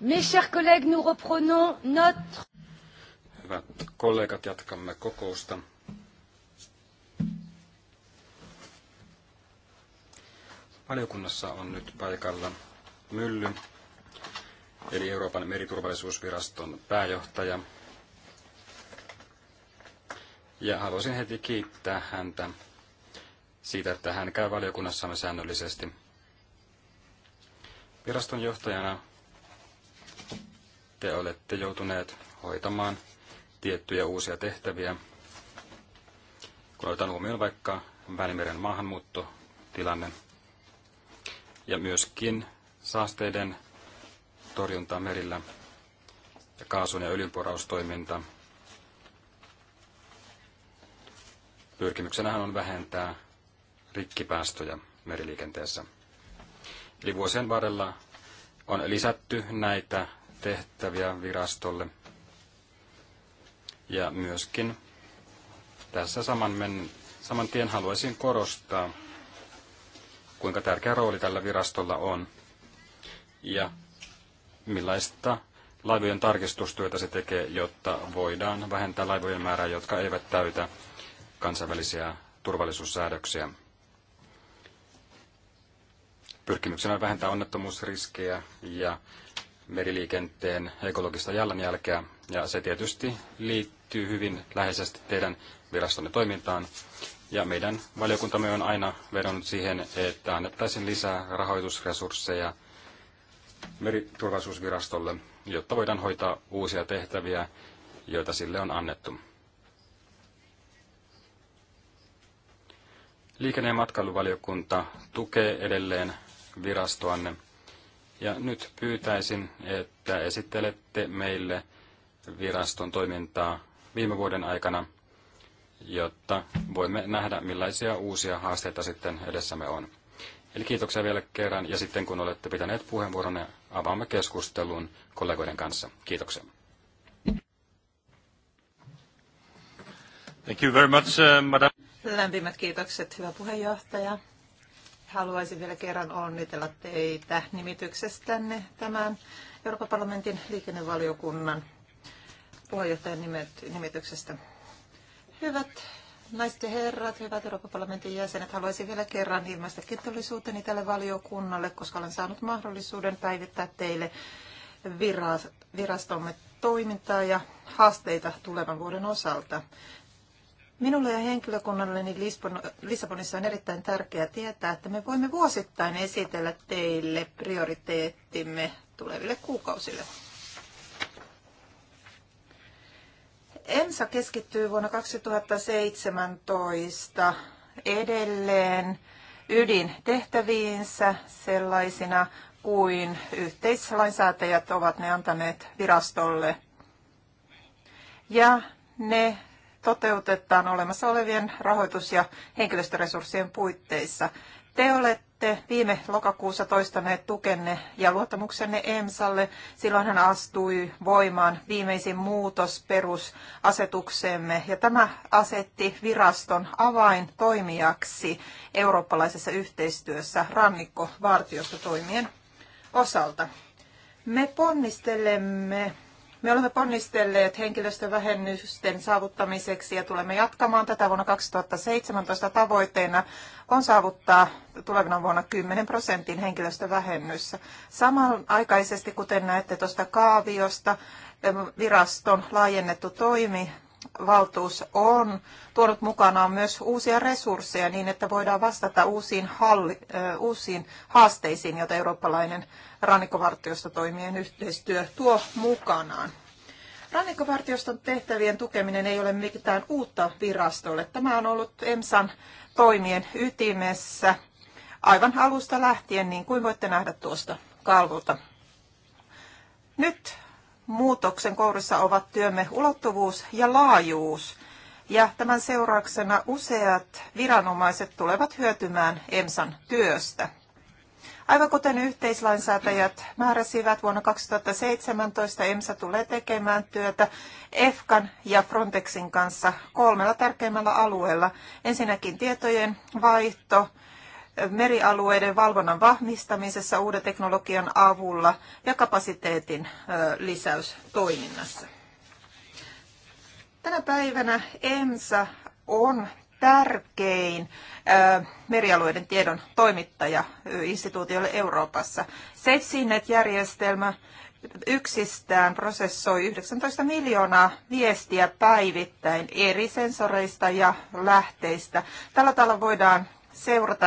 Mes chers collègues, nous reprenons notre... Hyvät kollegat, jatkamme kokousta. Valiokunnassa on nyt paikalla Mylly, eli Euroopan meriturvallisuusviraston pääjohtaja. Ja haluaisin heti kiittää häntä siitä, että hän käy valiokunnassamme säännöllisesti. Viraston johtajana te olette joutuneet hoitamaan tiettyjä uusia tehtäviä, kun otetaan huomioon vaikka Välimeren maahanmuuttotilanne ja myöskin saasteiden torjunta merillä ja kaasun ja öljynporaustoiminta. Pyrkimyksenähän on vähentää rikkipäästöjä meriliikenteessä. Eli vuosien varrella on lisätty näitä tehtäviä virastolle. Ja myöskin tässä saman, men, saman tien haluaisin korostaa, kuinka tärkeä rooli tällä virastolla on ja millaista laivojen tarkistustyötä se tekee, jotta voidaan vähentää laivojen määrää, jotka eivät täytä kansainvälisiä turvallisuussäädöksiä. Pyrkimyksenä on vähentää onnettomuusriskejä ja meriliikenteen ekologista jalanjälkeä, ja se tietysti liittyy hyvin läheisesti teidän virastonne toimintaan. Ja meidän valiokuntamme on aina vedonnut siihen, että annettaisiin lisää rahoitusresursseja meriturvallisuusvirastolle, jotta voidaan hoitaa uusia tehtäviä, joita sille on annettu. Liikenne- ja matkailuvaliokunta tukee edelleen virastoanne ja nyt pyytäisin, että esittelette meille viraston toimintaa viime vuoden aikana, jotta voimme nähdä, millaisia uusia haasteita sitten edessämme on. Eli kiitoksia vielä kerran, ja sitten kun olette pitäneet puheenvuoronne, avaamme keskustelun kollegoiden kanssa. Kiitoksia. Thank you very much, uh, madam. Lämpimät kiitokset, hyvä puheenjohtaja haluaisin vielä kerran onnitella teitä nimityksestänne tämän Euroopan parlamentin liikennevaliokunnan puheenjohtajan nimet, nimityksestä. Hyvät naiset ja herrat, hyvät Euroopan parlamentin jäsenet, haluaisin vielä kerran ilmaista kiitollisuuteni tälle valiokunnalle, koska olen saanut mahdollisuuden päivittää teille virastomme toimintaa ja haasteita tulevan vuoden osalta. Minulle ja henkilökunnalleni Lissabonissa on erittäin tärkeää tietää, että me voimme vuosittain esitellä teille prioriteettimme tuleville kuukausille. EMSA keskittyy vuonna 2017 edelleen ydintehtäviinsä sellaisina kuin yhteislainsäätäjät ovat ne antaneet virastolle. Ja ne toteutetaan olemassa olevien rahoitus- ja henkilöstöresurssien puitteissa. Te olette viime lokakuussa toistaneet tukenne ja luottamuksenne EMSalle. Silloin hän astui voimaan viimeisin muutos perusasetukseemme. ja tämä asetti viraston avain toimijaksi eurooppalaisessa yhteistyössä rannikkovartiosta toimien osalta. Me ponnistelemme me olemme ponnistelleet henkilöstövähennysten saavuttamiseksi ja tulemme jatkamaan tätä vuonna 2017. Tavoitteena on saavuttaa tulevina vuonna 10 prosentin henkilöstövähennys. Samanaikaisesti, kuten näette tuosta kaaviosta, viraston laajennettu toimi valtuus on tuonut mukanaan myös uusia resursseja niin, että voidaan vastata uusiin, halli, uusiin haasteisiin, joita eurooppalainen rannikkovartiosta toimien yhteistyö tuo mukanaan. Rannikkovartioston tehtävien tukeminen ei ole mitään uutta virastolle. Tämä on ollut EMSAn toimien ytimessä aivan alusta lähtien, niin kuin voitte nähdä tuosta kalvolta. Nyt muutoksen kourissa ovat työmme ulottuvuus ja laajuus. Ja tämän seurauksena useat viranomaiset tulevat hyötymään EMSAn työstä. Aivan kuten yhteislainsäätäjät määräsivät vuonna 2017, EMSA tulee tekemään työtä EFKAN ja Frontexin kanssa kolmella tärkeimmällä alueella. Ensinnäkin tietojen vaihto, merialueiden valvonnan vahvistamisessa uuden teknologian avulla ja kapasiteetin lisäys toiminnassa. Tänä päivänä EMSA on tärkein merialueiden tiedon toimittaja instituutiolle Euroopassa. SafeSeaNet-järjestelmä yksistään prosessoi 19 miljoonaa viestiä päivittäin eri sensoreista ja lähteistä. Tällä tavalla voidaan seurata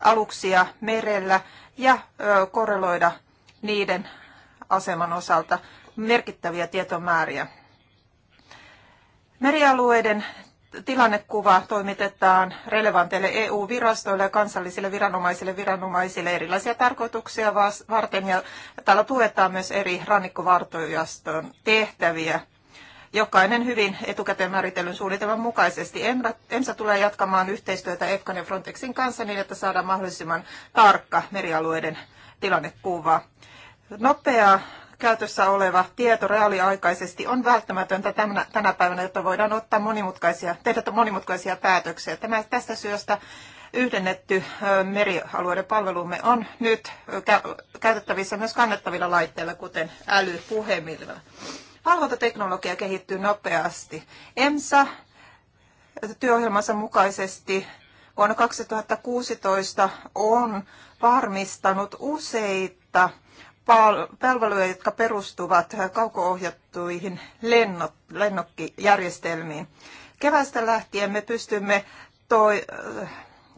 aluksia merellä ja korreloida niiden aseman osalta merkittäviä tietomääriä. Merialueiden tilannekuva toimitetaan relevanteille EU-virastoille ja kansallisille viranomaisille viranomaisille erilaisia tarkoituksia varten. Ja täällä tuetaan myös eri rannikkovartojaston tehtäviä. Jokainen hyvin etukäteen määritellyn suunnitelman mukaisesti. EMSA tulee jatkamaan yhteistyötä EFKAN ja Frontexin kanssa niin, että saadaan mahdollisimman tarkka merialueiden tilannekuva. Nopea käytössä oleva tieto reaaliaikaisesti on välttämätöntä tämän, tänä päivänä, jotta voidaan ottaa monimutkaisia, tehdä monimutkaisia päätöksiä. Tämä, tästä syöstä yhdennetty merialueiden palvelumme on nyt käytettävissä myös kannettavilla laitteilla, kuten älypuhemilla. Valvontateknologia kehittyy nopeasti. EMSA työohjelmansa mukaisesti vuonna 2016 on varmistanut useita palveluja, jotka perustuvat kauko-ohjattuihin lennokkijärjestelmiin. Kevästä lähtien me pystymme toi,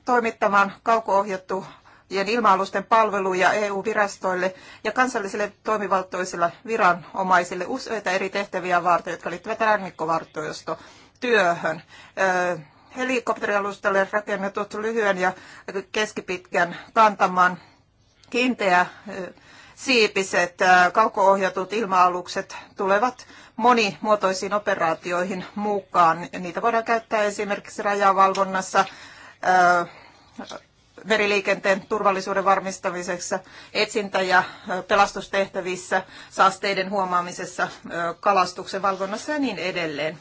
toimittamaan kauko-ohjattujen ilma-alusten palveluja EU-virastoille ja kansallisille toimivaltoisille viranomaisille useita eri tehtäviä varten, jotka liittyvät työhön. Helikopterialustalle rakennetut lyhyen ja keskipitkän kantaman kiinteä siipiset kauko-ohjatut ilma-alukset tulevat monimuotoisiin operaatioihin mukaan. Niitä voidaan käyttää esimerkiksi rajavalvonnassa, meriliikenteen turvallisuuden varmistamisessa, etsintä- ja pelastustehtävissä, saasteiden huomaamisessa, kalastuksen valvonnassa ja niin edelleen.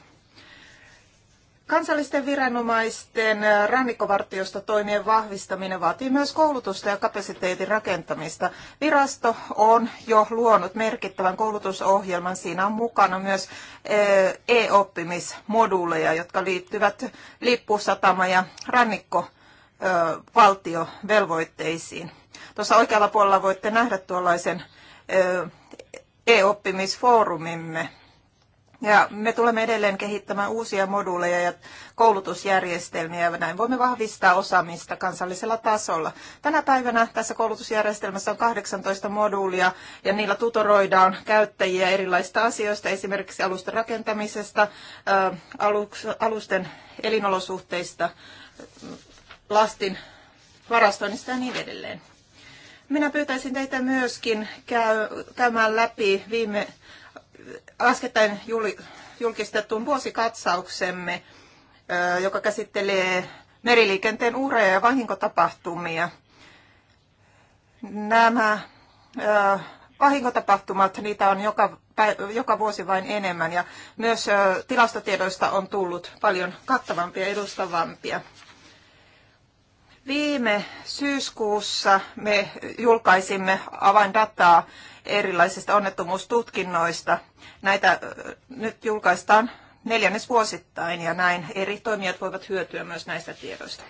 Kansallisten viranomaisten eh, rannikkovartiosta toimien vahvistaminen vaatii myös koulutusta ja kapasiteetin rakentamista. Virasto on jo luonut merkittävän koulutusohjelman. Siinä on mukana myös eh, e-oppimismoduuleja, jotka liittyvät lippusatama- ja rannikkovaltiovelvoitteisiin. Eh, Tuossa oikealla puolella voitte nähdä tuollaisen e-oppimisfoorumimme ja me tulemme edelleen kehittämään uusia moduuleja ja koulutusjärjestelmiä ja näin voimme vahvistaa osaamista kansallisella tasolla. Tänä päivänä tässä koulutusjärjestelmässä on 18 moduulia ja niillä tutoroidaan käyttäjiä erilaisista asioista, esimerkiksi alusten rakentamisesta, alusten elinolosuhteista, lastin varastoinnista ja niin edelleen. Minä pyytäisin teitä myöskin käymään läpi viime Äskettäin julkistettuun vuosikatsauksemme, joka käsittelee meriliikenteen ureja ja vahinkotapahtumia. Nämä vahinkotapahtumat, niitä on joka, joka vuosi vain enemmän ja myös tilastotiedoista on tullut paljon kattavampia ja edustavampia. Viime syyskuussa me julkaisimme avaindataa erilaisista onnettomuustutkinnoista. Näitä nyt julkaistaan neljännes vuosittain ja näin eri toimijat voivat hyötyä myös näistä tiedoista.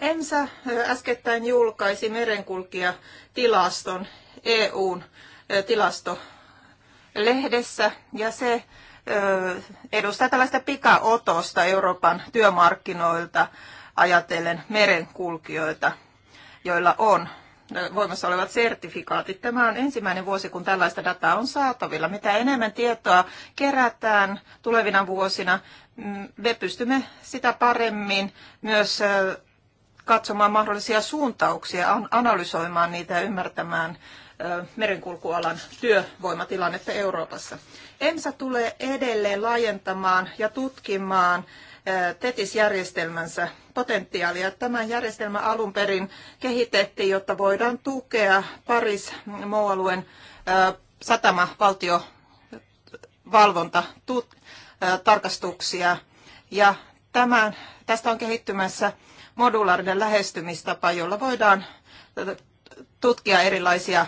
EMSA äskettäin julkaisi merenkulkijatilaston EUn tilastolehdessä ja se edustaa tällaista pikaotosta Euroopan työmarkkinoilta ajatellen merenkulkijoita – joilla on voimassa olevat sertifikaatit. Tämä on ensimmäinen vuosi, kun tällaista dataa on saatavilla. Mitä enemmän tietoa kerätään tulevina vuosina, mm, me pystymme sitä paremmin myös katsomaan mahdollisia suuntauksia, analysoimaan niitä ja ymmärtämään merenkulkualan työvoimatilannetta Euroopassa. EMSA tulee edelleen laajentamaan ja tutkimaan TETIS-järjestelmänsä potentiaalia. Tämä järjestelmä alun perin kehitettiin, jotta voidaan tukea Paris mou satama valtio valvonta tarkastuksia ja tämän, tästä on kehittymässä modulaarinen lähestymistapa, jolla voidaan tutkia erilaisia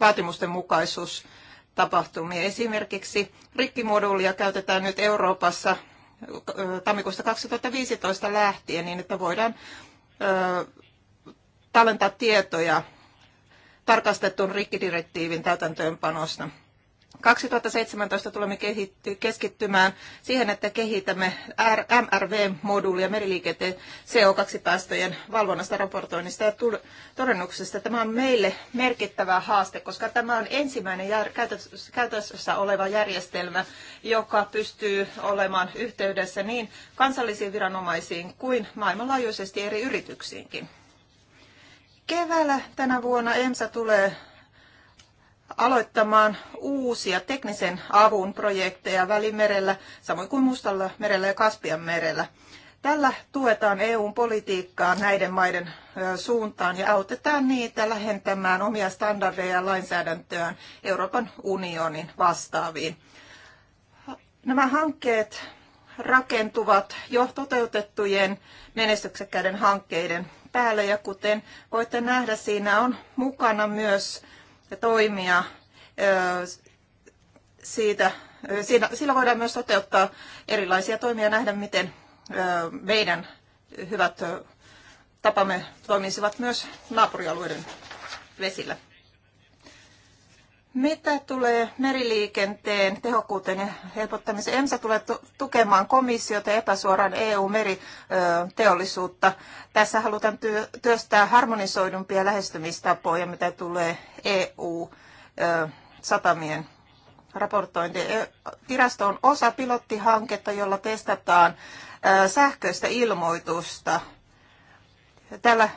vaatimusten mukaisuustapahtumia. Esimerkiksi rikkimoduulia käytetään nyt Euroopassa tammikuusta 2015 lähtien niin, että voidaan tallentaa tietoja tarkastetun rikkidirektiivin täytäntöönpanosta. 2017 tulemme keskittymään siihen, että kehitämme MRV-moduulia meriliikenteen CO2-päästöjen valvonnasta, raportoinnista ja todennuksesta. Tämä on meille merkittävä haaste, koska tämä on ensimmäinen käytössä oleva järjestelmä, joka pystyy olemaan yhteydessä niin kansallisiin viranomaisiin kuin maailmanlaajuisesti eri yrityksiinkin. Keväällä tänä vuonna EMSA tulee aloittamaan uusia teknisen avun projekteja Välimerellä, samoin kuin Mustalla merellä ja Kaspian merellä. Tällä tuetaan EUn politiikkaa näiden maiden suuntaan ja autetaan niitä lähentämään omia standardeja ja lainsäädäntöään Euroopan unionin vastaaviin. Nämä hankkeet rakentuvat jo toteutettujen menestyksekkäiden hankkeiden päälle ja kuten voitte nähdä, siinä on mukana myös ja toimia siitä, siinä, sillä voidaan myös toteuttaa erilaisia toimia ja nähdä, miten meidän hyvät tapamme toimisivat myös naapurialueiden vesillä. Mitä tulee meriliikenteen tehokkuuteen ja helpottamiseen? EMSA tulee tukemaan komissiota epäsuoraan EU-meriteollisuutta. Tässä halutaan työstää harmonisoidumpia lähestymistapoja, mitä tulee EU-satamien raportointi. E, virasto on osa pilottihanketta, jolla testataan sähköistä ilmoitusta. Tällä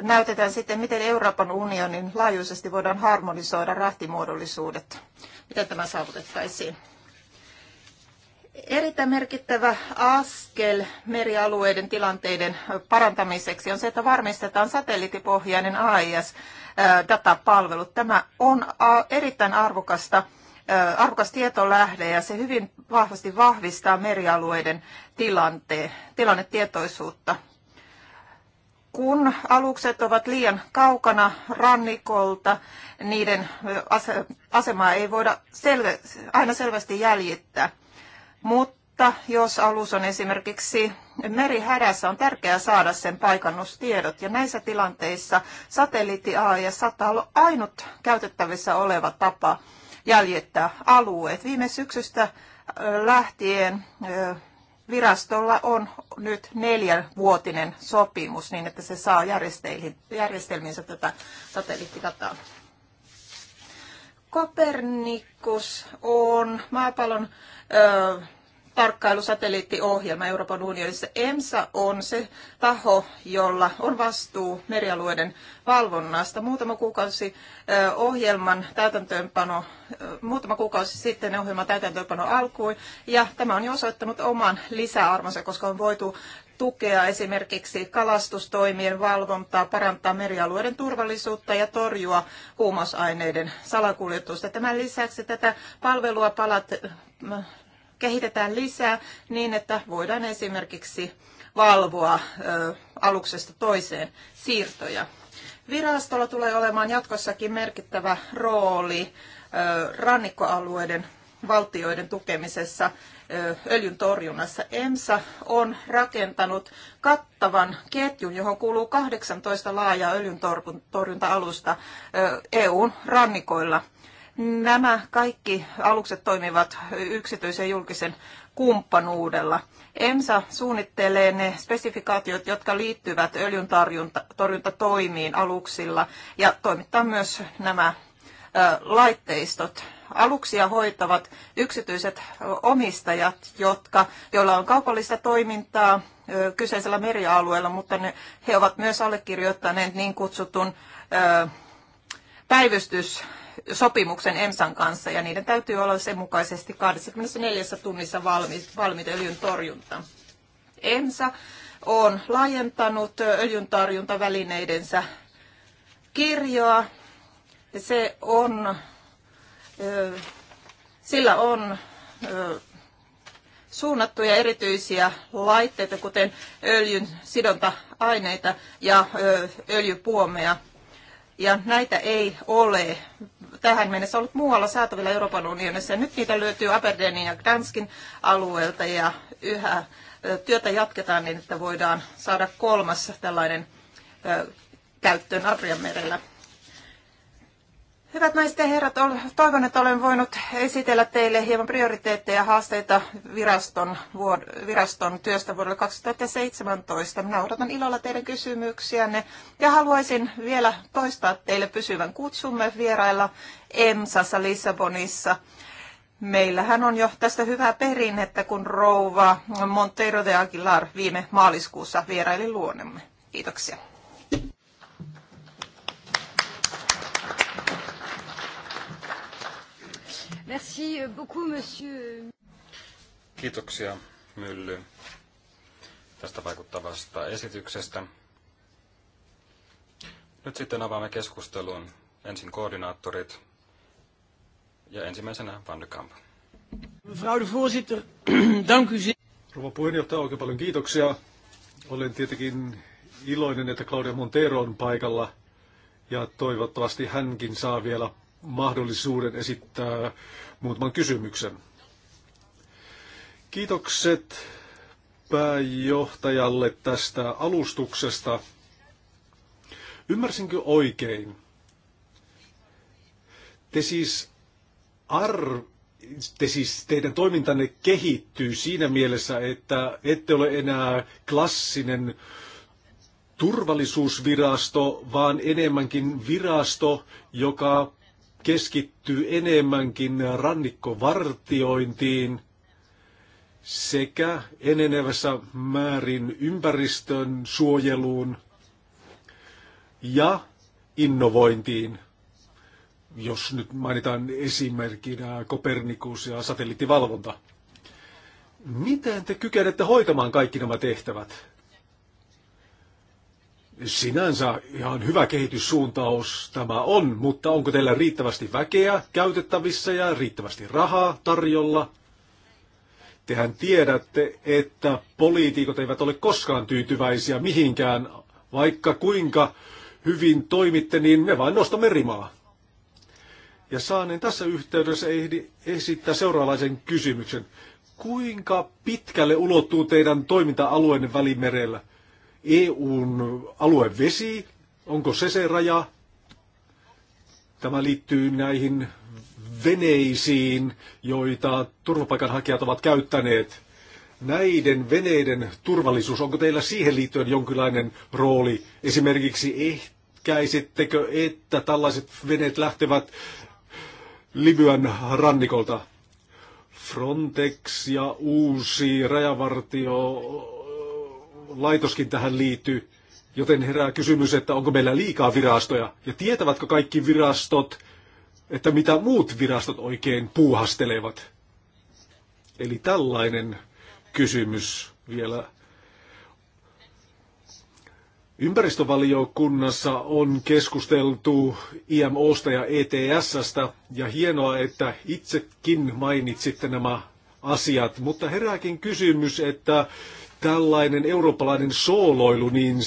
näytetään sitten, miten Euroopan unionin laajuisesti voidaan harmonisoida rahtimuodollisuudet. Miten tämä saavutettaisiin? Erittäin merkittävä askel merialueiden tilanteiden parantamiseksi on se, että varmistetaan satelliittipohjainen AIS-datapalvelu. Tämä on erittäin arvokasta arvokas tietolähde ja se hyvin vahvasti vahvistaa merialueiden tilanteen tilannetietoisuutta kun alukset ovat liian kaukana rannikolta, niiden asemaa ei voida selve, aina selvästi jäljittää. Mutta jos alus on esimerkiksi merihädässä, on tärkeää saada sen paikannustiedot. Ja näissä tilanteissa satelliitti ja sata on ainut käytettävissä oleva tapa jäljittää alueet. Viime syksystä lähtien virastolla on nyt neljänvuotinen sopimus niin, että se saa järjestelmiinsä tätä satelliittidataa. Kopernikus on maapallon ö, tarkkailusatelliittiohjelma Euroopan unionissa. EMSA on se taho, jolla on vastuu merialueiden valvonnasta. Muutama kuukausi ohjelman täytäntöönpano, muutama kuukausi sitten ohjelman täytäntöönpano alkui ja tämä on jo osoittanut oman lisäarvonsa, koska on voitu tukea esimerkiksi kalastustoimien valvontaa, parantaa merialueiden turvallisuutta ja torjua huumausaineiden salakuljetusta. Tämän lisäksi tätä palvelua palat, kehitetään lisää niin, että voidaan esimerkiksi valvoa aluksesta toiseen siirtoja. Virastolla tulee olemaan jatkossakin merkittävä rooli rannikkoalueiden valtioiden tukemisessa öljyn torjunnassa. EMSA on rakentanut kattavan ketjun, johon kuuluu 18 laajaa öljyn torjunta-alusta EUn rannikoilla. Nämä kaikki alukset toimivat yksityisen ja julkisen kumppanuudella. EMSA suunnittelee ne spesifikaatiot, jotka liittyvät öljyn torjuntatoimiin aluksilla ja toimittaa myös nämä laitteistot. Aluksia hoitavat yksityiset omistajat, jotka, joilla on kaupallista toimintaa kyseisellä merialueella, mutta ne, he ovat myös allekirjoittaneet niin kutsutun päivystys sopimuksen EMSAn kanssa ja niiden täytyy olla sen mukaisesti 24 tunnissa valmi valmiit öljyn torjunta. EMSA on laajentanut öljyn torjuntavälineidensä kirjoa. Se on, sillä on suunnattuja erityisiä laitteita, kuten öljyn sidonta-aineita ja öljypuomeja ja näitä ei ole tähän mennessä ollut muualla saatavilla Euroopan unionissa. Ja nyt niitä löytyy Aberdeenin ja Gdanskin alueelta ja yhä työtä jatketaan niin, että voidaan saada kolmas tällainen käyttöön Adrian merellä. Hyvät naiset ja herrat, toivon, että olen voinut esitellä teille hieman prioriteetteja ja haasteita viraston, viraston työstä vuodelle 2017. Minä odotan ilolla teidän kysymyksiänne ja haluaisin vielä toistaa teille pysyvän kutsumme vierailla EMSassa Lissabonissa. Meillähän on jo tästä hyvää perinnettä, kun rouva Monteiro de Aguilar viime maaliskuussa vieraili luonemme. Kiitoksia. Merci beaucoup, monsieur. Kiitoksia, Mylly, tästä vaikuttavasta esityksestä. Nyt sitten avaamme keskustelun. Ensin koordinaattorit ja ensimmäisenä Van de Kamp. Mevrouw de voorzitter, dank u zeer. Rouva puheenjohtaja, oikein paljon kiitoksia. Olen tietenkin iloinen, että Claudia Montero on paikalla ja toivottavasti hänkin saa vielä mahdollisuuden esittää muutaman kysymyksen. Kiitokset pääjohtajalle tästä alustuksesta. Ymmärsinkö oikein? Te siis, ar, te siis teidän toimintanne kehittyy siinä mielessä, että ette ole enää klassinen turvallisuusvirasto, vaan enemmänkin virasto, joka keskittyy enemmänkin rannikkovartiointiin sekä enenevässä määrin ympäristön suojeluun ja innovointiin, jos nyt mainitaan esimerkkinä Kopernikus ja satelliittivalvonta. Miten te kykenette hoitamaan kaikki nämä tehtävät? Sinänsä ihan hyvä kehityssuuntaus tämä on, mutta onko teillä riittävästi väkeä käytettävissä ja riittävästi rahaa tarjolla? Tehän tiedätte, että poliitikot eivät ole koskaan tyytyväisiä mihinkään, vaikka kuinka hyvin toimitte, niin me vain nostamme rimaa. Ja saanen tässä yhteydessä ehdi esittää seuraavaisen kysymyksen. Kuinka pitkälle ulottuu teidän toiminta-alueenne välimerellä? EUn aluevesi, onko se se raja? Tämä liittyy näihin veneisiin, joita turvapaikanhakijat ovat käyttäneet. Näiden veneiden turvallisuus, onko teillä siihen liittyen jonkinlainen rooli? Esimerkiksi ehkäisittekö, että tällaiset veneet lähtevät Libyan rannikolta? Frontex ja uusi rajavartio laitoskin tähän liittyy, joten herää kysymys, että onko meillä liikaa virastoja ja tietävätkö kaikki virastot, että mitä muut virastot oikein puuhastelevat. Eli tällainen kysymys vielä. Ympäristövaliokunnassa on keskusteltu IMOsta ja ETSstä ja hienoa, että itsekin mainitsitte nämä asiat, mutta herääkin kysymys, että tällainen eurooppalainen sooloilu niin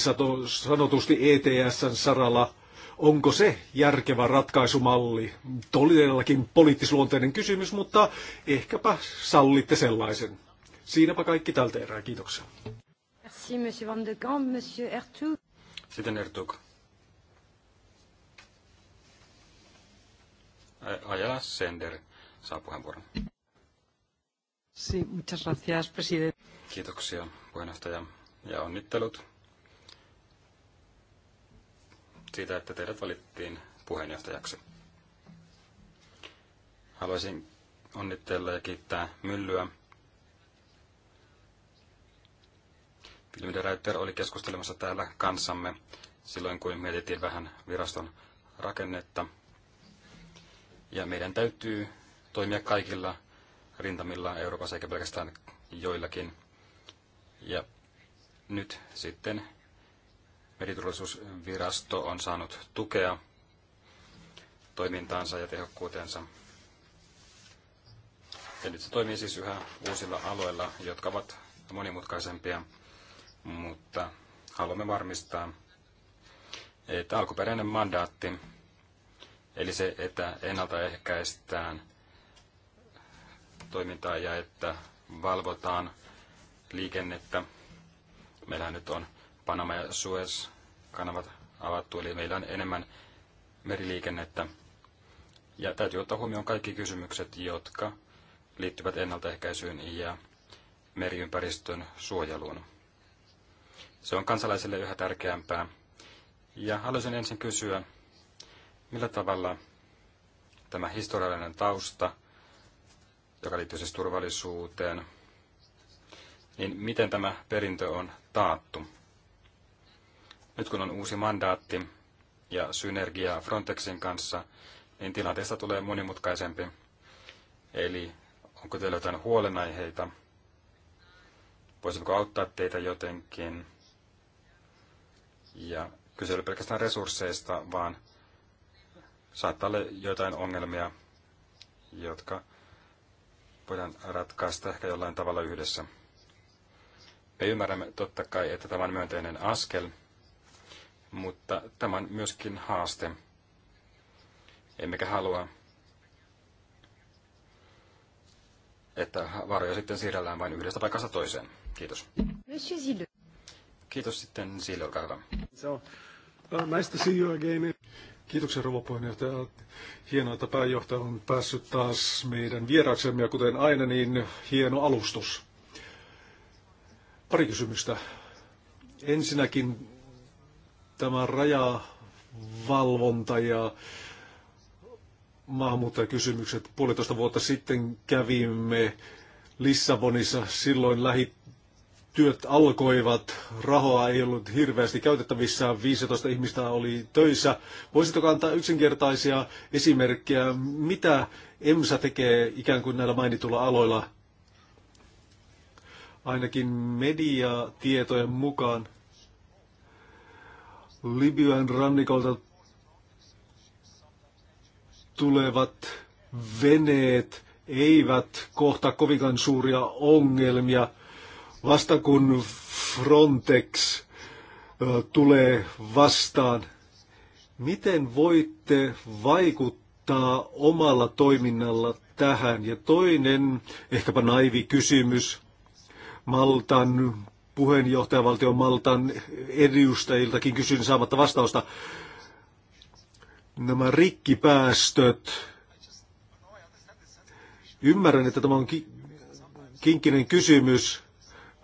sanotusti ETSn saralla, onko se järkevä ratkaisumalli? Todellakin poliittisluonteinen kysymys, mutta ehkäpä sallitte sellaisen. Siinäpä kaikki tältä erää. Kiitoksia. Merci, monsieur Van de Kamp, monsieur Ertug. Sitten Ertug. Ajala Sender saa puheenvuoron. Sí, muchas gracias, presidente. Kiitoksia, puheenjohtaja, ja onnittelut siitä, että teidät valittiin puheenjohtajaksi. Haluaisin onnitella ja kiittää Myllyä. Vilmide oli keskustelemassa täällä kanssamme silloin, kun mietittiin vähän viraston rakennetta. Ja meidän täytyy toimia kaikilla rintamilla Euroopassa eikä pelkästään joillakin. Ja nyt sitten meriturvallisuusvirasto on saanut tukea toimintaansa ja tehokkuutensa. Ja nyt se toimii siis yhä uusilla aloilla, jotka ovat monimutkaisempia, mutta haluamme varmistaa, että alkuperäinen mandaatti, eli se, että ennaltaehkäistään toimintaa ja että valvotaan liikennettä. Meillähän nyt on Panama ja Suez-kanavat avattu, eli meillä on enemmän meriliikennettä. Ja täytyy ottaa huomioon kaikki kysymykset, jotka liittyvät ennaltaehkäisyyn ja meriympäristön suojeluun. Se on kansalaisille yhä tärkeämpää. Ja haluaisin ensin kysyä, millä tavalla tämä historiallinen tausta, joka liittyy siis turvallisuuteen, niin miten tämä perintö on taattu? Nyt kun on uusi mandaatti ja synergia Frontexin kanssa, niin tilanteesta tulee monimutkaisempi. Eli onko teillä jotain huolenaiheita? Voisiko auttaa teitä jotenkin? Ja kyse ei ole pelkästään resursseista, vaan saattaa olla jotain ongelmia, jotka voidaan ratkaista ehkä jollain tavalla yhdessä. Me ymmärrämme totta kai, että tämä on myönteinen askel, mutta tämä on myöskin haaste. Emmekä halua, että varoja sitten siirrellään vain yhdestä paikasta toiseen. Kiitos. Monsieur Zille. Kiitos sitten Zille, olkaa hyvä. Uh, Kiitoksia rouva puheenjohtaja. Hienoa, että pääjohtaja on päässyt taas meidän vieraaksemme ja kuten aina, niin hieno alustus. Pari kysymystä. Ensinnäkin tämä rajavalvonta ja maahanmuuttajakysymykset. Puolitoista vuotta sitten kävimme Lissabonissa. Silloin lähityöt alkoivat. Rahoa ei ollut hirveästi käytettävissä. 15 ihmistä oli töissä. Voisitko antaa yksinkertaisia esimerkkejä, mitä EMSA tekee ikään kuin näillä mainituilla aloilla Ainakin mediatietojen mukaan Libyan rannikolta tulevat veneet eivät kohta kovinkaan suuria ongelmia vasta kun Frontex tulee vastaan. Miten voitte vaikuttaa omalla toiminnalla tähän? Ja toinen, ehkäpä naivi kysymys, Maltan puheenjohtajavaltion Maltan edustajiltakin kysyin saamatta vastausta. Nämä rikkipäästöt. Ymmärrän, että tämä on ki- kinkkinen kysymys,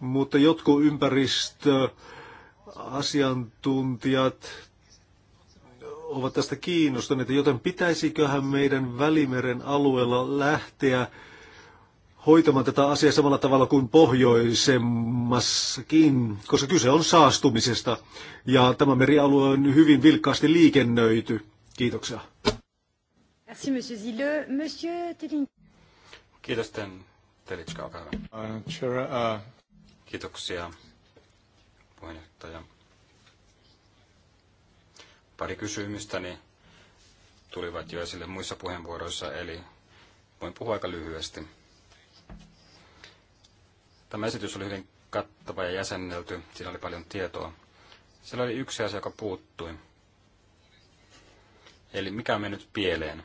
mutta jotkut ympäristöasiantuntijat ovat tästä kiinnostuneita, joten pitäisiköhän meidän Välimeren alueella lähteä hoitamaan tätä asiaa samalla tavalla kuin pohjoisemmassakin, koska kyse on saastumisesta ja tämä merialue on hyvin vilkkaasti liikennöity. Kiitoksia. Merci, monsieur Zille. Monsieur Telin. Kiitos, Ten Telitska, olkaa hyvä. Uh, sure, uh... Kiitoksia, puheenjohtaja. Pari kysymystäni tulivat jo esille muissa puheenvuoroissa, eli voin puhua aika lyhyesti Tämä esitys oli hyvin kattava ja jäsennelty. Siinä oli paljon tietoa. Siellä oli yksi asia, joka puuttui. Eli mikä on mennyt pieleen?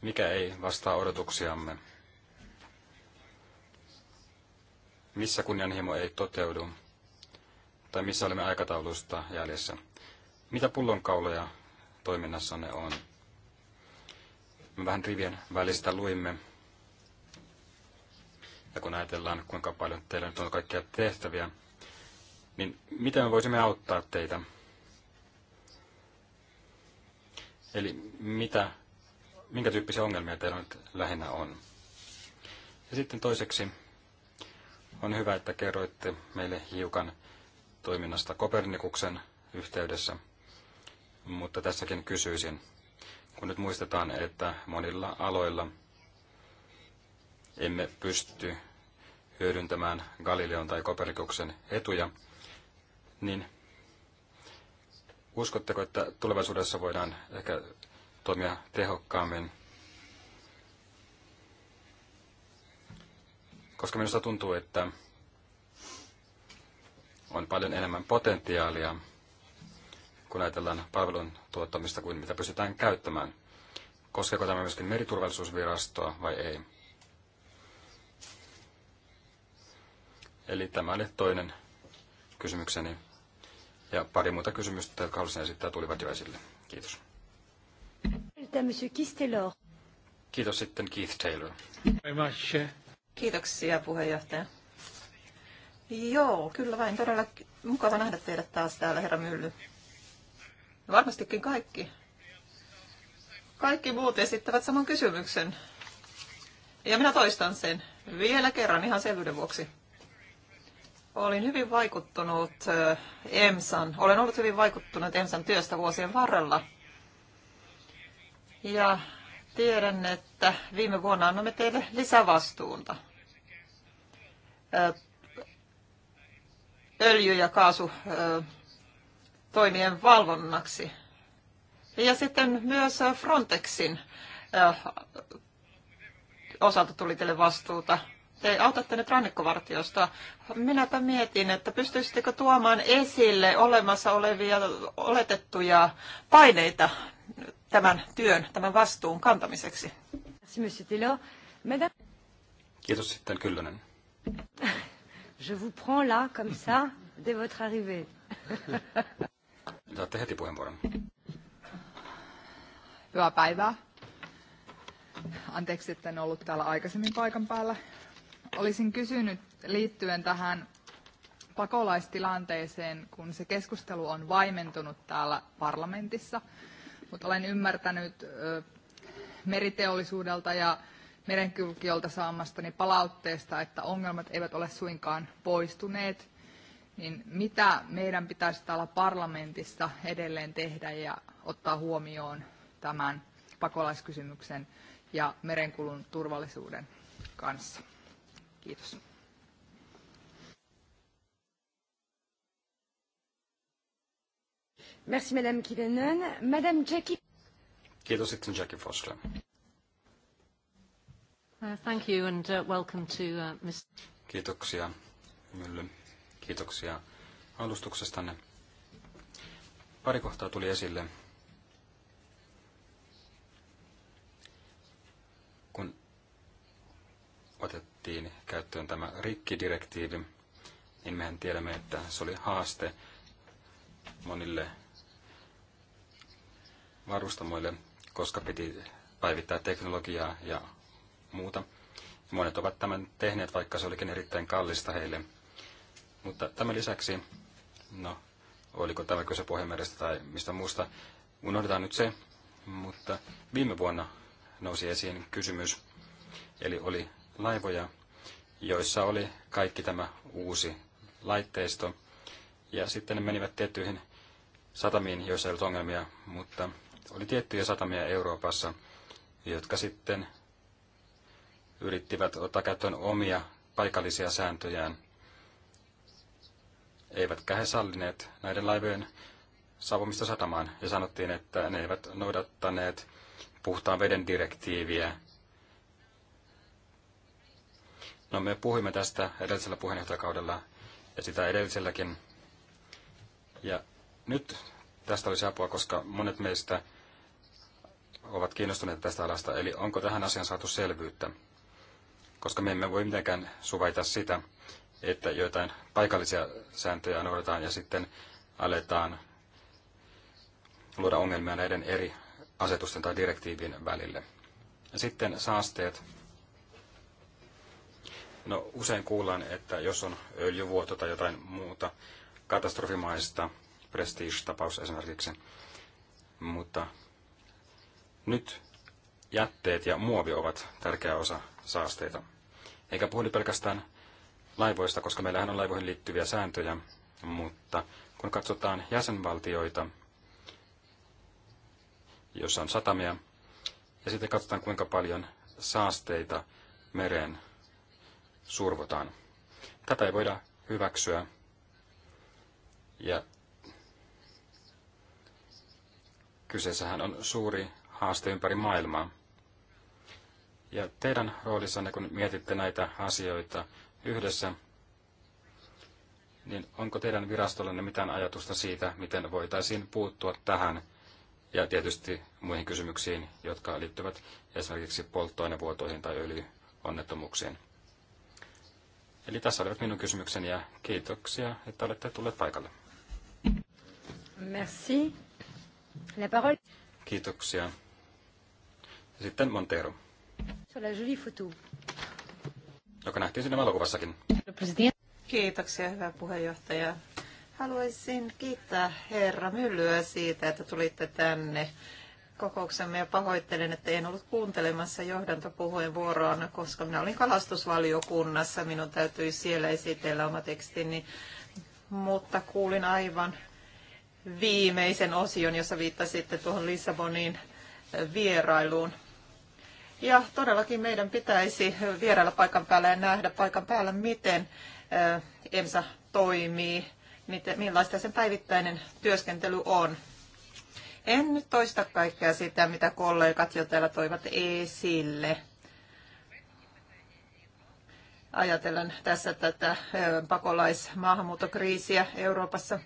Mikä ei vastaa odotuksiamme? Missä kunnianhimo ei toteudu? Tai missä olemme aikataulusta jäljessä? Mitä pullonkauloja toiminnassanne on? Me vähän rivien välistä luimme ja kun ajatellaan, kuinka paljon teillä nyt on kaikkia tehtäviä, niin miten me voisimme auttaa teitä? Eli mitä, minkä tyyppisiä ongelmia teillä nyt lähinnä on? Ja sitten toiseksi, on hyvä, että kerroitte meille hiukan toiminnasta Kopernikuksen yhteydessä, mutta tässäkin kysyisin, kun nyt muistetaan, että monilla aloilla – emme pysty hyödyntämään Galileon tai Kopernikuksen etuja, niin uskotteko, että tulevaisuudessa voidaan ehkä toimia tehokkaammin? Koska minusta tuntuu, että on paljon enemmän potentiaalia, kun ajatellaan palvelun tuottamista kuin mitä pystytään käyttämään. Koskeeko tämä myöskin meriturvallisuusvirastoa vai ei? Eli tämä oli toinen kysymykseni. Ja pari muuta kysymystä, jotka haluaisin esittää, tulivat jo esille. Kiitos. Kiitos sitten Keith Taylor. Eh? Kiitoksia puheenjohtaja. Joo, kyllä vain. Todella mukava nähdä teidät taas täällä, herra Mylly. Varmastikin kaikki. Kaikki muut esittävät saman kysymyksen. Ja minä toistan sen vielä kerran ihan selvyyden vuoksi. Olin hyvin vaikuttunut eh, EMSAn, olen ollut hyvin vaikuttunut EMSAn työstä vuosien varrella. Ja tiedän, että viime vuonna annamme teille lisävastuunta. Eh, öljy- ja kaasu eh, toimien valvonnaksi. Ja sitten myös Frontexin osalta tuli teille vastuuta te autatte nyt rannikkovartiosta. Minäpä mietin, että pystyisittekö tuomaan esille olemassa olevia oletettuja paineita tämän työn, tämän vastuun kantamiseksi. Kiitos sitten Kyllönen. Je vous prends là, comme ça, de votre arrivée. Saatte heti puheenvuoron. Hyvää päivää. Anteeksi, että en ollut täällä aikaisemmin paikan päällä olisin kysynyt liittyen tähän pakolaistilanteeseen, kun se keskustelu on vaimentunut täällä parlamentissa, mutta olen ymmärtänyt meriteollisuudelta ja merenkulkijoilta saamastani palautteesta, että ongelmat eivät ole suinkaan poistuneet, niin mitä meidän pitäisi täällä parlamentissa edelleen tehdä ja ottaa huomioon tämän pakolaiskysymyksen ja merenkulun turvallisuuden kanssa? Kiitos. Merci Madame Kivenen. Madame Jackie. Kiitos sitten Jackie Foster. Uh, thank you and uh, welcome to uh, Ms. Kiitoksia Mylly. Kiitoksia alustuksestanne. Pari kohtaa tuli esille otettiin käyttöön tämä rikkidirektiivi, niin mehän tiedämme, että se oli haaste monille varustamoille, koska piti päivittää teknologiaa ja muuta. Monet ovat tämän tehneet, vaikka se olikin erittäin kallista heille. Mutta tämän lisäksi, no oliko tämä kyse Pohjanmerestä tai mistä muusta, unohdetaan nyt se, mutta viime vuonna nousi esiin kysymys, eli oli laivoja, joissa oli kaikki tämä uusi laitteisto. Ja sitten ne menivät tiettyihin satamiin, joissa ei ollut ongelmia, mutta oli tiettyjä satamia Euroopassa, jotka sitten yrittivät ottaa käyttöön omia paikallisia sääntöjään. Eivätkä he sallineet näiden laivojen saapumista satamaan ja sanottiin, että ne eivät noudattaneet puhtaan veden direktiiviä No me puhuimme tästä edellisellä puheenjohtajakaudella ja sitä edelliselläkin. Ja nyt tästä olisi apua, koska monet meistä ovat kiinnostuneet tästä alasta. Eli onko tähän asiaan saatu selvyyttä? Koska me emme voi mitenkään suvaita sitä, että joitain paikallisia sääntöjä noudataan ja sitten aletaan luoda ongelmia näiden eri asetusten tai direktiivin välille. Ja sitten saasteet. No usein kuullaan, että jos on öljyvuoto tai jotain muuta katastrofimaista, prestige-tapaus esimerkiksi, mutta nyt jätteet ja muovi ovat tärkeä osa saasteita. Eikä puhu pelkästään laivoista, koska meillähän on laivoihin liittyviä sääntöjä, mutta kun katsotaan jäsenvaltioita, jossa on satamia, ja sitten katsotaan kuinka paljon saasteita mereen survotaan. Tätä ei voida hyväksyä. Ja kyseessähän on suuri haaste ympäri maailmaa. Ja teidän roolissanne, kun mietitte näitä asioita yhdessä, niin onko teidän virastollenne mitään ajatusta siitä, miten voitaisiin puuttua tähän ja tietysti muihin kysymyksiin, jotka liittyvät esimerkiksi polttoainevuotoihin tai öljyonnettomuuksiin? Eli tässä olivat minun kysymykseni ja kiitoksia, että olette tulleet paikalle. Merci. La parole. Kiitoksia. Ja sitten Montero. Sur la jolie photo. Joka nähtiin sinne valokuvassakin. Kiitoksia, hyvä puheenjohtaja. Haluaisin kiittää herra Myllyä siitä, että tulitte tänne kokouksemme ja pahoittelen, että en ollut kuuntelemassa johdantopuheenvuoroa, koska minä olin kalastusvaliokunnassa. Minun täytyi siellä esitellä oma tekstini, mutta kuulin aivan viimeisen osion, jossa viittasitte tuohon Lissabonin vierailuun. Ja todellakin meidän pitäisi vierailla paikan päällä ja nähdä paikan päällä, miten EMSA toimii, miten, millaista sen päivittäinen työskentely on. En nyt toista kaikkea sitä, mitä kollegat jo täällä toivat esille. Ajatellen tässä tätä pakolaismaahanmuuttokriisiä Euroopassa.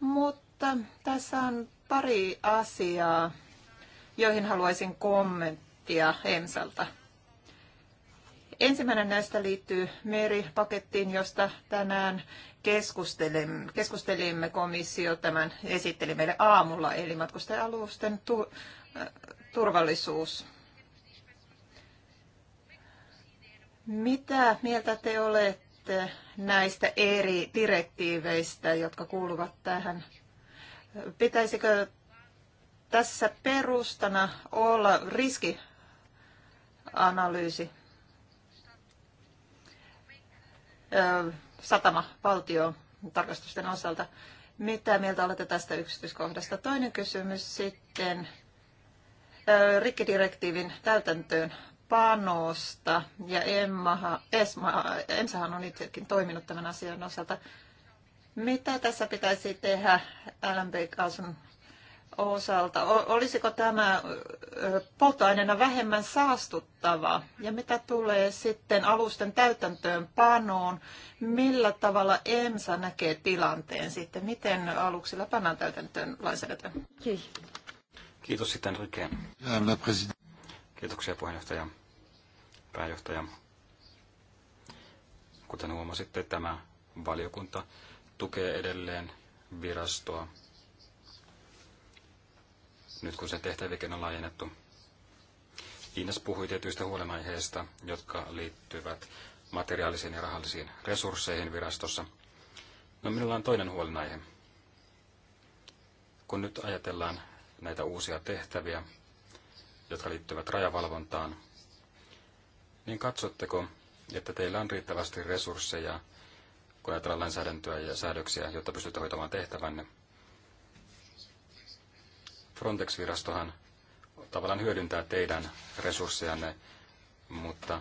Mutta tässä on pari asiaa, joihin haluaisin kommenttia Emsalta. Ensimmäinen näistä liittyy meripakettiin, josta tänään keskustelimme komissio tämän esitteli meille aamulla, eli matkustajalusten tu, äh, turvallisuus. Mitä mieltä te olette näistä eri direktiiveistä, jotka kuuluvat tähän? Pitäisikö tässä perustana olla riskianalyysi? satamavaltio tarkastusten osalta. Mitä mieltä olette tästä yksityiskohdasta? Toinen kysymys sitten rikkidirektiivin täytäntöön panosta. Ja Emma, Esma, Emsahan on itsekin toiminut tämän asian osalta. Mitä tässä pitäisi tehdä LMB-kaasun osalta. Olisiko tämä polttoaineena vähemmän saastuttava? Ja mitä tulee sitten alusten täytäntöönpanoon? Millä tavalla EMSA näkee tilanteen sitten? Miten aluksilla pannaan täytäntöön lainsäädäntö? Kiitos sitten Rike. Kiitoksia puheenjohtaja, pääjohtaja. Kuten huomasitte, tämä valiokunta tukee edelleen virastoa nyt kun se tehtävikin on laajennettu. Ines puhui tietyistä huolenaiheista, jotka liittyvät materiaalisiin ja rahallisiin resursseihin virastossa. No minulla on toinen huolenaihe. Kun nyt ajatellaan näitä uusia tehtäviä, jotka liittyvät rajavalvontaan, niin katsotteko, että teillä on riittävästi resursseja, kun ajatellaan lainsäädäntöä ja säädöksiä, jotta pystytte hoitamaan tehtävänne? Frontex-virastohan tavallaan hyödyntää teidän resurssejanne, mutta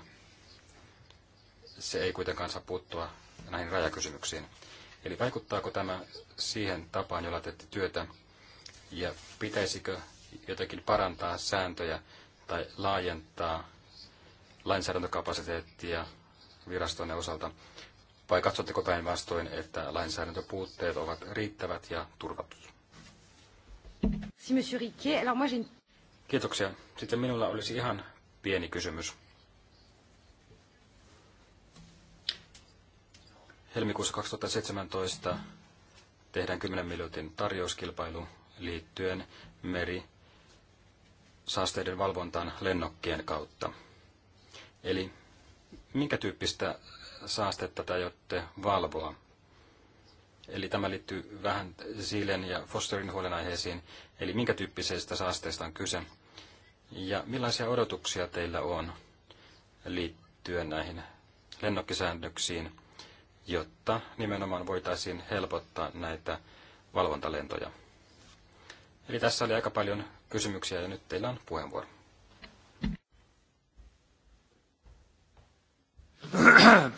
se ei kuitenkaan saa puuttua näihin rajakysymyksiin. Eli vaikuttaako tämä siihen tapaan, jolla teette työtä, ja pitäisikö jotenkin parantaa sääntöjä tai laajentaa lainsäädäntökapasiteettia virastonne osalta, vai katsotteko päinvastoin, että lainsäädäntöpuutteet ovat riittävät ja turvatut? Kiitoksia. Sitten minulla olisi ihan pieni kysymys. Helmikuussa 2017 tehdään 10 minuutin tarjouskilpailu liittyen meri saasteiden valvontaan lennokkien kautta. Eli minkä tyyppistä saastetta te aiotte valvoa Eli tämä liittyy vähän Siilen ja Fosterin huolenaiheisiin, eli minkä tyyppisestä saasteista on kyse. Ja millaisia odotuksia teillä on liittyen näihin lennokkisäännöksiin, jotta nimenomaan voitaisiin helpottaa näitä valvontalentoja. Eli tässä oli aika paljon kysymyksiä ja nyt teillä on puheenvuoro.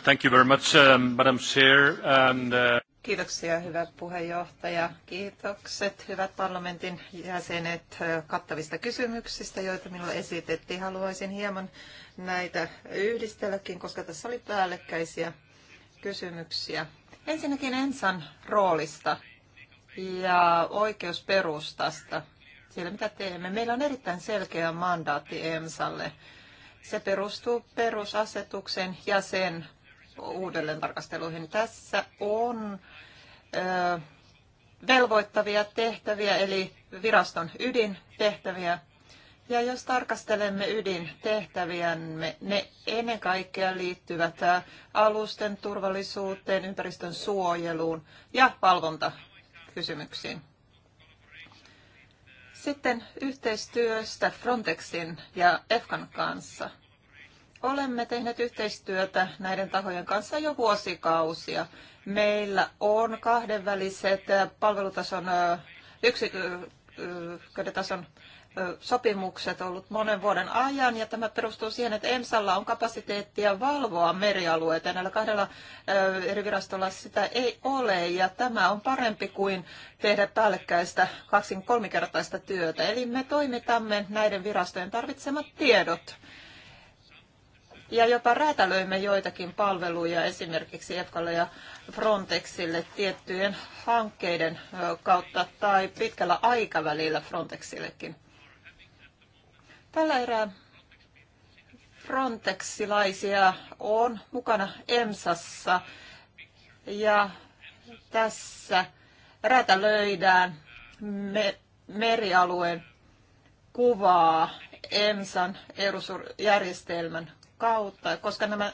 Thank you very much, um, Madam Chair. And, uh... Kiitoksia, hyvä puheenjohtaja. Kiitokset, hyvät parlamentin jäsenet, kattavista kysymyksistä, joita minulle esitettiin. Haluaisin hieman näitä yhdistelläkin, koska tässä oli päällekkäisiä kysymyksiä. Ensinnäkin Ensan roolista ja oikeusperustasta, sillä mitä teemme. Meillä on erittäin selkeä mandaatti EMSalle. Se perustuu perusasetuksen ja sen uudelleen tarkasteluihin. Tässä on velvoittavia tehtäviä, eli viraston ydintehtäviä. Ja jos tarkastelemme ydintehtäviä, ne ennen kaikkea liittyvät alusten turvallisuuteen, ympäristön suojeluun ja valvontakysymyksiin. Sitten yhteistyöstä Frontexin ja EFKAN kanssa – Olemme tehneet yhteistyötä näiden tahojen kanssa jo vuosikausia. Meillä on kahdenväliset äh, palvelutason äh, yksiköiden äh, sopimukset ollut monen vuoden ajan, ja tämä perustuu siihen, että EMSalla on kapasiteettia valvoa merialueita, ja näillä kahdella eri virastolla sitä ei ole, ja tämä on parempi kuin tehdä päällekkäistä kaksin kolmikertaista työtä. Eli me toimitamme näiden virastojen tarvitsemat tiedot ja jopa räätälöimme joitakin palveluja esimerkiksi EFKalle ja Frontexille tiettyjen hankkeiden kautta tai pitkällä aikavälillä Frontexillekin. Tällä erää Frontexilaisia on mukana EMSassa ja tässä räätälöidään me, merialueen kuvaa EMSan järjestelmän kautta, koska nämä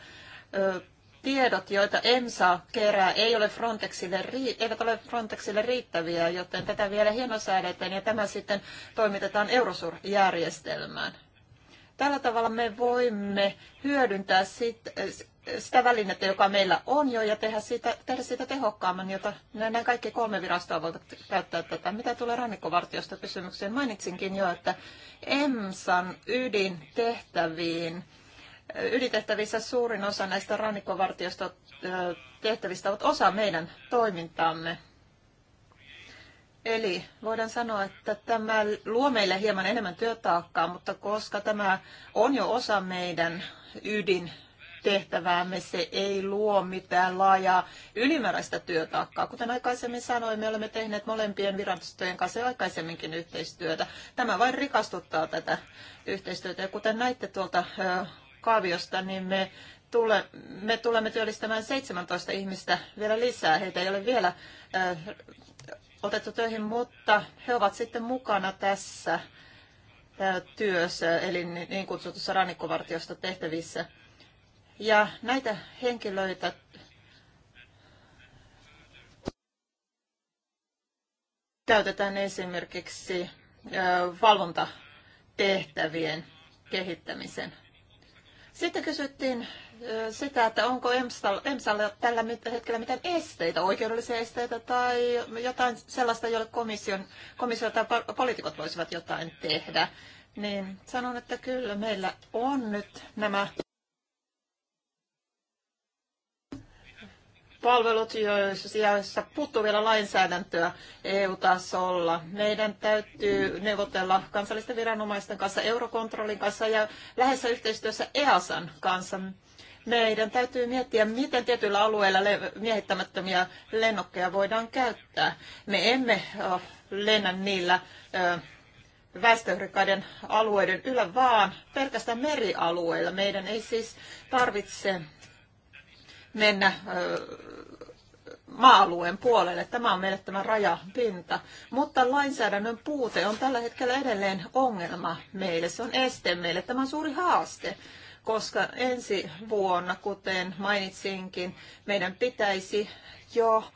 ö, tiedot, joita EMSA kerää, ei ole Frontexille, eivät ole Frontexille riittäviä, joten tätä vielä hienosäädetään ja tämä sitten toimitetaan Eurosur-järjestelmään. Tällä tavalla me voimme hyödyntää sit, sitä välinettä, joka meillä on jo, ja tehdä siitä, tehdä siitä tehokkaamman, jota nämä kaikki kolme virastoa voivat käyttää tätä. Mitä tulee rannikkovartiosta kysymykseen, mainitsinkin jo, että EMSAn ydintehtäviin ydintehtävissä suurin osa näistä rannikkovartiosta tehtävistä ovat osa meidän toimintaamme. Eli voidaan sanoa, että tämä luo meille hieman enemmän työtaakkaa, mutta koska tämä on jo osa meidän ydin tehtäväämme se ei luo mitään laajaa ylimääräistä työtaakkaa. Kuten aikaisemmin sanoin, me olemme tehneet molempien virastojen kanssa aikaisemminkin yhteistyötä. Tämä vain rikastuttaa tätä yhteistyötä. Ja kuten näitte tuolta kaaviosta, niin me, tule, me tulemme työllistämään 17 ihmistä vielä lisää. Heitä ei ole vielä äh, otettu töihin, mutta he ovat sitten mukana tässä äh, työssä, eli niin kutsutussa rannikkovartiosta tehtävissä. Ja näitä henkilöitä käytetään esimerkiksi äh, valvontatehtävien kehittämisen sitten kysyttiin sitä, että onko EMSAlla tällä hetkellä mitään esteitä, oikeudellisia esteitä tai jotain sellaista, jolle komission, komissio tai poliitikot voisivat jotain tehdä. Niin sanon, että kyllä meillä on nyt nämä palvelut, joissa puuttuu vielä lainsäädäntöä EU-tasolla. Meidän täytyy neuvotella kansallisten viranomaisten kanssa, Eurokontrollin kanssa ja lähes yhteistyössä EASan kanssa. Meidän täytyy miettiä, miten tietyillä alueilla miehittämättömiä lennokkeja voidaan käyttää. Me emme lennä niillä väestörikkaiden alueiden ylä, vaan pelkästään merialueilla. Meidän ei siis tarvitse mennä maa-alueen puolelle. Tämä on meille tämä rajapinta. Mutta lainsäädännön puute on tällä hetkellä edelleen ongelma meille. Se on este meille. Tämä on suuri haaste, koska ensi vuonna, kuten mainitsinkin, meidän pitäisi jo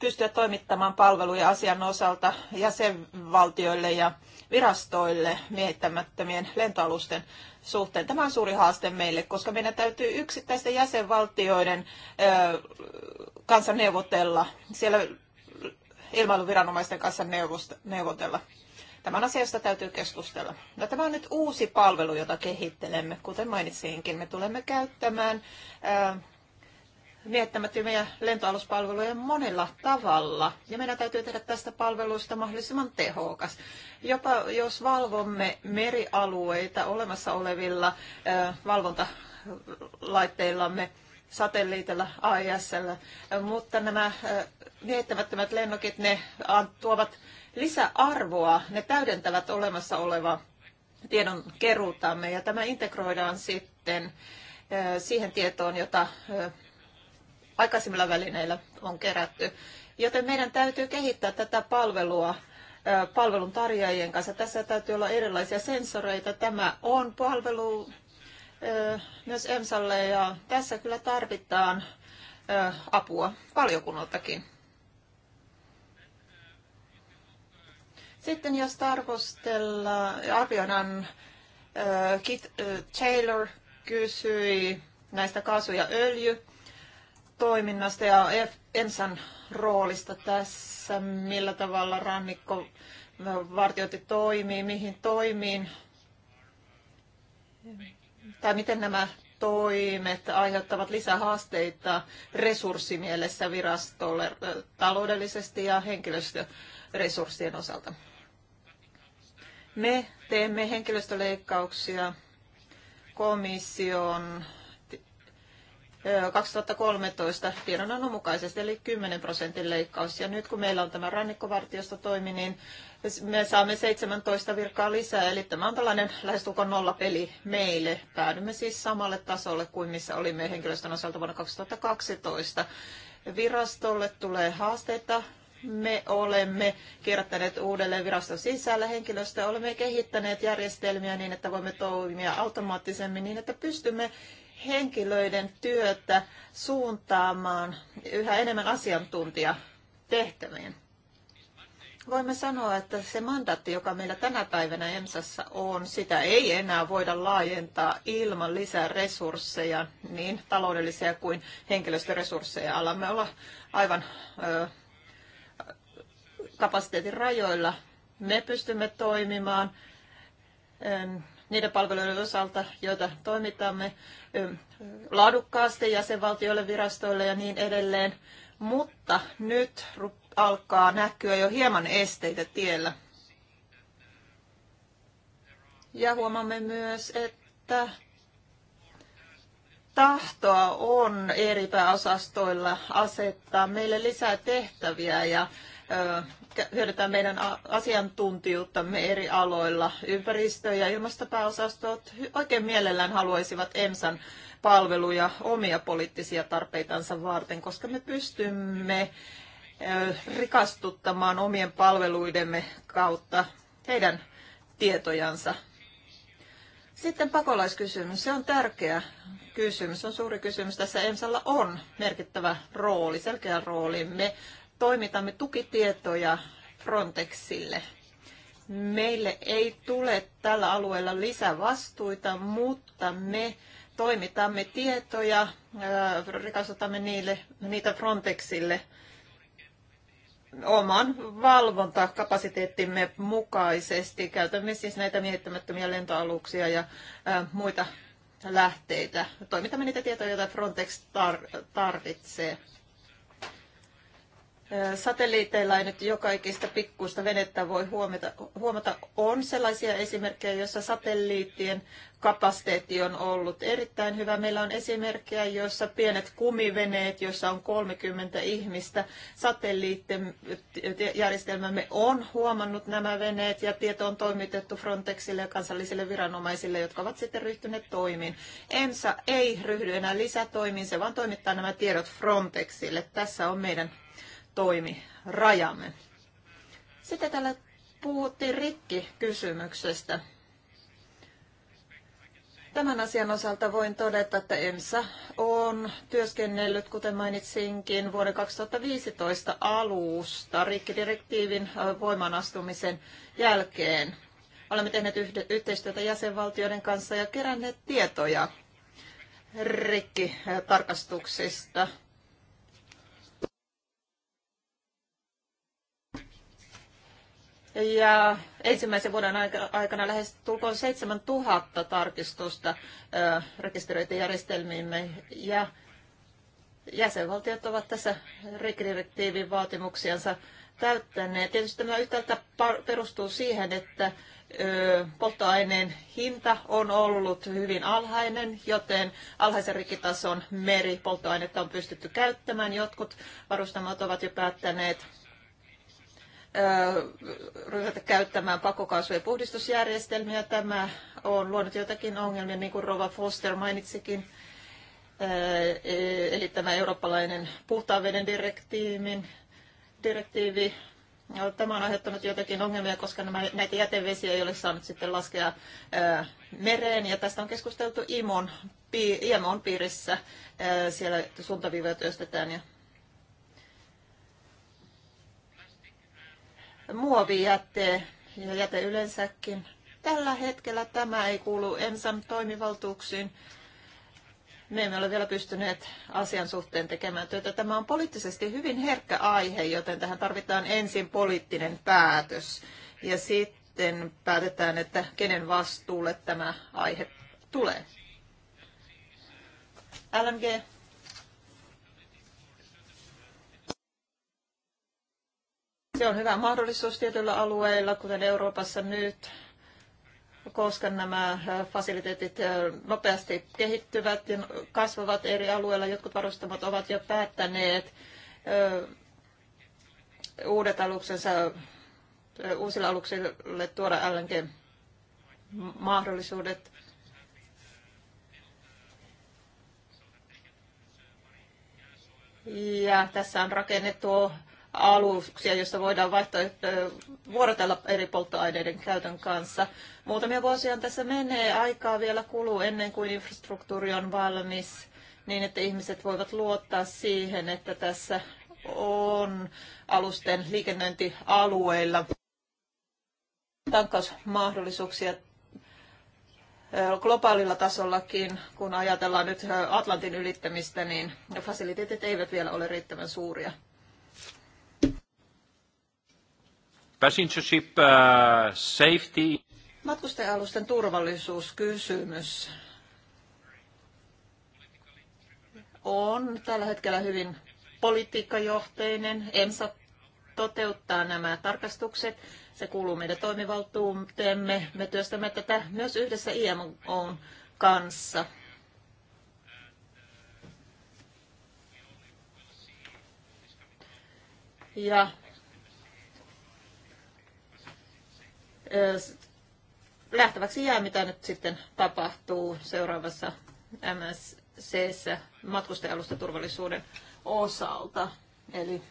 pystyä toimittamaan palveluja asian osalta jäsenvaltioille ja virastoille miehittämättömien lentoalusten suhteen. Tämä on suuri haaste meille, koska meidän täytyy yksittäisten jäsenvaltioiden kanssa neuvotella, siellä ilmailuviranomaisten kanssa neuvotella. Tämä on täytyy keskustella. No, tämä on nyt uusi palvelu, jota kehittelemme. Kuten mainitsinkin, me tulemme käyttämään miettämättömiä lentoaluspalveluja monella tavalla. Ja meidän täytyy tehdä tästä palveluista mahdollisimman tehokas. Jopa jos valvomme merialueita olemassa olevilla valvontalaitteillamme, satelliitilla, AISL, mutta nämä miettämättömät lennokit, ne tuovat lisäarvoa, ne täydentävät olemassa olevaa tiedon keruutamme ja tämä integroidaan sitten siihen tietoon, jota aikaisemmilla välineillä on kerätty. Joten meidän täytyy kehittää tätä palvelua palvelun tarjoajien kanssa. Tässä täytyy olla erilaisia sensoreita. Tämä on palvelu myös EMSalle ja tässä kyllä tarvitaan apua valiokunnaltakin. Sitten jos tarkastellaan, arvioidaan, Kit Taylor kysyi näistä kaasu- ja öljy toiminnasta ja e ensan roolista tässä, millä tavalla rannikko vartiointi toimii, mihin toimiin tai miten nämä toimet aiheuttavat lisähaasteita resurssimielessä virastolle taloudellisesti ja henkilöstöresurssien osalta. Me teemme henkilöstöleikkauksia komission 2013 tiedonannon mukaisesti, eli 10 prosentin leikkaus. Ja nyt kun meillä on tämä rannikkovartiosto toimi, niin me saamme 17 virkaa lisää, eli tämä on tällainen lähestulkoon nollapeli meille. Päädymme siis samalle tasolle kuin missä olimme henkilöstön osalta vuonna 2012. Virastolle tulee haasteita me olemme kierrättäneet uudelleen viraston sisällä henkilöstöä, olemme kehittäneet järjestelmiä niin, että voimme toimia automaattisemmin niin, että pystymme henkilöiden työtä suuntaamaan yhä enemmän tehtäviin. Voimme sanoa, että se mandaatti, joka meillä tänä päivänä EMSassa on, sitä ei enää voida laajentaa ilman lisää resursseja, niin taloudellisia kuin henkilöstöresursseja. Alamme olla aivan ö, kapasiteetin rajoilla. Me pystymme toimimaan niiden palveluiden osalta, joita toimitamme laadukkaasti jäsenvaltioille, virastoille ja niin edelleen. Mutta nyt alkaa näkyä jo hieman esteitä tiellä. Ja huomaamme myös, että tahtoa on eri pääosastoilla asettaa meille lisää tehtäviä ja hyödytään meidän asiantuntijuuttamme eri aloilla. Ympäristö- ja ilmastopääosastot oikein mielellään haluaisivat EMSAn palveluja omia poliittisia tarpeitansa varten, koska me pystymme rikastuttamaan omien palveluidemme kautta heidän tietojansa. Sitten pakolaiskysymys. Se on tärkeä kysymys, on suuri kysymys. Tässä EMSalla on merkittävä rooli, selkeä rooli. Me toimitamme tukitietoja Frontexille. Meille ei tule tällä alueella lisävastuita, mutta me toimitamme tietoja, äh, rikastamme niille, niitä Frontexille oman valvontakapasiteettimme mukaisesti. Käytämme siis näitä miehittämättömiä lentoaluksia ja äh, muita lähteitä. Toimitamme niitä tietoja, joita Frontex tar- tarvitsee. Satelliiteilla ei nyt joka ikistä pikkuista venettä voi huomata. huomata. On sellaisia esimerkkejä, joissa satelliittien kapasiteetti on ollut erittäin hyvä. Meillä on esimerkkejä, joissa pienet kumiveneet, joissa on 30 ihmistä, satelliittijärjestelmämme on huomannut nämä veneet ja tieto on toimitettu Frontexille ja kansallisille viranomaisille, jotka ovat sitten ryhtyneet toimiin. EMSA ei ryhdy enää lisätoimiin, se vaan toimittaa nämä tiedot Frontexille. Tässä on meidän toimi rajamme. Sitten täällä puhuttiin rikkikysymyksestä. Tämän asian osalta voin todeta, että EMSA on työskennellyt, kuten mainitsinkin, vuoden 2015 alusta rikkidirektiivin voimanastumisen jälkeen. Olemme tehneet yhteistyötä jäsenvaltioiden kanssa ja keränneet tietoja rikkitarkastuksista Ja ensimmäisen vuoden aikana lähes tulkoon 7000 tarkistusta rekisteröitiin järjestelmiimme ja jäsenvaltiot ovat tässä rikkidirektiivin vaatimuksiansa täyttäneet. Tietysti tämä yhtäältä perustuu siihen, että polttoaineen hinta on ollut hyvin alhainen, joten alhaisen rikitason meripolttoainetta on pystytty käyttämään. Jotkut varustamot ovat jo päättäneet ryhdytä käyttämään pakokaasujen puhdistusjärjestelmiä. Tämä on luonut jotakin ongelmia, niin kuin Rova Foster mainitsikin. E, eli tämä eurooppalainen puhtaan veden direktiivi. No, tämä on aiheuttanut jotakin ongelmia, koska nämä, näitä jätevesiä ei ole saanut sitten laskea mereen. Ja tästä on keskusteltu IMON, IMON piirissä. siellä suuntaviivoja työstetään ja muovijäte ja jäte yleensäkin. Tällä hetkellä tämä ei kuulu EMSAn toimivaltuuksiin. Me emme ole vielä pystyneet asian suhteen tekemään työtä. Tämä on poliittisesti hyvin herkkä aihe, joten tähän tarvitaan ensin poliittinen päätös. Ja sitten päätetään, että kenen vastuulle tämä aihe tulee. LMG Se on hyvä mahdollisuus tietyillä alueilla, kuten Euroopassa nyt, koska nämä äh, fasiliteetit äh, nopeasti kehittyvät ja kasvavat eri alueilla. Jotkut varustamot ovat jo päättäneet äh, uudet aluksensa, uusille aluksille tuoda LNG-mahdollisuudet. Ja tässä on rakennettu aluksia, joissa voidaan vaihtoehto, vuorotella eri polttoaineiden käytön kanssa. Muutamia vuosia tässä menee, aikaa vielä kuluu ennen kuin infrastruktuuri on valmis, niin että ihmiset voivat luottaa siihen, että tässä on alusten liikennöintialueilla tankkausmahdollisuuksia globaalilla tasollakin, kun ajatellaan nyt Atlantin ylittämistä, niin fasiliteetit eivät vielä ole riittävän suuria. passenger ship uh, safety. matkustaja turvallisuuskysymys on tällä hetkellä hyvin politiikkajohteinen. EMSA toteuttaa nämä tarkastukset. Se kuuluu meidän toimivaltuuteemme. Me työstämme tätä myös yhdessä IMOn kanssa. Ja Lähtäväksi jää, mitä nyt sitten tapahtuu seuraavassa MSCssä matkustajalusta turvallisuuden osalta. Eli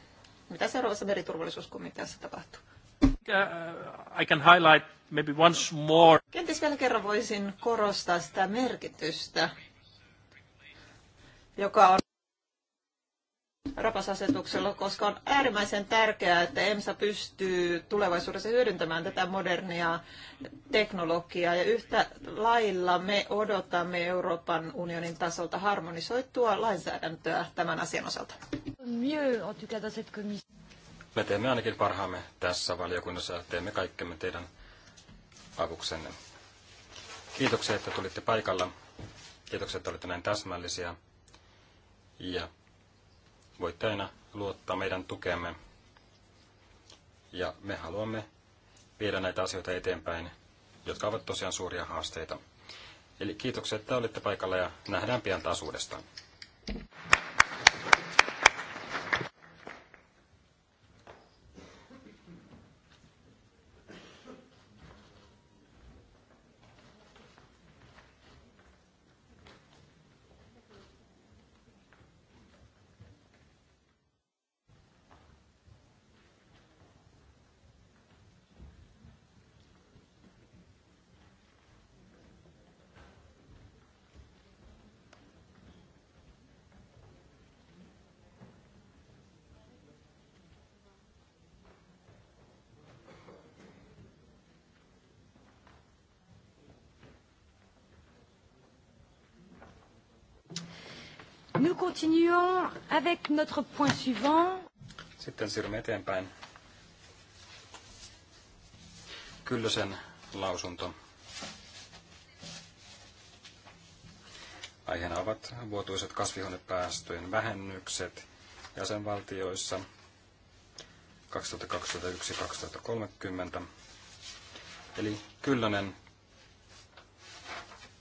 mitä seuraavassa meriturvallisuuskomiteassa tapahtuu? Uh, I can highlight maybe once more. Kenties vielä kerran voisin korostaa sitä merkitystä, joka on rapasasetuksella, koska on äärimmäisen tärkeää, että EMSA pystyy tulevaisuudessa hyödyntämään tätä modernia teknologiaa. Ja yhtä lailla me odotamme Euroopan unionin tasolta harmonisoitua lainsäädäntöä tämän asian osalta. Me teemme ainakin parhaamme tässä valiokunnassa ja teemme kaikkemme teidän avuksenne. Kiitoksia, että tulitte paikalla. Kiitoksia, että olitte näin täsmällisiä. Ja voitte aina luottaa meidän tukemme. Ja me haluamme viedä näitä asioita eteenpäin, jotka ovat tosiaan suuria haasteita. Eli kiitoksia, että olitte paikalla ja nähdään pian taas uudestaan. nous continuons avec notre point suivant. Sitten siirrymme eteenpäin. Kyllösen lausunto. Aiheena ovat vuotuiset kasvihuonepäästöjen vähennykset jäsenvaltioissa 2021-2030. Eli Kyllönen,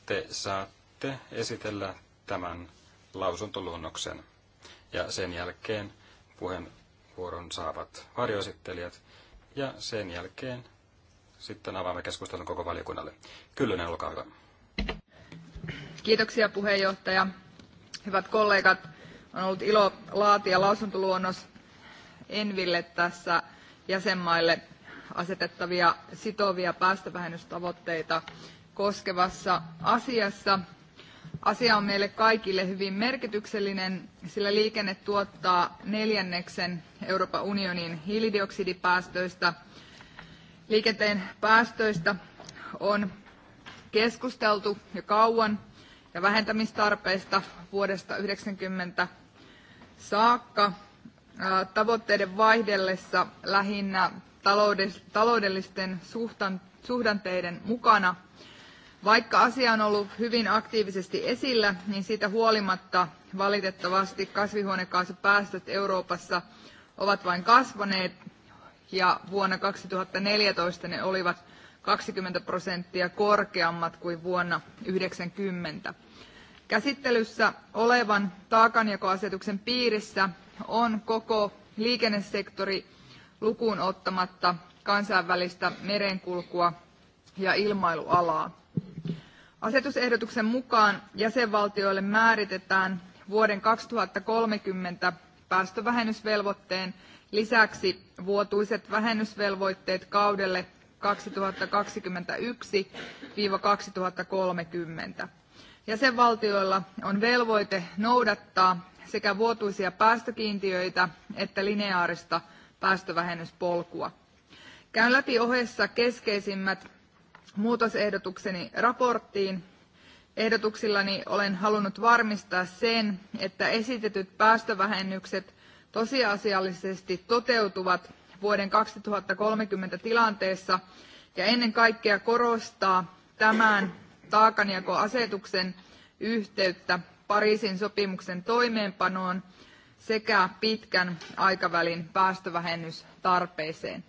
te saatte esitellä tämän lausuntoluonnoksen. Ja sen jälkeen puheenvuoron saavat varjoesittelijät ja sen jälkeen sitten avaamme keskustelun koko valiokunnalle. Kyllönen, olkaa hyvä. Kiitoksia puheenjohtaja. Hyvät kollegat, on ollut ilo laatia lausuntoluonnos Enville tässä jäsenmaille asetettavia sitovia päästövähennystavoitteita koskevassa asiassa Asia on meille kaikille hyvin merkityksellinen, sillä liikenne tuottaa neljänneksen Euroopan unionin hiilidioksidipäästöistä. Liikenteen päästöistä on keskusteltu jo kauan ja vähentämistarpeista vuodesta 90 saakka tavoitteiden vaihdellessa lähinnä taloudellisten suhdanteiden mukana – vaikka asia on ollut hyvin aktiivisesti esillä, niin siitä huolimatta valitettavasti kasvihuonekaasupäästöt Euroopassa ovat vain kasvaneet ja vuonna 2014 ne olivat 20 prosenttia korkeammat kuin vuonna 1990. Käsittelyssä olevan taakanjakoasetuksen piirissä on koko liikennesektori lukuun ottamatta kansainvälistä merenkulkua ja ilmailualaa. Asetusehdotuksen mukaan jäsenvaltioille määritetään vuoden 2030 päästövähennysvelvoitteen lisäksi vuotuiset vähennysvelvoitteet kaudelle 2021-2030. Jäsenvaltioilla on velvoite noudattaa sekä vuotuisia päästökiintiöitä että lineaarista päästövähennyspolkua. Käyn läpi ohessa keskeisimmät muutosehdotukseni raporttiin. Ehdotuksillani olen halunnut varmistaa sen, että esitetyt päästövähennykset tosiasiallisesti toteutuvat vuoden 2030 tilanteessa ja ennen kaikkea korostaa tämän taakanjakoasetuksen yhteyttä Pariisin sopimuksen toimeenpanoon sekä pitkän aikavälin päästövähennystarpeeseen.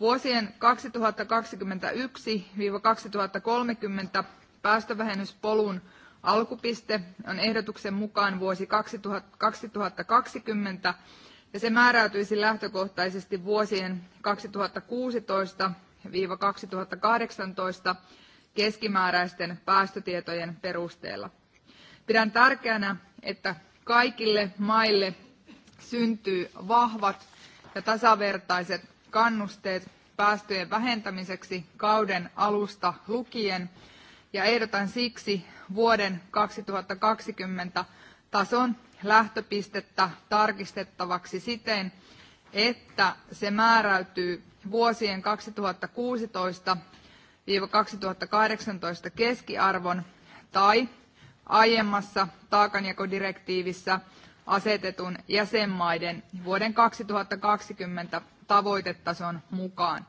Vuosien 2021-2030 päästövähennyspolun alkupiste on ehdotuksen mukaan vuosi 2020 ja se määräytyisi lähtökohtaisesti vuosien 2016-2018 keskimääräisten päästötietojen perusteella. Pidän tärkeänä, että kaikille maille syntyy vahvat ja tasavertaiset kannusteet päästöjen vähentämiseksi kauden alusta lukien ja ehdotan siksi vuoden 2020 tason lähtöpistettä tarkistettavaksi siten, että se määräytyy vuosien 2016-2018 keskiarvon tai aiemmassa taakanjakodirektiivissä asetetun jäsenmaiden vuoden 2020 tavoitetason mukaan.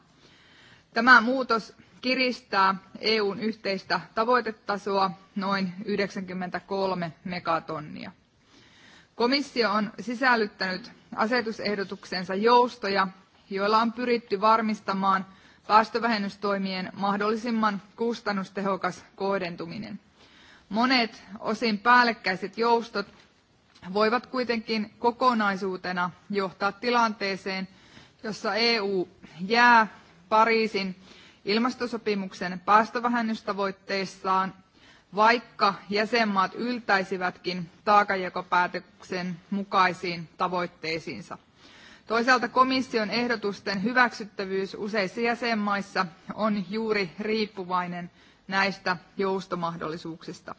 Tämä muutos kiristää EUn yhteistä tavoitetasoa noin 93 megatonnia. Komissio on sisällyttänyt asetusehdotuksensa joustoja, joilla on pyritty varmistamaan päästövähennystoimien mahdollisimman kustannustehokas kohdentuminen. Monet osin päällekkäiset joustot voivat kuitenkin kokonaisuutena johtaa tilanteeseen, jossa EU jää Pariisin ilmastosopimuksen päästövähennystavoitteissaan, vaikka jäsenmaat yltäisivätkin taakanjakopäätöksen mukaisiin tavoitteisiinsa. Toisaalta komission ehdotusten hyväksyttävyys useissa jäsenmaissa on juuri riippuvainen näistä joustomahdollisuuksista.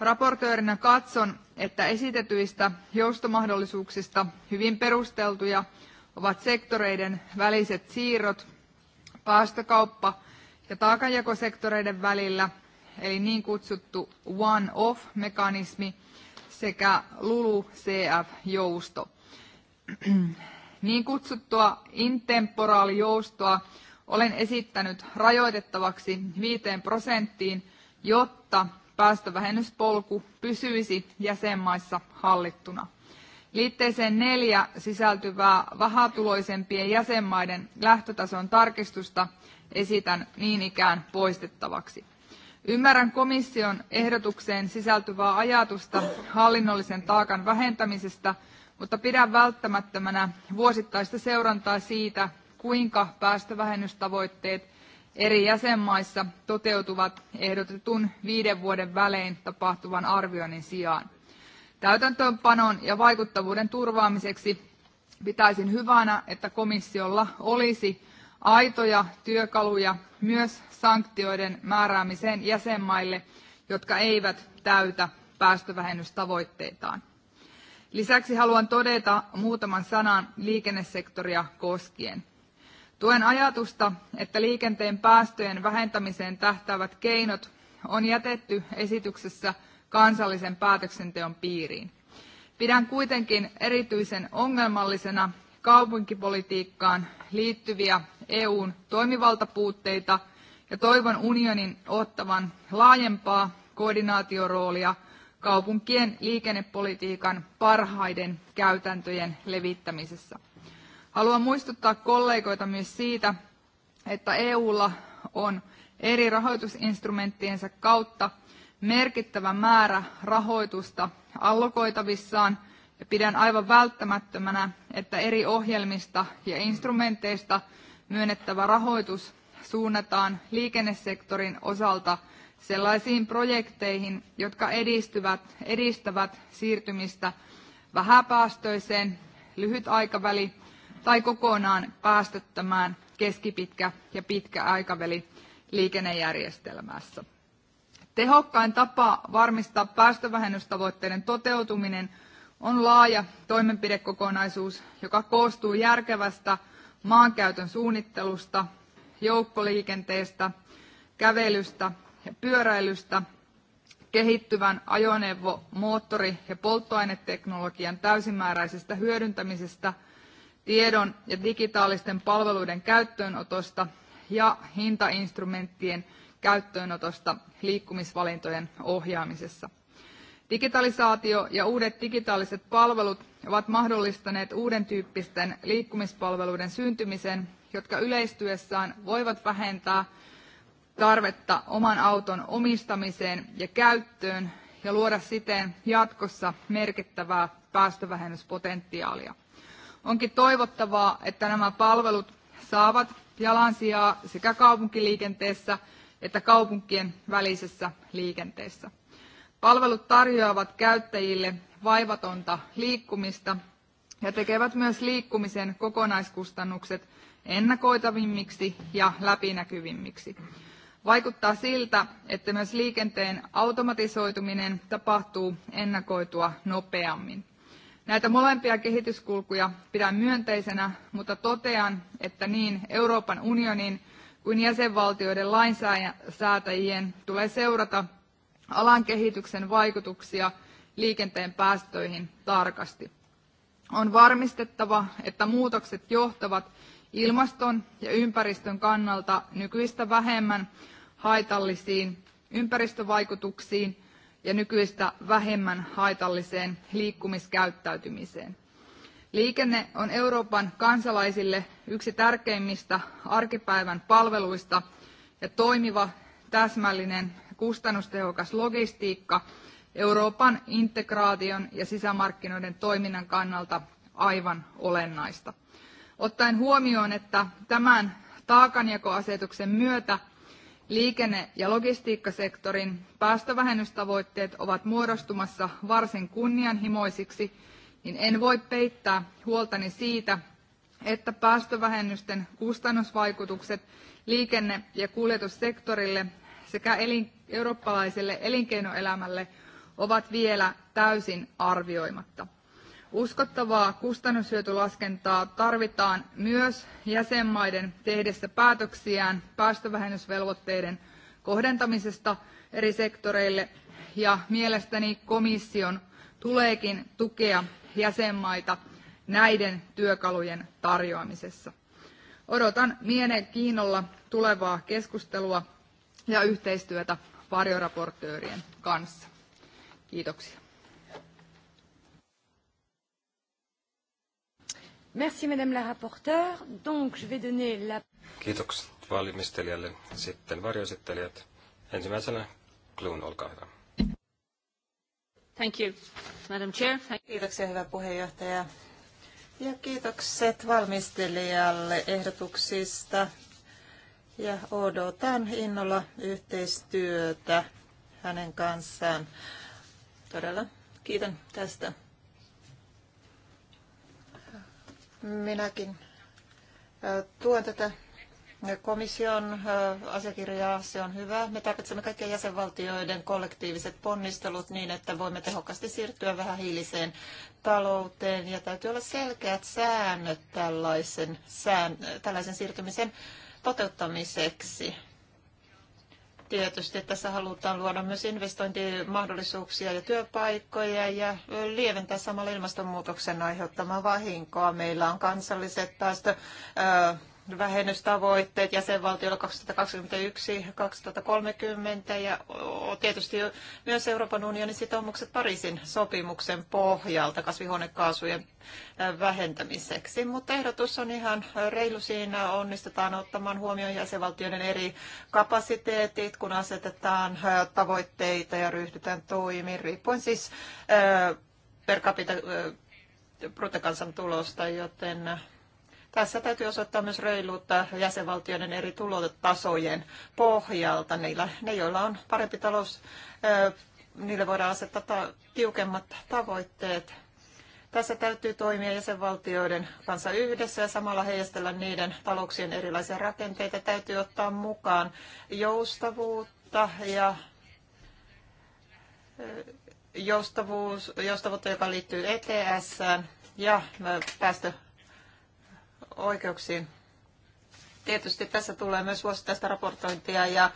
Raportöörinä katson, että esitetyistä joustomahdollisuuksista hyvin perusteltuja ovat sektoreiden väliset siirrot, päästökauppa ja taakanjakosektoreiden välillä, eli niin kutsuttu one-off-mekanismi sekä LULU-CF-jousto. niin kutsuttua intemporaalijoustoa olen esittänyt rajoitettavaksi 5 prosenttiin, jotta päästövähennyspolku pysyisi jäsenmaissa hallittuna. Liitteeseen neljä sisältyvää vähätuloisempien jäsenmaiden lähtötason tarkistusta esitän niin ikään poistettavaksi. Ymmärrän komission ehdotukseen sisältyvää ajatusta hallinnollisen taakan vähentämisestä, mutta pidän välttämättömänä vuosittaista seurantaa siitä, kuinka päästövähennystavoitteet eri jäsenmaissa toteutuvat ehdotetun viiden vuoden välein tapahtuvan arvioinnin sijaan. Täytäntöönpanon ja vaikuttavuuden turvaamiseksi pitäisin hyvänä, että komissiolla olisi aitoja työkaluja myös sanktioiden määräämiseen jäsenmaille, jotka eivät täytä päästövähennystavoitteitaan. Lisäksi haluan todeta muutaman sanan liikennesektoria koskien. Tuen ajatusta, että liikenteen päästöjen vähentämiseen tähtäävät keinot on jätetty esityksessä kansallisen päätöksenteon piiriin. Pidän kuitenkin erityisen ongelmallisena kaupunkipolitiikkaan liittyviä EUn toimivaltapuutteita ja toivon unionin ottavan laajempaa koordinaatioroolia kaupunkien liikennepolitiikan parhaiden käytäntöjen levittämisessä. Haluan muistuttaa kollegoita myös siitä, että EUlla on eri rahoitusinstrumenttiensa kautta – merkittävä määrä rahoitusta allokoitavissaan ja pidän aivan välttämättömänä, että eri ohjelmista ja instrumenteista myönnettävä rahoitus suunnataan liikennesektorin osalta sellaisiin projekteihin, jotka edistyvät, edistävät siirtymistä vähäpäästöiseen, lyhyt aikaväli tai kokonaan päästöttömään keskipitkä ja pitkä aikaväli liikennejärjestelmässä. Tehokkain tapa varmistaa päästövähennystavoitteiden toteutuminen on laaja toimenpidekokonaisuus, joka koostuu järkevästä maankäytön suunnittelusta, joukkoliikenteestä, kävelystä ja pyöräilystä, kehittyvän ajoneuvo-, moottori- ja polttoaineteknologian täysimääräisestä hyödyntämisestä, tiedon ja digitaalisten palveluiden käyttöönotosta ja hintainstrumenttien käyttöönotosta liikkumisvalintojen ohjaamisessa. Digitalisaatio ja uudet digitaaliset palvelut ovat mahdollistaneet uuden tyyppisten liikkumispalveluiden syntymisen, jotka yleistyessään voivat vähentää tarvetta oman auton omistamiseen ja käyttöön ja luoda siten jatkossa merkittävää päästövähennyspotentiaalia. Onkin toivottavaa, että nämä palvelut saavat jalansijaa sekä kaupunkiliikenteessä että kaupunkien välisessä liikenteessä. Palvelut tarjoavat käyttäjille vaivatonta liikkumista ja tekevät myös liikkumisen kokonaiskustannukset ennakoitavimmiksi ja läpinäkyvimmiksi. Vaikuttaa siltä, että myös liikenteen automatisoituminen tapahtuu ennakoitua nopeammin. Näitä molempia kehityskulkuja pidän myönteisenä, mutta totean, että niin Euroopan unionin kuin jäsenvaltioiden lainsäätäjien tulee seurata alan kehityksen vaikutuksia liikenteen päästöihin tarkasti. On varmistettava, että muutokset johtavat ilmaston ja ympäristön kannalta nykyistä vähemmän haitallisiin ympäristövaikutuksiin ja nykyistä vähemmän haitalliseen liikkumiskäyttäytymiseen. Liikenne on Euroopan kansalaisille yksi tärkeimmistä arkipäivän palveluista ja toimiva, täsmällinen ja kustannustehokas logistiikka Euroopan integraation ja sisämarkkinoiden toiminnan kannalta aivan olennaista. Ottaen huomioon, että tämän taakanjakoasetuksen myötä liikenne- ja logistiikkasektorin päästövähennystavoitteet ovat muodostumassa varsin kunnianhimoisiksi, niin en voi peittää huoltani siitä, että päästövähennysten kustannusvaikutukset liikenne- ja kuljetussektorille sekä eurooppalaiselle elinkeinoelämälle ovat vielä täysin arvioimatta. Uskottavaa kustannushyötylaskentaa tarvitaan myös jäsenmaiden tehdessä päätöksiään päästövähennysvelvoitteiden kohdentamisesta eri sektoreille ja mielestäni komission tuleekin tukea jäsenmaita näiden työkalujen tarjoamisessa. Odotan mielenkiinnolla tulevaa keskustelua ja yhteistyötä varjoraportöörien kanssa. Kiitoksia. Merci Madame la rapporteure. Donc je vais donner la... Kiitokset valmistelijalle. Sitten varjoesittelijät. Ensimmäisenä Kluun, olkaa hyvä. Thank you, Madam Chair. Thank you. Kiitoksia, hyvä puheenjohtaja. Ja kiitokset valmistelijalle ehdotuksista. Ja odotan innolla yhteistyötä hänen kanssaan. Todella kiitän tästä. Minäkin tuon tätä komission asiakirjaa, se on hyvä. Me tarvitsemme kaikkien jäsenvaltioiden kollektiiviset ponnistelut niin, että voimme tehokkaasti siirtyä vähähiiliseen talouteen ja täytyy olla selkeät säännöt tällaisen, sään, tällaisen siirtymisen toteuttamiseksi. Tietysti tässä halutaan luoda myös investointimahdollisuuksia ja työpaikkoja ja lieventää samalla ilmastonmuutoksen aiheuttamaa vahinkoa. Meillä on kansalliset päästö vähennystavoitteet jäsenvaltioilla 2021-2030 ja tietysti myös Euroopan unionin sitoumukset Pariisin sopimuksen pohjalta kasvihuonekaasujen vähentämiseksi. Mutta ehdotus on ihan reilu siinä, onnistetaan ottamaan huomioon jäsenvaltioiden eri kapasiteetit, kun asetetaan tavoitteita ja ryhdytään toimiin, riippuen siis per capita bruttokansantulosta, joten tässä täytyy osoittaa myös reiluutta äh, jäsenvaltioiden eri tulotasojen pohjalta. Niillä, ne, joilla on parempi talous, äh, niille voidaan asettaa ta- tiukemmat tavoitteet. Tässä täytyy toimia jäsenvaltioiden kanssa yhdessä ja samalla heijastella niiden talouksien erilaisia rakenteita. Täytyy ottaa mukaan joustavuutta ja äh, joustavuus, joustavuutta, joka liittyy ETS ja päästö oikeuksiin. Tietysti tässä tulee myös vuosittaista raportointia ja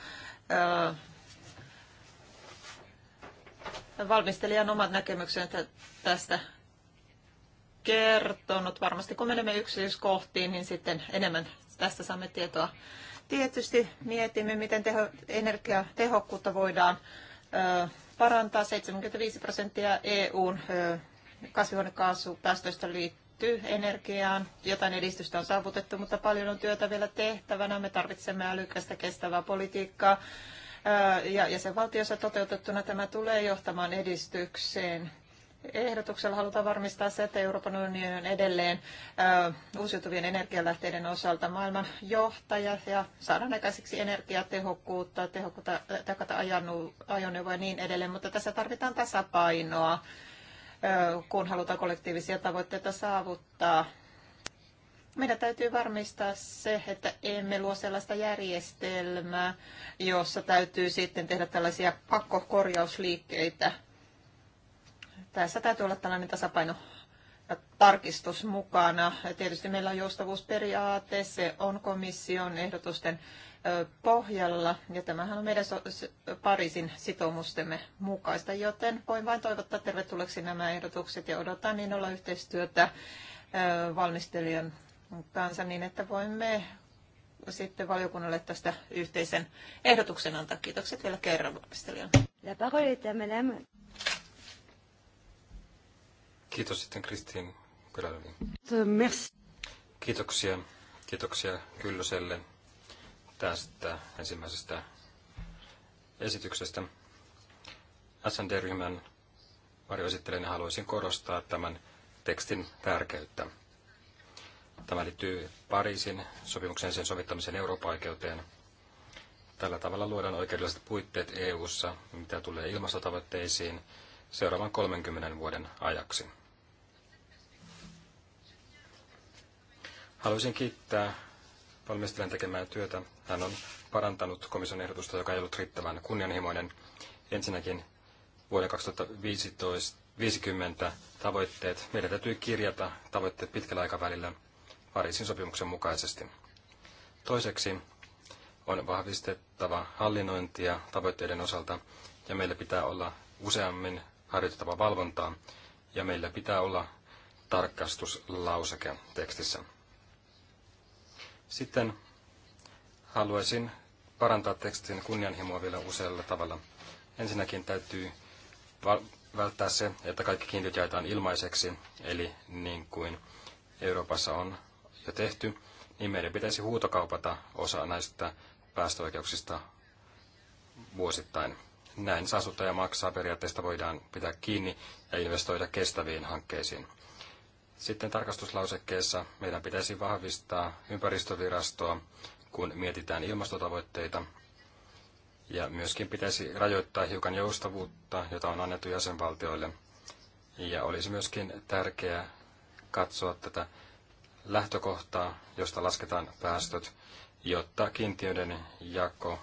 valmistelijan omat näkemykset tästä kertonut. Varmasti kun menemme yksityiskohtiin, niin sitten enemmän tästä saamme tietoa. Tietysti mietimme, miten teho, energiatehokkuutta voidaan ö, parantaa. 75 prosenttia EUn ö, kasvihuonekaasupäästöistä liittyy energiaan. Jotain edistystä on saavutettu, mutta paljon on työtä vielä tehtävänä. Me tarvitsemme älykästä kestävää politiikkaa. Ja jäsenvaltiossa toteutettuna tämä tulee johtamaan edistykseen. Ehdotuksella halutaan varmistaa se, että Euroopan unioni on edelleen uusiutuvien energialähteiden osalta maailman johtaja ja saadaan aikaiseksi energiatehokkuutta, tehokkuutta, takata ajoneuvoja ja niin edelleen, mutta tässä tarvitaan tasapainoa kun halutaan kollektiivisia tavoitteita saavuttaa. Meidän täytyy varmistaa se, että emme luo sellaista järjestelmää, jossa täytyy sitten tehdä tällaisia pakkokorjausliikkeitä. Tässä täytyy olla tällainen tasapaino tarkistus mukana. Tietysti meillä on joustavuusperiaate, se on komission ehdotusten pohjalla, ja tämähän on meidän Pariisin sitoumustemme mukaista, joten voin vain toivottaa tervetulleeksi nämä ehdotukset ja odotan niin olla yhteistyötä valmistelijan kanssa niin, että voimme sitten valiokunnalle tästä yhteisen ehdotuksen antaa. Kiitokset vielä kerran valmistelijan. La parole est à madame. Kiitos sitten Kristiin Merci. Kiitoksia. Kiitoksia Kyllöselle tästä ensimmäisestä esityksestä. SND-ryhmän varjoesittelijänä haluaisin korostaa tämän tekstin tärkeyttä. Tämä liittyy Pariisin sopimukseen sen sovittamisen Euroopan-oikeuteen. Tällä tavalla luodaan oikeudelliset puitteet EU:ssa, mitä tulee ilmastotavoitteisiin seuraavan 30 vuoden ajaksi. Haluaisin kiittää valmistelijan tekemää työtä hän on parantanut komission ehdotusta, joka ei ollut riittävän kunnianhimoinen. Ensinnäkin vuoden 2050 tavoitteet. Meidän täytyy kirjata tavoitteet pitkällä aikavälillä Pariisin sopimuksen mukaisesti. Toiseksi on vahvistettava hallinnointia tavoitteiden osalta ja meillä pitää olla useammin harjoitettava valvontaa ja meillä pitää olla tarkastuslauseke tekstissä. Sitten haluaisin parantaa tekstin kunnianhimoa vielä usealla tavalla. Ensinnäkin täytyy välttää se, että kaikki kiintiöt jaetaan ilmaiseksi, eli niin kuin Euroopassa on jo tehty, niin meidän pitäisi huutokaupata osa näistä päästöoikeuksista vuosittain. Näin saastuttaja maksaa periaatteesta voidaan pitää kiinni ja investoida kestäviin hankkeisiin. Sitten tarkastuslausekkeessa meidän pitäisi vahvistaa ympäristövirastoa kun mietitään ilmastotavoitteita. Ja myöskin pitäisi rajoittaa hiukan joustavuutta, jota on annettu jäsenvaltioille. Ja olisi myöskin tärkeää katsoa tätä lähtökohtaa, josta lasketaan päästöt, jotta kiintiöiden jako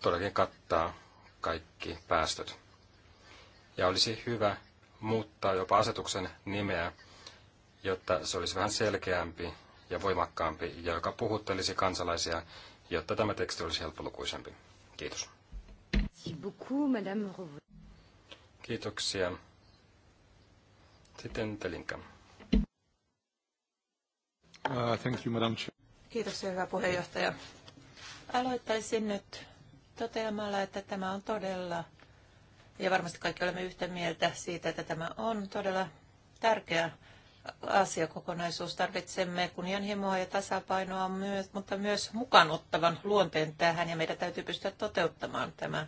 todellakin kattaa kaikki päästöt. Ja olisi hyvä muuttaa jopa asetuksen nimeä, jotta se olisi vähän selkeämpi ja voimakkaampi ja joka puhuttelisi kansalaisia, jotta tämä teksti olisi helppolukuisempi. Kiitos. Kiitoksia. Sitten Telinka. Uh, thank you, Kiitoksia, hyvä puheenjohtaja. Aloittaisin nyt toteamalla, että tämä on todella, ja varmasti kaikki olemme yhtä mieltä siitä, että tämä on todella tärkeä asiakokonaisuus. Tarvitsemme kunnianhimoa ja tasapainoa myös, mutta myös mukaanottavan luonteen tähän ja meidän täytyy pystyä toteuttamaan tämä.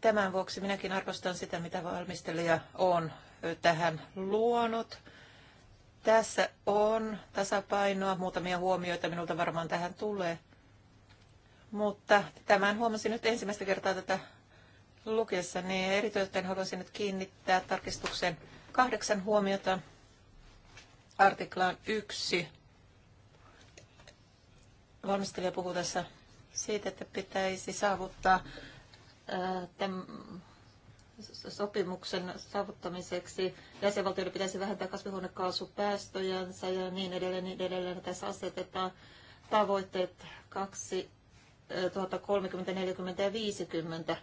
Tämän vuoksi minäkin arvostan sitä, mitä valmistelija on tähän luonut. Tässä on tasapainoa. Muutamia huomioita minulta varmaan tähän tulee. Mutta tämän huomasin nyt ensimmäistä kertaa tätä lukiessa, niin erityisesti haluaisin nyt kiinnittää tarkistuksen kahdeksan huomiota artiklaan yksi. Valmistelija puhuu tässä siitä, että pitäisi saavuttaa tämän sopimuksen saavuttamiseksi jäsenvaltioiden pitäisi vähentää kasvihuonekaasupäästöjänsä ja niin edelleen, niin edelleen. Tässä asetetaan tavoitteet 2030, 40 ja 50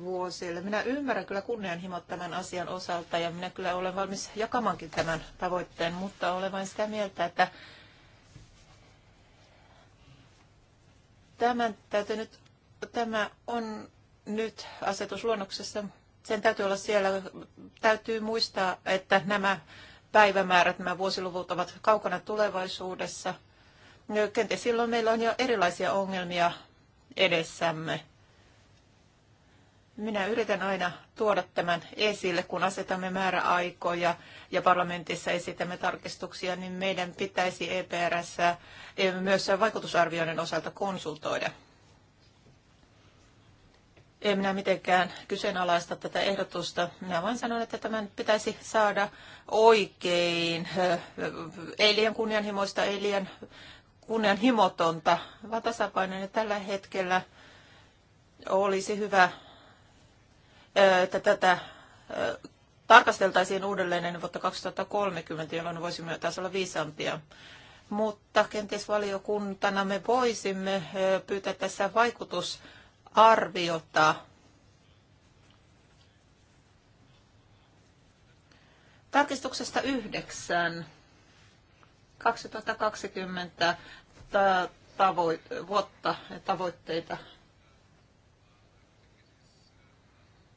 vuosille. Minä ymmärrän kyllä kunnianhimot tämän asian osalta ja minä kyllä olen valmis jakamankin tämän tavoitteen, mutta olen vain sitä mieltä, että tämän täytyy nyt, tämä on nyt asetusluonnoksessa, sen täytyy olla siellä, täytyy muistaa, että nämä päivämäärät, nämä vuosiluvut ovat kaukana tulevaisuudessa. Kenties silloin meillä on jo erilaisia ongelmia edessämme. Minä yritän aina tuoda tämän esille, kun asetamme määräaikoja ja parlamentissa esitämme tarkistuksia, niin meidän pitäisi EPRS eh, myös vaikutusarvioiden osalta konsultoida. En minä mitenkään kyseenalaista tätä ehdotusta. Minä vain sanon, että tämän pitäisi saada oikein. Ei eh, liian kunnianhimoista, ei liian kunnianhimotonta, vaan tasapainoinen tällä hetkellä olisi hyvä että tätä tarkasteltaisiin uudelleen ennen vuotta 2030, jolloin voisimme taas olla viisaampia. Mutta kenties valiokuntana me voisimme pyytää tässä vaikutusarviota Tarkistuksesta yhdeksän 2020 tavoit- vuotta tavoitteita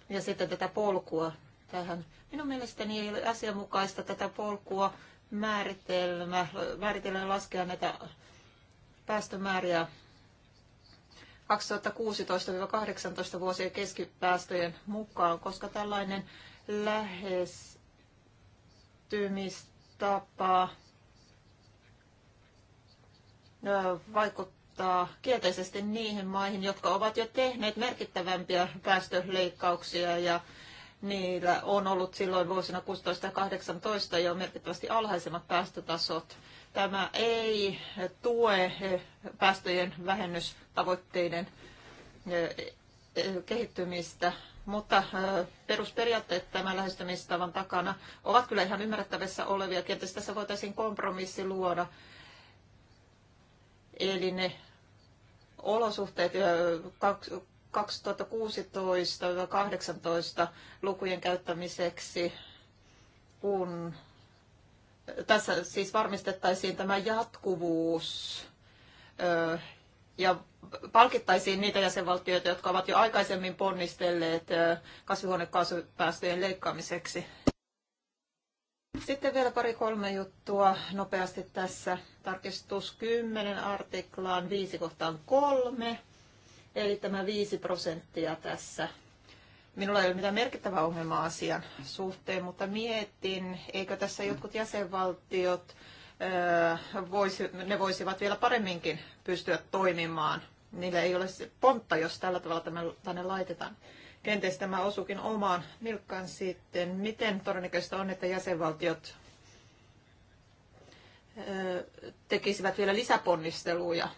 ja sitten tätä polkua tähän. Minun mielestäni ei ole asianmukaista tätä polkua määritelmä, määritelmä laskea näitä päästömääriä 2016 2018 vuosien keskipäästöjen mukaan, koska tällainen lähestymistapa vaikuttaa vaikuttaa kielteisesti niihin maihin, jotka ovat jo tehneet merkittävämpiä päästöleikkauksia ja niillä on ollut silloin vuosina 16 ja 18 jo merkittävästi alhaisemmat päästötasot. Tämä ei tue päästöjen vähennystavoitteiden eh, eh, kehittymistä, mutta eh, perusperiaatteet tämän lähestymistavan takana ovat kyllä ihan ymmärrettävissä olevia. Tietysti tässä voitaisiin kompromissi luoda, eli ne olosuhteet 2016-2018 lukujen käyttämiseksi, kun tässä siis varmistettaisiin tämä jatkuvuus ja palkittaisiin niitä jäsenvaltioita, jotka ovat jo aikaisemmin ponnistelleet kasvihuonekaasupäästöjen leikkaamiseksi. Sitten vielä pari-kolme juttua nopeasti tässä. Tarkistus 10 artiklaan 5 kohtaan 3, eli tämä 5 prosenttia tässä. Minulla ei ole mitään merkittävää ongelmaa asian suhteen, mutta mietin, eikö tässä jotkut jäsenvaltiot, voisi, ne voisivat vielä paremminkin pystyä toimimaan. Niillä ei ole pontta, jos tällä tavalla tänne laitetaan. Kenties tämä osuukin omaan nilkkaan sitten. Miten todennäköistä on, että jäsenvaltiot tekisivät vielä lisäponnisteluja?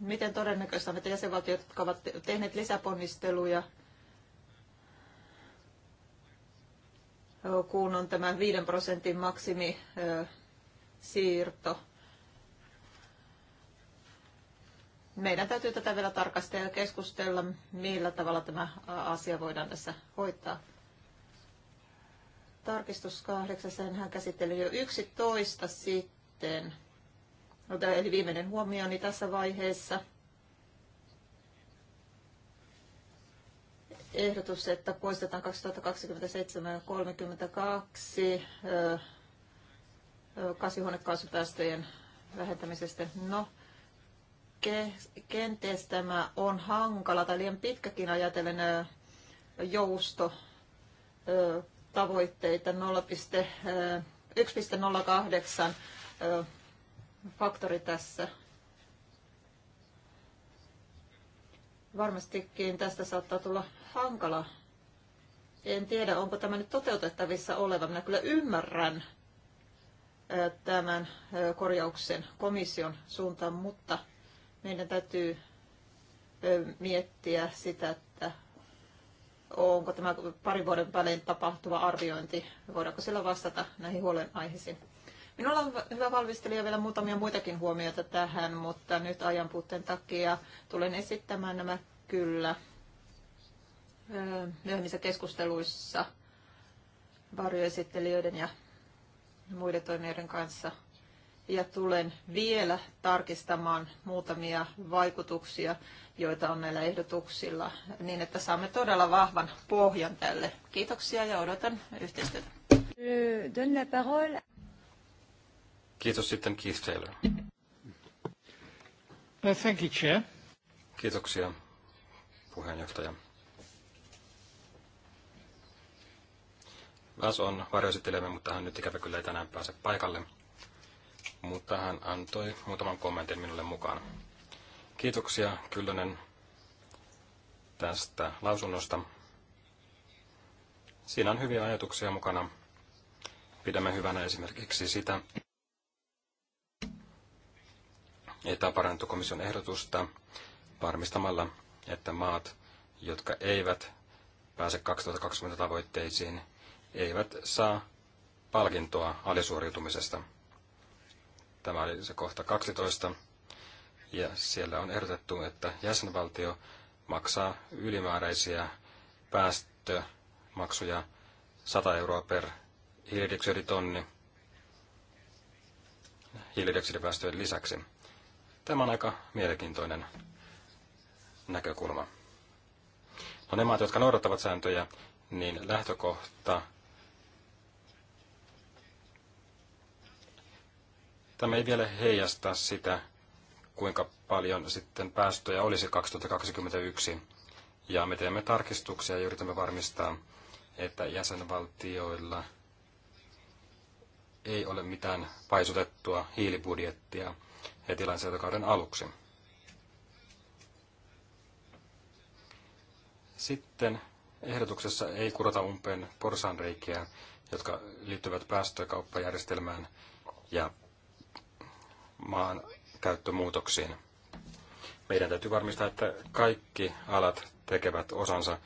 Miten todennäköistä on, että jäsenvaltiot, jotka ovat tehneet lisäponnisteluja, kun on tämä 5 prosentin maksimi siirto meidän täytyy tätä vielä tarkastella ja keskustella, millä tavalla tämä asia voidaan tässä hoitaa. Tarkistus kahdeksan, hän käsitteli jo 11 sitten, no, eli viimeinen huomioni niin tässä vaiheessa. Ehdotus, että poistetaan 2027 ja 32 kasvihuonekaasupäästöjen vähentämisestä. No, kenties tämä on hankala tai liian pitkäkin ajatellen jousto tavoitteita 1.08 faktori tässä. Varmastikin tästä saattaa tulla hankala. En tiedä, onko tämä nyt toteutettavissa oleva. Minä kyllä ymmärrän tämän korjauksen komission suuntaan, mutta – meidän täytyy miettiä sitä, että onko tämä parin vuoden välein tapahtuva arviointi, voidaanko sillä vastata näihin huolenaiheisiin. Minulla on hyvä valmistelija vielä muutamia muitakin huomioita tähän, mutta nyt ajan puutteen takia tulen esittämään nämä kyllä myöhemmissä keskusteluissa varjoesittelijöiden ja muiden toimijoiden kanssa – ja tulen vielä tarkistamaan muutamia vaikutuksia, joita on näillä ehdotuksilla, niin että saamme todella vahvan pohjan tälle. Kiitoksia ja odotan yhteistyötä. Kiitos sitten Keith Taylor. Thank you, Chair. Kiitoksia, puheenjohtaja. Vas on varjoesittelemme, mutta hän nyt ikävä kyllä ei tänään pääse paikalle mutta hän antoi muutaman kommentin minulle mukaan. Kiitoksia Kyllönen tästä lausunnosta. Siinä on hyviä ajatuksia mukana. Pidämme hyvänä esimerkiksi sitä, että parantui komission ehdotusta varmistamalla, että maat, jotka eivät pääse 2020 tavoitteisiin, eivät saa palkintoa alisuoriutumisesta. Tämä oli se kohta 12. Ja siellä on ehdotettu, että jäsenvaltio maksaa ylimääräisiä päästömaksuja 100 euroa per hiilidioksiditonni hiilidioksidipäästöjen lisäksi. Tämä on aika mielenkiintoinen näkökulma. No ne maat, jotka noudattavat sääntöjä, niin lähtökohta me ei vielä heijastaa sitä, kuinka paljon sitten päästöjä olisi 2021. Ja me teemme tarkistuksia ja yritämme varmistaa, että jäsenvaltioilla ei ole mitään paisutettua hiilibudjettia heti lainsäädäntökauden aluksi. Sitten ehdotuksessa ei kurota umpeen porsaanreikiä, jotka liittyvät päästökauppajärjestelmään ja maan käyttömuutoksiin. Meidän täytyy varmistaa, että kaikki alat tekevät osansa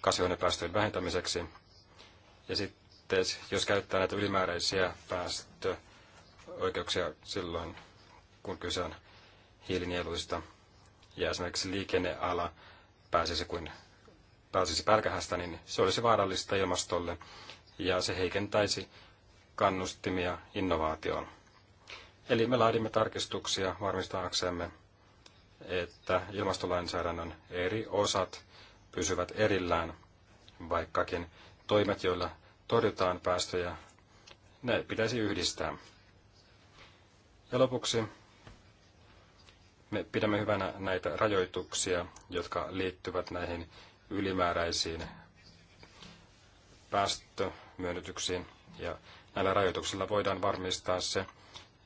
kasvihuonepäästöjen vähentämiseksi. Ja sitten jos käyttää näitä ylimääräisiä päästöoikeuksia silloin, kun kyse on hiilinieluista, ja esimerkiksi liikenneala pääsisi kuin pääsisi pälkähästä, niin se olisi vaarallista ilmastolle ja se heikentäisi kannustimia innovaatioon. Eli me laadimme tarkistuksia varmistaaksemme, että ilmastolainsäädännön eri osat pysyvät erillään, vaikkakin toimet, joilla torjutaan päästöjä, ne pitäisi yhdistää. Ja lopuksi me pidämme hyvänä näitä rajoituksia, jotka liittyvät näihin ylimääräisiin päästömyönnytyksiin. Ja näillä rajoituksilla voidaan varmistaa se,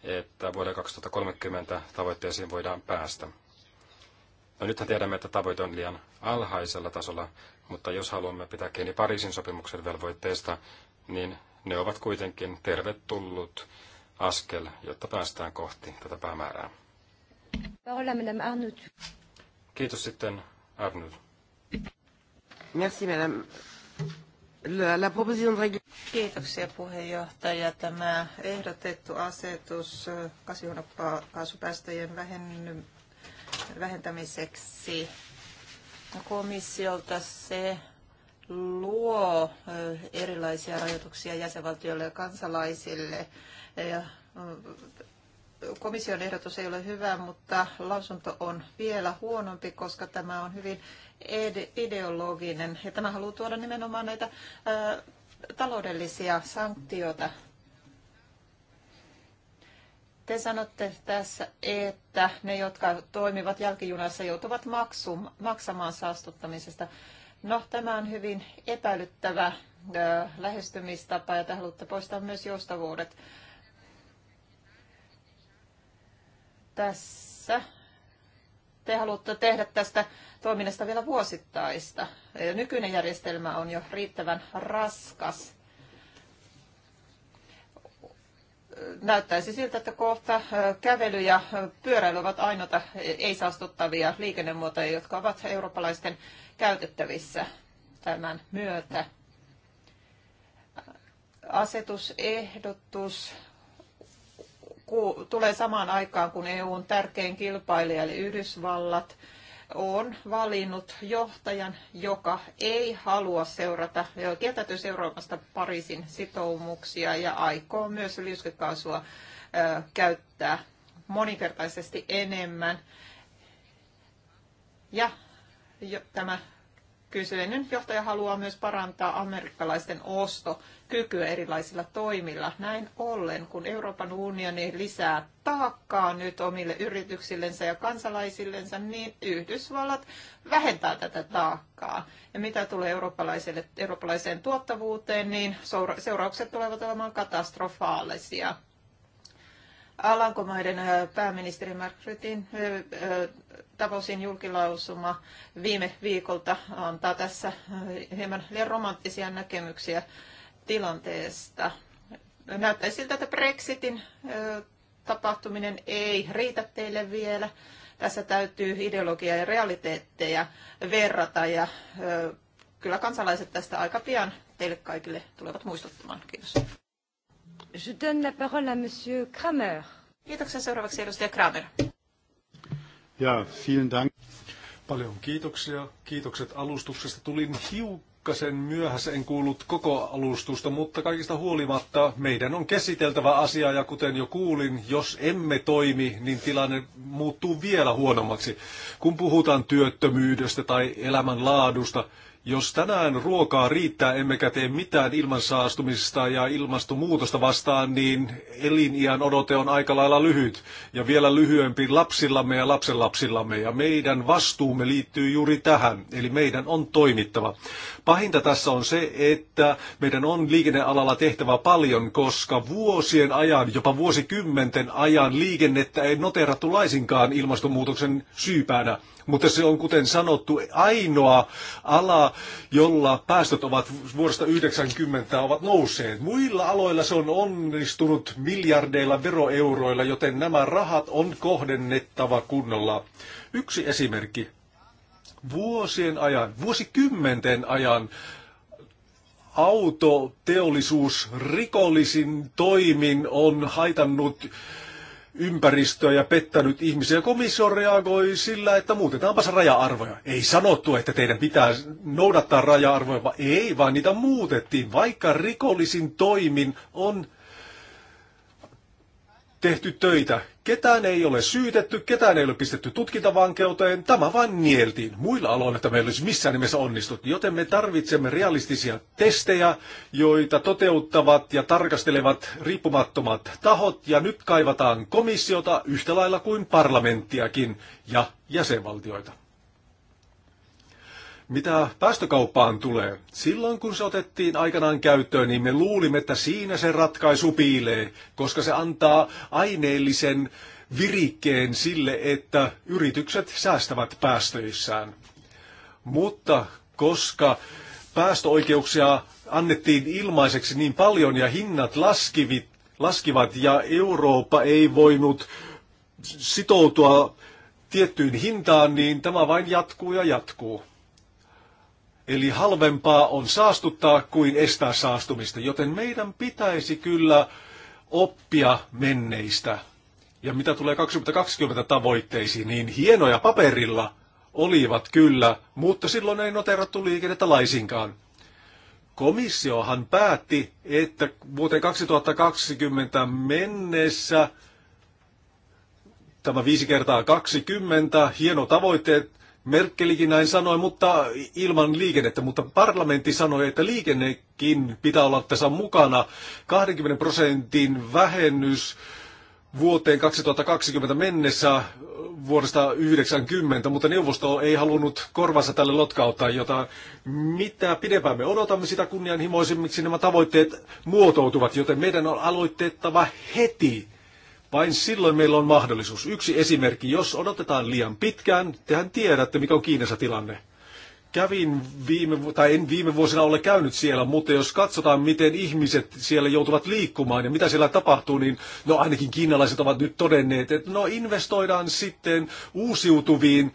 että vuoden 2030 tavoitteisiin voidaan päästä. No nythän tiedämme, että tavoite on liian alhaisella tasolla, mutta jos haluamme pitää kiinni Pariisin sopimuksen velvoitteista, niin ne ovat kuitenkin tervetullut askel, jotta päästään kohti tätä päämäärää. Kiitos sitten, Arnud. Merci, madame. Kiitoksia puheenjohtaja. Tämä ehdotettu asetus kasvihuonekaasupäästöjen vähentämiseksi no, komissiolta se luo erilaisia rajoituksia jäsenvaltioille ja kansalaisille ja komission ehdotus ei ole hyvä, mutta lausunto on vielä huonompi, koska tämä on hyvin ideologinen. Ja tämä haluaa tuoda nimenomaan näitä ää, taloudellisia sanktioita. Te sanotte tässä, että ne, jotka toimivat jälkijunassa, joutuvat maksum, maksamaan saastuttamisesta. No, tämä on hyvin epäilyttävä ää, lähestymistapa ja te haluatte poistaa myös joustavuudet. tässä te haluatte tehdä tästä toiminnasta vielä vuosittaista. Nykyinen järjestelmä on jo riittävän raskas. Näyttäisi siltä, että kohta kävely ja pyöräily ovat ainoita ei-saastuttavia liikennemuotoja, jotka ovat eurooppalaisten käytettävissä tämän myötä. Asetusehdotus tulee samaan aikaan, kun EUn tärkein kilpailija eli Yhdysvallat on valinnut johtajan, joka ei halua seurata, kieltäytyy seuraamasta Pariisin sitoumuksia ja aikoo myös liuskekaasua käyttää moninkertaisesti enemmän. Ja jo, tämä Kyseinen johtaja haluaa myös parantaa amerikkalaisten ostokykyä erilaisilla toimilla. Näin ollen, kun Euroopan unioni lisää taakkaa nyt omille yrityksillensä ja kansalaisillensa, niin Yhdysvallat vähentää tätä taakkaa. Ja mitä tulee eurooppalaiselle, eurooppalaiseen tuottavuuteen, niin seuraukset tulevat olemaan katastrofaalisia. Alankomaiden pääministeri Mark Rutin Tapausin julkilausuma viime viikolta antaa tässä äh, hieman liian romanttisia näkemyksiä tilanteesta. Näyttää siltä, että Brexitin tapahtuminen ei riitä teille vielä. Tässä täytyy ideologiaa ja realiteetteja verrata ja kyllä kansalaiset tästä aika pian teille kaikille tulevat muistuttamaan. Kiitos. Je donne la parole à monsieur Kramer. Kiitoksia seuraavaksi edustaja Kramer. Ja, vielen dank. Paljon kiitoksia. Kiitokset alustuksesta. Tulin hiukkasen myöhässä, en kuullut koko alustusta, mutta kaikista huolimatta meidän on käsiteltävä asia ja kuten jo kuulin, jos emme toimi, niin tilanne muuttuu vielä huonommaksi. Kun puhutaan työttömyydestä tai elämänlaadusta, jos tänään ruokaa riittää emmekä tee mitään ilmansaastumisesta ja ilmastonmuutosta vastaan, niin eliniän odote on aika lailla lyhyt ja vielä lyhyempi lapsillamme ja lapsenlapsillamme. Ja meidän vastuumme liittyy juuri tähän, eli meidän on toimittava. Pahinta tässä on se, että meidän on liikennealalla tehtävä paljon, koska vuosien ajan, jopa vuosikymmenten ajan liikennettä ei noterattu laisinkaan ilmastonmuutoksen syypäänä. Mutta se on, kuten sanottu, ainoa ala, jolla päästöt ovat vuodesta 90 ovat nousseet. Muilla aloilla se on onnistunut miljardeilla veroeuroilla, joten nämä rahat on kohdennettava kunnolla. Yksi esimerkki vuosien ajan, vuosikymmenten ajan autoteollisuus rikollisin toimin on haitannut ympäristöä ja pettänyt ihmisiä. Komissio reagoi sillä, että muutetaanpas raja-arvoja. Ei sanottu, että teidän pitää noudattaa raja-arvoja, vaan ei, vaan niitä muutettiin, vaikka rikollisin toimin on tehty töitä. Ketään ei ole syytetty, ketään ei ole pistetty tutkintavankeuteen, tämä vain nieltiin. Muilla aloilla tämä ei olisi missään nimessä onnistuttu, joten me tarvitsemme realistisia testejä, joita toteuttavat ja tarkastelevat riippumattomat tahot, ja nyt kaivataan komissiota yhtä lailla kuin parlamenttiakin ja jäsenvaltioita. Mitä päästökauppaan tulee? Silloin kun se otettiin aikanaan käyttöön, niin me luulimme, että siinä se ratkaisu piilee, koska se antaa aineellisen virikkeen sille, että yritykset säästävät päästöissään. Mutta koska päästöoikeuksia annettiin ilmaiseksi niin paljon ja hinnat laskivit, laskivat ja Eurooppa ei voinut sitoutua tiettyyn hintaan, niin tämä vain jatkuu ja jatkuu. Eli halvempaa on saastuttaa kuin estää saastumista, joten meidän pitäisi kyllä oppia menneistä. Ja mitä tulee 2020 tavoitteisiin, niin hienoja paperilla olivat kyllä, mutta silloin ei noterattu liikennettä laisinkaan. Komissiohan päätti, että vuoteen 2020 mennessä tämä 5 kertaa 20, hieno tavoitteet, Merkelikin näin sanoi, mutta ilman liikennettä. Mutta parlamentti sanoi, että liikennekin pitää olla tässä mukana. 20 prosentin vähennys vuoteen 2020 mennessä vuodesta 90, mutta neuvosto ei halunnut korvansa tälle lotkauttaa, jota mitä pidempään me odotamme sitä kunnianhimoisemmiksi nämä tavoitteet muotoutuvat, joten meidän on aloitettava heti vain silloin meillä on mahdollisuus. Yksi esimerkki, jos odotetaan liian pitkään, tehän tiedätte, mikä on Kiinassa tilanne. Kävin viime, tai en viime vuosina ole käynyt siellä, mutta jos katsotaan, miten ihmiset siellä joutuvat liikkumaan ja mitä siellä tapahtuu, niin no ainakin kiinalaiset ovat nyt todenneet, että no investoidaan sitten uusiutuviin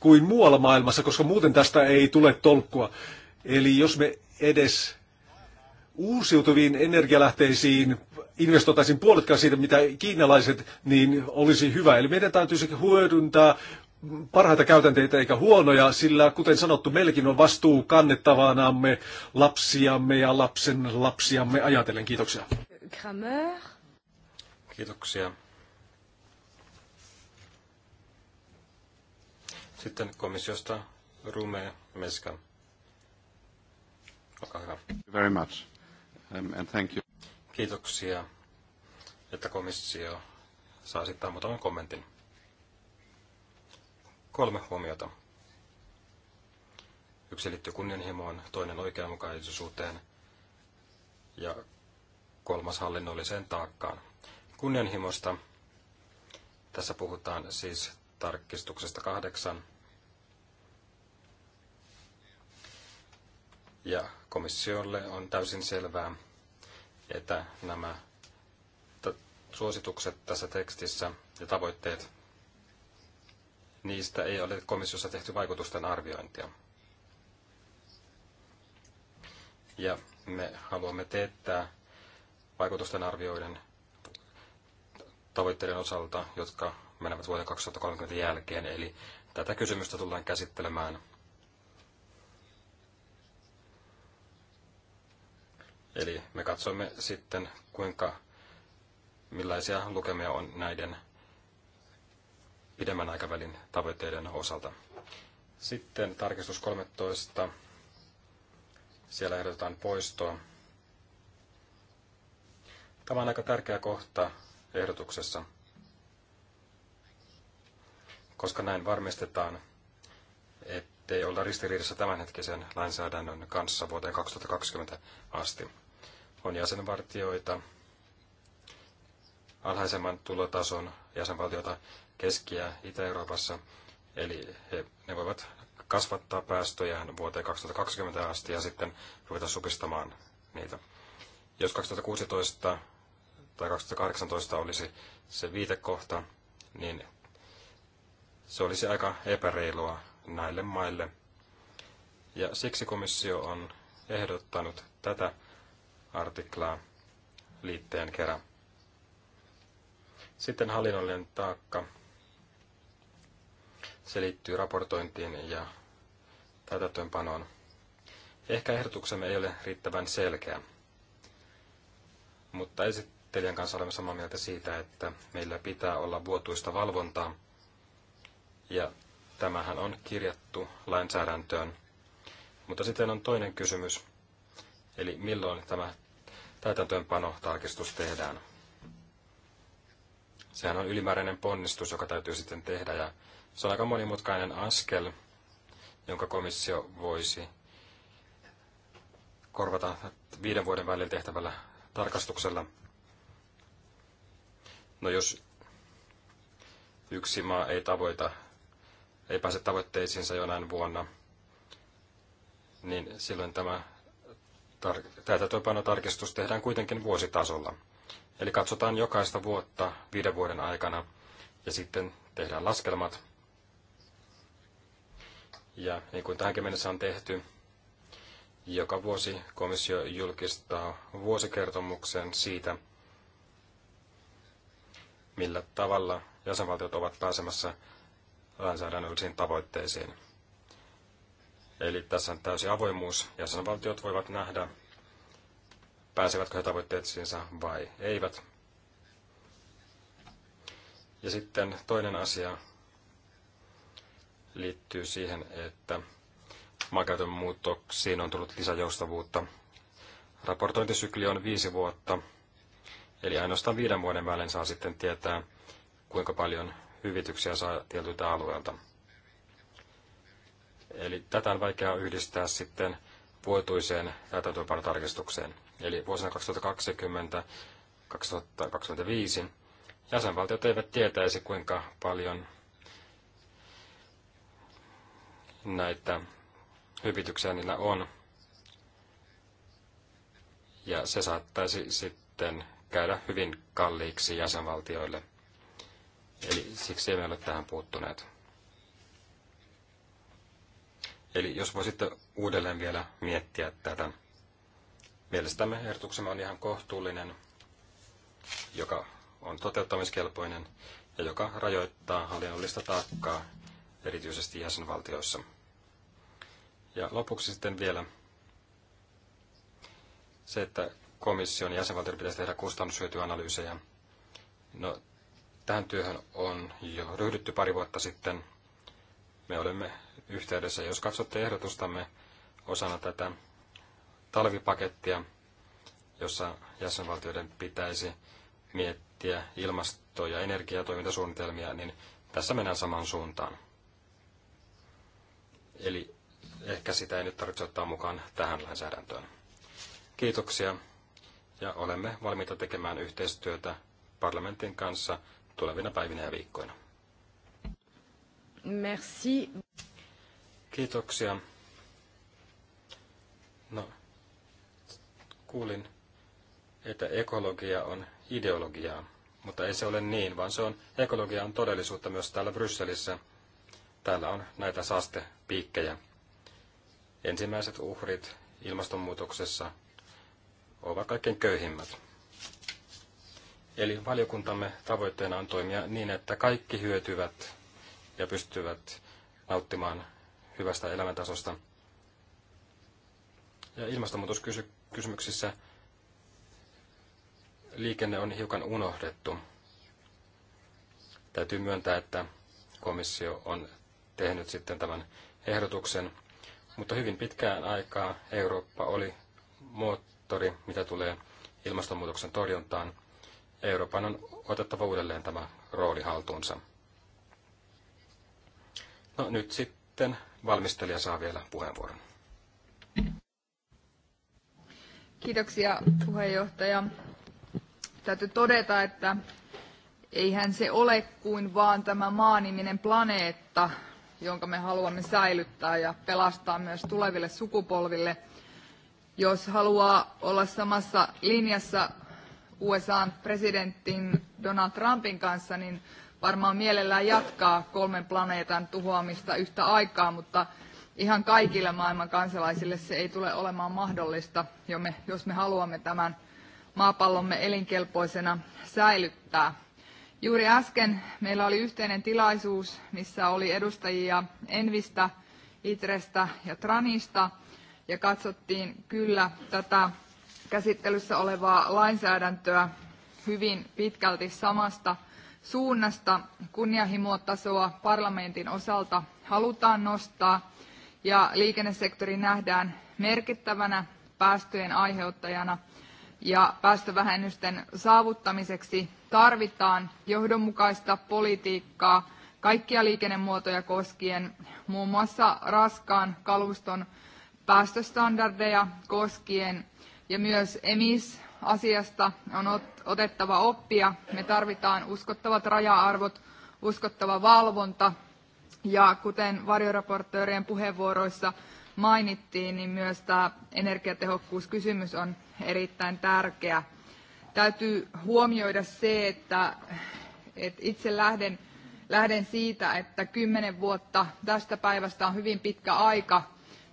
kuin muualla maailmassa, koska muuten tästä ei tule tolkkua. Eli jos me edes uusiutuviin energialähteisiin investoitaisiin puoletkaan siitä, mitä kiinalaiset, niin olisi hyvä. Eli meidän täytyisi hyödyntää parhaita käytänteitä eikä huonoja, sillä kuten sanottu, meilläkin on vastuu kannettavanamme lapsiamme ja lapsen lapsiamme ajatellen. Kiitoksia. Kramer. Kiitoksia. Sitten komissiosta Rume Meska. Olkaa hyvä. Very much. Um, and thank you. Kiitoksia, että komissio saa esittää muutaman kommentin. Kolme huomiota. Yksi liittyy kunnianhimoon, toinen oikeanmukaisuuteen ja kolmas hallinnolliseen taakkaan. Kunnianhimosta tässä puhutaan siis tarkistuksesta kahdeksan. Ja komissiolle on täysin selvää, että nämä suositukset tässä tekstissä ja tavoitteet, niistä ei ole komissiossa tehty vaikutusten arviointia. Ja me haluamme teettää vaikutusten arvioiden tavoitteiden osalta, jotka menevät vuoden 2030 jälkeen. Eli tätä kysymystä tullaan käsittelemään Eli me katsoimme sitten, kuinka, millaisia lukemia on näiden pidemmän aikavälin tavoitteiden osalta. Sitten tarkistus 13. Siellä ehdotetaan poistoa. Tämä on aika tärkeä kohta ehdotuksessa, koska näin varmistetaan, ettei olla ristiriidassa tämänhetkisen lainsäädännön kanssa vuoteen 2020 asti on jäsenvartioita, alhaisemman tulotason jäsenvaltioita Keski- ja Itä-Euroopassa. Eli he, ne voivat kasvattaa päästöjään vuoteen 2020 asti ja sitten ruveta supistamaan niitä. Jos 2016 tai 2018 olisi se viitekohta, niin se olisi aika epäreilua näille maille. Ja siksi komissio on ehdottanut tätä artiklaa liitteen kerran. Sitten hallinnollinen taakka. Se liittyy raportointiin ja täytäntöönpanoon. Ehkä ehdotuksemme ei ole riittävän selkeä, mutta esittelijän kanssa olemme samaa mieltä siitä, että meillä pitää olla vuotuista valvontaa, ja tämähän on kirjattu lainsäädäntöön. Mutta sitten on toinen kysymys, eli milloin tämä täytäntöönpanotarkistus tarkistus tehdään. Sehän on ylimääräinen ponnistus, joka täytyy sitten tehdä ja se on aika monimutkainen askel, jonka komissio voisi korvata viiden vuoden välillä tehtävällä tarkastuksella. No jos yksi maa ei tavoita, ei pääse tavoitteisiinsa jonain vuonna, niin silloin tämä tar- täytäntöönpanotarkistus tehdään kuitenkin vuositasolla. Eli katsotaan jokaista vuotta viiden vuoden aikana ja sitten tehdään laskelmat. Ja niin kuin tähänkin mennessä on tehty, joka vuosi komissio julkistaa vuosikertomuksen siitä, millä tavalla jäsenvaltiot ovat pääsemässä lainsäädännöllisiin tavoitteisiin. Eli tässä on täysi avoimuus. Jäsenvaltiot voivat nähdä, pääsevätkö he tavoitteisiinsa vai eivät. Ja sitten toinen asia liittyy siihen, että maankäytön muutoksiin on tullut lisäjoustavuutta. Raportointisykli on viisi vuotta, eli ainoastaan viiden vuoden välein saa sitten tietää, kuinka paljon hyvityksiä saa tietyltä alueelta. Eli tätä on vaikea yhdistää sitten vuotuiseen täytäntöönpanotarkistukseen. Eli vuosina 2020-2025 jäsenvaltiot eivät tietäisi, kuinka paljon näitä hyvityksiä niillä on. Ja se saattaisi sitten käydä hyvin kalliiksi jäsenvaltioille. Eli siksi emme ole tähän puuttuneet. Eli jos voisitte uudelleen vielä miettiä tätä. Mielestämme ehdotuksemme on ihan kohtuullinen, joka on toteuttamiskelpoinen ja joka rajoittaa hallinnollista taakkaa erityisesti jäsenvaltioissa. Ja lopuksi sitten vielä se, että komission jäsenvaltioiden pitäisi tehdä kustannushyötyanalyysejä. No, tähän työhön on jo ryhdytty pari vuotta sitten me olemme yhteydessä, jos katsotte ehdotustamme osana tätä talvipakettia, jossa jäsenvaltioiden pitäisi miettiä ilmasto- ja energiatoimintasuunnitelmia, niin tässä mennään samaan suuntaan. Eli ehkä sitä ei nyt tarvitse ottaa mukaan tähän lainsäädäntöön. Kiitoksia ja olemme valmiita tekemään yhteistyötä parlamentin kanssa tulevina päivinä ja viikkoina. Merci. Kiitoksia. No, kuulin, että ekologia on ideologiaa, mutta ei se ole niin, vaan se on ekologia on todellisuutta myös täällä Brysselissä. Täällä on näitä saastepiikkejä. Ensimmäiset uhrit ilmastonmuutoksessa ovat kaikkein köyhimmät. Eli valiokuntamme tavoitteena on toimia niin, että kaikki hyötyvät ja pystyvät nauttimaan hyvästä elämäntasosta. Ja ilmastonmuutoskysymyksissä liikenne on hiukan unohdettu. Täytyy myöntää, että komissio on tehnyt sitten tämän ehdotuksen, mutta hyvin pitkään aikaa Eurooppa oli moottori, mitä tulee ilmastonmuutoksen torjuntaan. Euroopan on otettava uudelleen tämä rooli haltuunsa. No nyt sitten valmistelija saa vielä puheenvuoron. Kiitoksia puheenjohtaja. Täytyy todeta, että eihän se ole kuin vaan tämä maaniminen planeetta, jonka me haluamme säilyttää ja pelastaa myös tuleville sukupolville. Jos haluaa olla samassa linjassa USAn presidentin Donald Trumpin kanssa, niin varmaan mielellään jatkaa kolmen planeetan tuhoamista yhtä aikaa, mutta ihan kaikille maailman kansalaisille se ei tule olemaan mahdollista, jos me haluamme tämän maapallomme elinkelpoisena säilyttää. Juuri äsken meillä oli yhteinen tilaisuus, missä oli edustajia Envistä, Itrestä ja Tranista, ja katsottiin kyllä tätä käsittelyssä olevaa lainsäädäntöä hyvin pitkälti samasta suunnasta kunnianhimotasoa parlamentin osalta halutaan nostaa ja liikennesektori nähdään merkittävänä päästöjen aiheuttajana ja päästövähennysten saavuttamiseksi tarvitaan johdonmukaista politiikkaa kaikkia liikennemuotoja koskien, muun muassa raskaan kaluston päästöstandardeja koskien ja myös emis asiasta on otettava oppia. Me tarvitaan uskottavat raja-arvot, uskottava valvonta ja kuten varjoraportöörien puheenvuoroissa mainittiin, niin myös tämä energiatehokkuuskysymys on erittäin tärkeä. Täytyy huomioida se, että, että itse lähden, lähden siitä, että kymmenen vuotta tästä päivästä on hyvin pitkä aika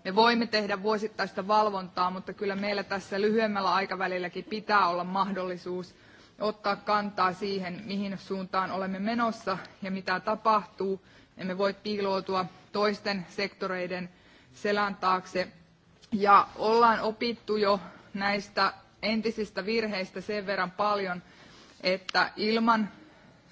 me voimme tehdä vuosittaista valvontaa, mutta kyllä meillä tässä lyhyemmällä aikavälilläkin pitää olla mahdollisuus ottaa kantaa siihen, mihin suuntaan olemme menossa ja mitä tapahtuu. Emme voi piiloutua toisten sektoreiden selän taakse. Ja ollaan opittu jo näistä entisistä virheistä sen verran paljon, että ilman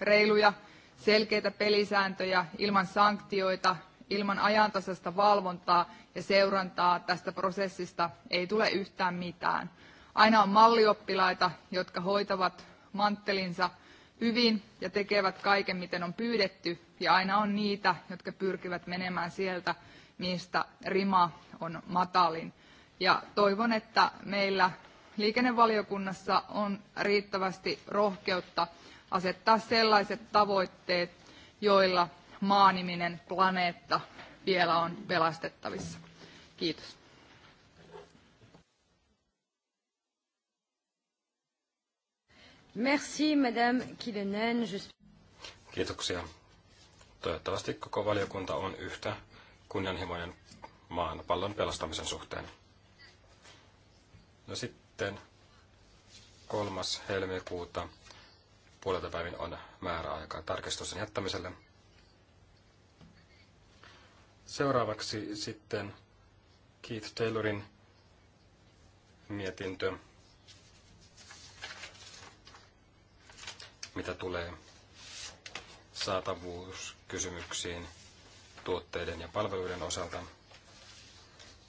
reiluja, selkeitä pelisääntöjä, ilman sanktioita, ilman ajantasasta valvontaa ja seurantaa tästä prosessista ei tule yhtään mitään. Aina on mallioppilaita, jotka hoitavat manttelinsa hyvin ja tekevät kaiken, miten on pyydetty, ja aina on niitä, jotka pyrkivät menemään sieltä, mistä rima on matalin. Ja toivon, että meillä liikennevaliokunnassa on riittävästi rohkeutta asettaa sellaiset tavoitteet, joilla maaniminen planeetta vielä on pelastettavissa. Kiitos. Merci, Madame Kilenen. Kiitoksia. Toivottavasti koko valiokunta on yhtä kunnianhimoinen maan pallon pelastamisen suhteen. No sitten kolmas helmikuuta puolelta päivin on määräaika tarkistuksen jättämiselle. Seuraavaksi sitten Keith Taylorin mietintö, mitä tulee saatavuuskysymyksiin tuotteiden ja palveluiden osalta.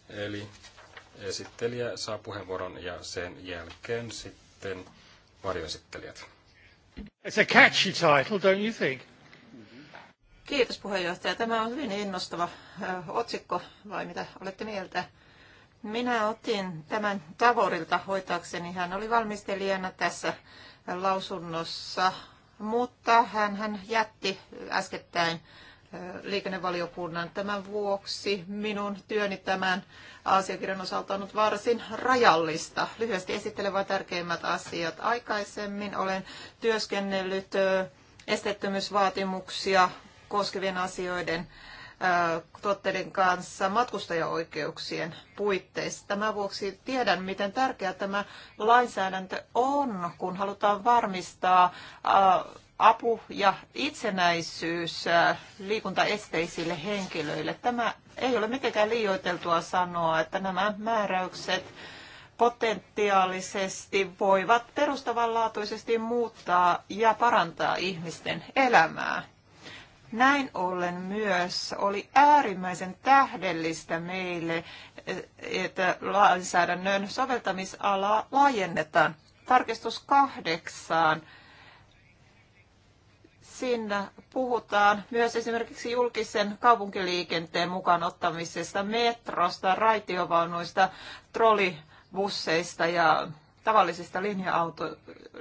Eli esittelijä saa puheenvuoron ja sen jälkeen sitten varjoesittelijät. It's a catchy title, don't you think? Kiitos puheenjohtaja. Tämä on hyvin innostava otsikko, vai mitä olette mieltä? Minä otin tämän Tavorilta hoitaakseni. Hän oli valmistelijana tässä lausunnossa, mutta hän, hän jätti äskettäin liikennevaliokunnan. Tämän vuoksi minun työni tämän asiakirjan osalta on ollut varsin rajallista. Lyhyesti esittelen vain tärkeimmät asiat. Aikaisemmin olen työskennellyt esteettömyysvaatimuksia koskevien asioiden tuotteiden kanssa matkustajaoikeuksien puitteissa. Tämän vuoksi tiedän, miten tärkeä tämä lainsäädäntö on, kun halutaan varmistaa apu ja itsenäisyys liikuntaesteisille henkilöille. Tämä ei ole mitenkään liioiteltua sanoa, että nämä määräykset potentiaalisesti voivat perustavanlaatuisesti muuttaa ja parantaa ihmisten elämää. Näin ollen myös oli äärimmäisen tähdellistä meille, että lainsäädännön soveltamisalaa laajennetaan. Tarkistus kahdeksaan. Siinä puhutaan myös esimerkiksi julkisen kaupunkiliikenteen mukaan ottamisesta, metrosta, raitiovaunuista, trollibusseista ja tavallisista linja-auto,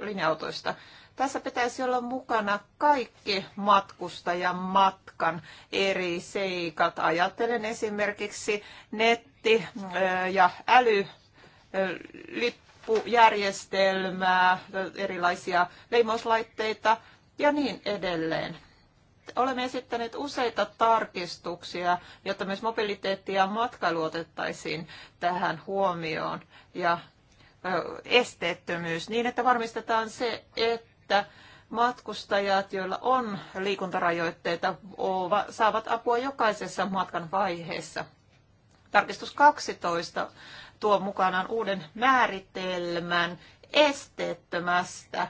linja-autoista. linja autoista tässä pitäisi olla mukana kaikki matkustajan matkan eri seikat. Ajattelen esimerkiksi netti- ja älylippujärjestelmää, erilaisia leimauslaitteita ja niin edelleen. Olemme esittäneet useita tarkistuksia, jotta myös mobiliteetti ja matkailu otettaisiin tähän huomioon ja esteettömyys niin, että varmistetaan se, että että matkustajat, joilla on liikuntarajoitteita, saavat apua jokaisessa matkan vaiheessa. Tarkistus 12 tuo mukanaan uuden määritelmän esteettömästä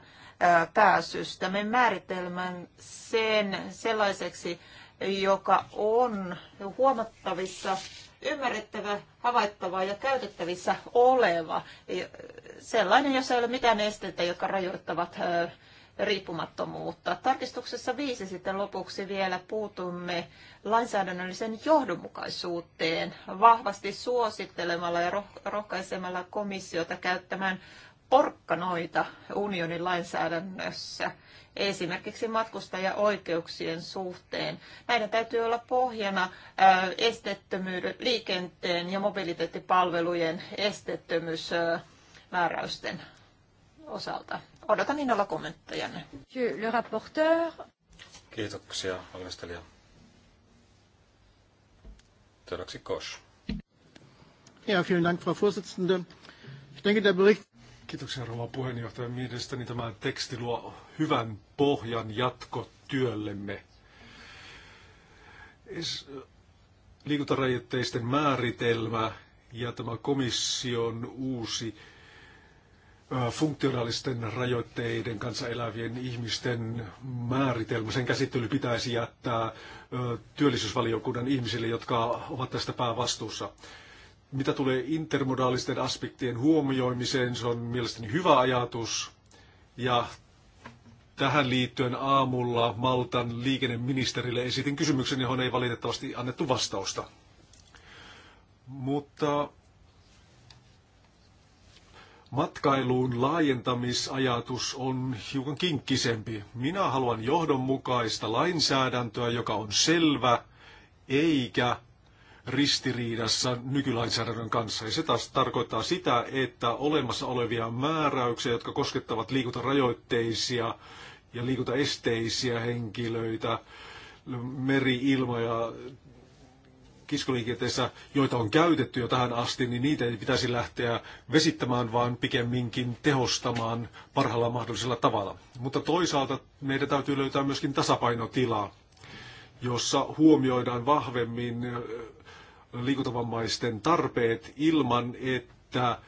pääsystä. Me määritelmän sen sellaiseksi, joka on huomattavissa, ymmärrettävä, havaittava ja käytettävissä oleva. Sellainen, jossa ei ole mitään esteitä, jotka rajoittavat riippumattomuutta. Tarkistuksessa viisi sitten lopuksi vielä puutumme lainsäädännöllisen johdonmukaisuuteen vahvasti suosittelemalla ja rohkaisemalla komissiota käyttämään porkkanoita unionin lainsäädännössä, esimerkiksi matkustajaoikeuksien suhteen. Näiden täytyy olla pohjana estettömyyden, liikenteen ja mobiliteettipalvelujen estettömyysmääräysten osalta odotan innolla kommenttejanne. Le rapporteur. Kiitoksia, valmistelija. Seuraavaksi Kosh. Ja, vielen Dank, Frau Vorsitzende. Ich denke, der Bericht... Kiitoksia, rouva puheenjohtaja. Mielestäni tämä teksti luo hyvän pohjan jatkotyöllemme. Es, liikuntarajoitteisten määritelmä ja tämä komission uusi Äh, funktionaalisten rajoitteiden kanssa elävien ihmisten määritelmä, sen käsittely pitäisi jättää äh, työllisyysvaliokunnan ihmisille, jotka ovat tästä päävastuussa. Mitä tulee intermodaalisten aspektien huomioimiseen, se on mielestäni hyvä ajatus. Ja tähän liittyen aamulla Maltan liikenneministerille esitin kysymyksen, johon ei valitettavasti annettu vastausta. Mutta Matkailuun laajentamisajatus on hiukan kinkkisempi. Minä haluan johdonmukaista lainsäädäntöä, joka on selvä, eikä ristiriidassa nykylainsäädännön kanssa. Ja se taas tarkoittaa sitä, että olemassa olevia määräyksiä, jotka koskettavat liikuntarajoitteisia ja liikuntaesteisiä henkilöitä, meri-, ilma- ja kiskoliikenteessä, joita on käytetty jo tähän asti, niin niitä ei pitäisi lähteä vesittämään, vaan pikemminkin tehostamaan parhaalla mahdollisella tavalla. Mutta toisaalta meidän täytyy löytää myöskin tasapainotila, jossa huomioidaan vahvemmin liikuntavammaisten tarpeet ilman, että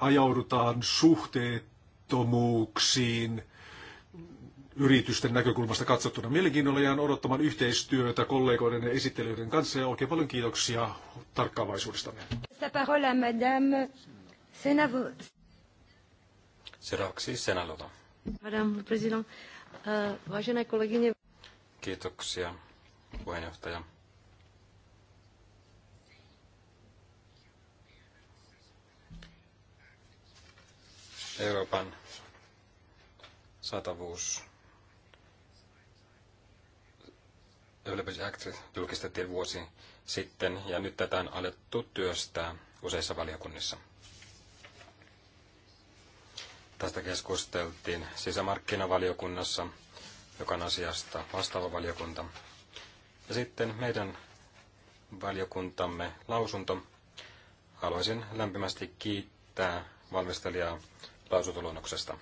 ajaudutaan suhteettomuuksiin – yritysten näkökulmasta katsottuna. Mielenkiinnolla jään odottamaan yhteistyötä kollegoiden ja esittelijöiden kanssa ja oikein paljon kiitoksia tarkkaavaisuudestanne. Seuraavaksi Senalova. Madame euh, Kiitoksia, puheenjohtaja. Euroopan saatavuus Developers Act julkistettiin vuosi sitten ja nyt tätä on alettu työstää useissa valiokunnissa. Tästä keskusteltiin sisämarkkinavaliokunnassa, joka on asiasta vastaava valiokunta. Ja sitten meidän valiokuntamme lausunto. Haluaisin lämpimästi kiittää valmistelijaa lausuntoluonnoksesta.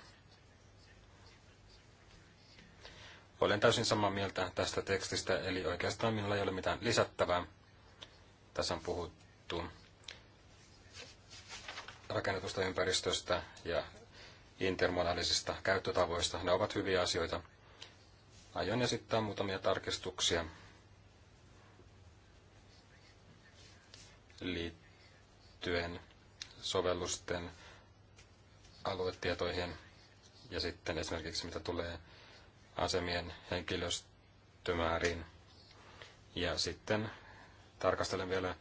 Olen täysin samaa mieltä tästä tekstistä, eli oikeastaan minulla ei ole mitään lisättävää. Tässä on puhuttu rakennetusta ympäristöstä ja intermodaalisista käyttötavoista. Ne ovat hyviä asioita. Aion esittää muutamia tarkistuksia liittyen sovellusten aluetietoihin ja sitten esimerkiksi mitä tulee asemien henkilöstömääriin. Ja sitten tarkastelen vielä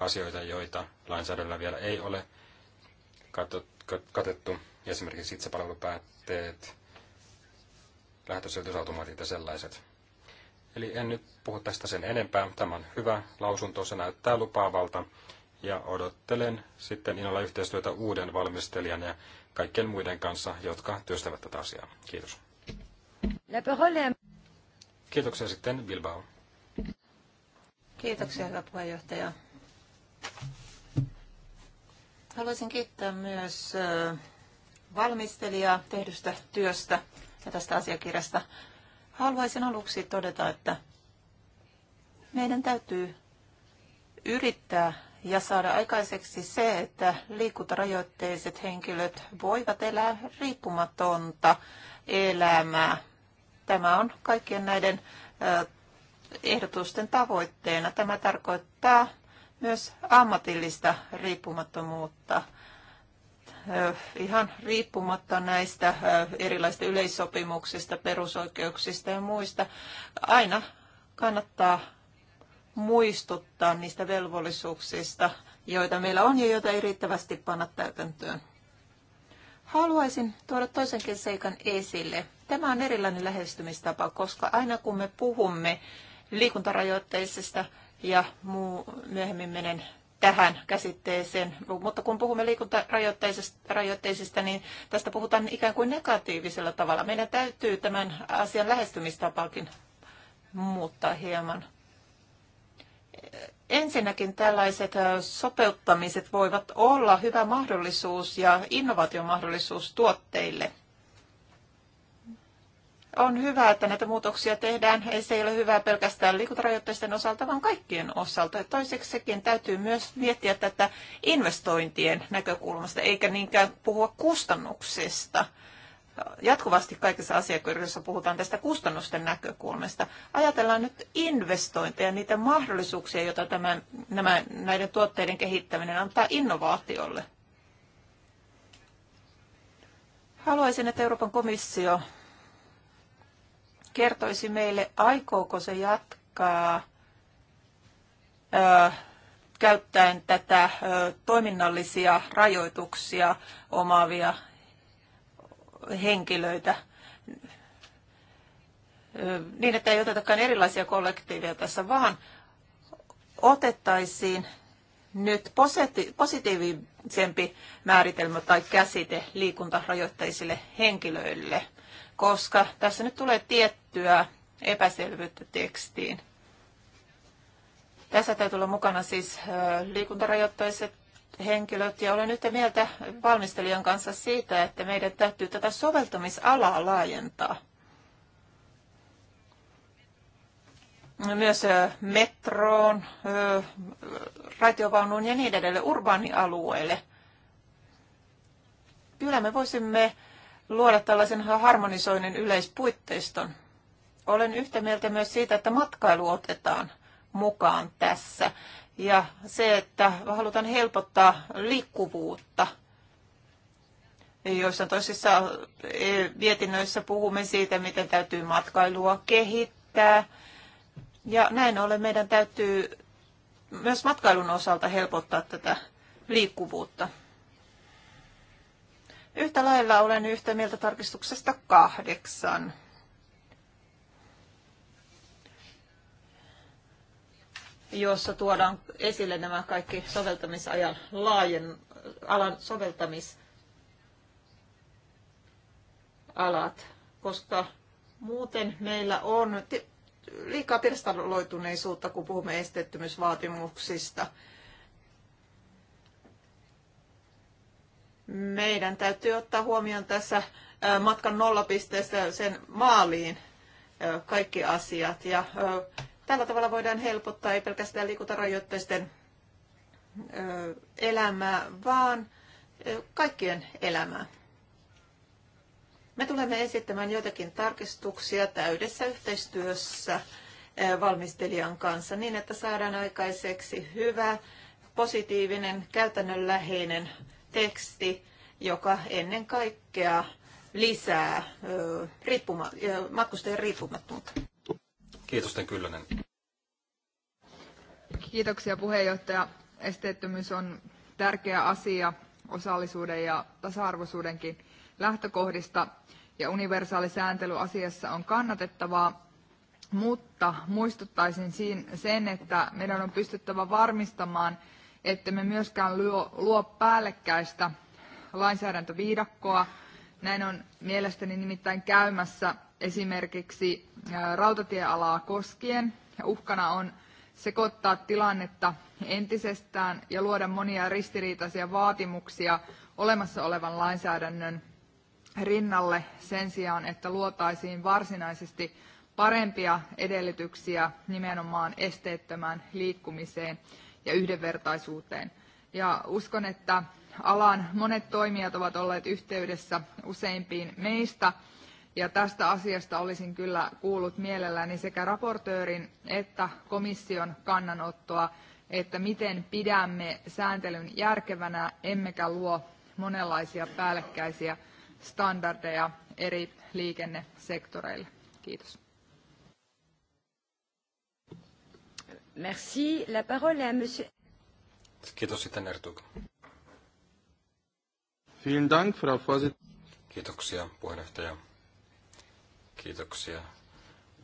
asioita, joita lainsäädännöllä vielä ei ole katettu, esimerkiksi itsepalvelupäätteet, lähtösyötysautomaatit ja sellaiset. Eli en nyt puhu tästä sen enempää. Tämä on hyvä lausunto, se näyttää lupaavalta ja odottelen sitten innolla yhteistyötä uuden valmistelijan ja kaikkien muiden kanssa, jotka työstävät tätä asiaa. Kiitos. La parole Kiitoksia sitten Bilbao. Kiitoksia, hyvä puheenjohtaja. Haluaisin kiittää myös valmistelijaa tehdystä työstä ja tästä asiakirjasta. Haluaisin aluksi todeta, että meidän täytyy yrittää ja saada aikaiseksi se, että liikuntarajoitteiset henkilöt voivat elää riippumatonta elämää Tämä on kaikkien näiden ehdotusten tavoitteena. Tämä tarkoittaa myös ammatillista riippumattomuutta ihan riippumatta näistä erilaisista yleissopimuksista, perusoikeuksista ja muista. Aina kannattaa muistuttaa niistä velvollisuuksista, joita meillä on ja joita ei riittävästi panna täytäntöön. Haluaisin tuoda toisenkin seikan esille. Tämä on erilainen lähestymistapa, koska aina kun me puhumme liikuntarajoitteisesta ja muu, myöhemmin menen tähän käsitteeseen, mutta kun puhumme liikuntarajoitteisista, niin tästä puhutaan ikään kuin negatiivisella tavalla. Meidän täytyy tämän asian lähestymistapaakin muuttaa hieman. Ensinnäkin tällaiset sopeuttamiset voivat olla hyvä mahdollisuus ja innovaatiomahdollisuus tuotteille. On hyvä, että näitä muutoksia tehdään. Ei se ole hyvää pelkästään liikuntarajoitteisten osalta, vaan kaikkien osalta. Ja toiseksi sekin täytyy myös miettiä tätä investointien näkökulmasta, eikä niinkään puhua kustannuksista jatkuvasti kaikissa asiakirjoissa puhutaan tästä kustannusten näkökulmasta. Ajatellaan nyt investointeja, niitä mahdollisuuksia, joita tämän, nämä, näiden tuotteiden kehittäminen antaa innovaatiolle. Haluaisin, että Euroopan komissio kertoisi meille, aikooko se jatkaa ö, käyttäen tätä ö, toiminnallisia rajoituksia omaavia henkilöitä niin, että ei otetakaan erilaisia kollektiiveja tässä, vaan otettaisiin nyt positiivisempi määritelmä tai käsite liikuntarajoitteisille henkilöille, koska tässä nyt tulee tiettyä epäselvyyttä tekstiin. Tässä täytyy olla mukana siis liikuntarajoitteiset henkilöt ja olen yhtä mieltä valmistelijan kanssa siitä, että meidän täytyy tätä soveltamisalaa laajentaa. Myös metroon, raitiovaunuun ja niin edelleen urbaanialueelle. Kyllä me voisimme luoda tällaisen harmonisoinnin yleispuitteiston. Olen yhtä mieltä myös siitä, että matkailu otetaan mukaan tässä ja se, että halutaan helpottaa liikkuvuutta. Joissain toisissa e, mietinnöissä puhumme siitä, miten täytyy matkailua kehittää. Ja näin ollen meidän täytyy myös matkailun osalta helpottaa tätä liikkuvuutta. Yhtä lailla olen yhtä mieltä tarkistuksesta kahdeksan. jossa tuodaan esille nämä kaikki soveltamisajan laajen alan soveltamisalat, koska muuten meillä on liikaa pirstaloituneisuutta, kun puhumme esteettömyysvaatimuksista. Meidän täytyy ottaa huomioon tässä matkan nollapisteessä sen maaliin kaikki asiat ja Tällä tavalla voidaan helpottaa ei pelkästään liikuntarajoitteisten elämää, vaan kaikkien elämää. Me tulemme esittämään joitakin tarkistuksia täydessä yhteistyössä valmistelijan kanssa niin, että saadaan aikaiseksi hyvä, positiivinen, käytännönläheinen teksti, joka ennen kaikkea lisää riippuma- matkustajan riippumattomuutta. Kiitosten Kyllönen. Kiitoksia puheenjohtaja. Esteettömyys on tärkeä asia osallisuuden ja tasa-arvoisuudenkin lähtökohdista ja universaali sääntely asiassa on kannatettavaa, mutta muistuttaisin sen, että meidän on pystyttävä varmistamaan, ettemme myöskään luo, luo päällekkäistä lainsäädäntöviidakkoa. Näin on mielestäni nimittäin käymässä esimerkiksi rautatiealaa koskien ja uhkana on sekoittaa tilannetta entisestään ja luoda monia ristiriitaisia vaatimuksia olemassa olevan lainsäädännön rinnalle sen sijaan, että luotaisiin varsinaisesti parempia edellytyksiä nimenomaan esteettömään liikkumiseen ja yhdenvertaisuuteen. Ja uskon, että alan monet toimijat ovat olleet yhteydessä useimpiin meistä ja tästä asiasta olisin kyllä kuullut mielelläni sekä raportöörin että komission kannanottoa, että miten pidämme sääntelyn järkevänä, emmekä luo monenlaisia päällekkäisiä standardeja eri liikennesektoreille. Kiitos. Merci. La parole est à monsieur... Kiitos sitten Ertug. Vielen Dank, Frau Kiitoksia puheenjohtaja. Kiitoksia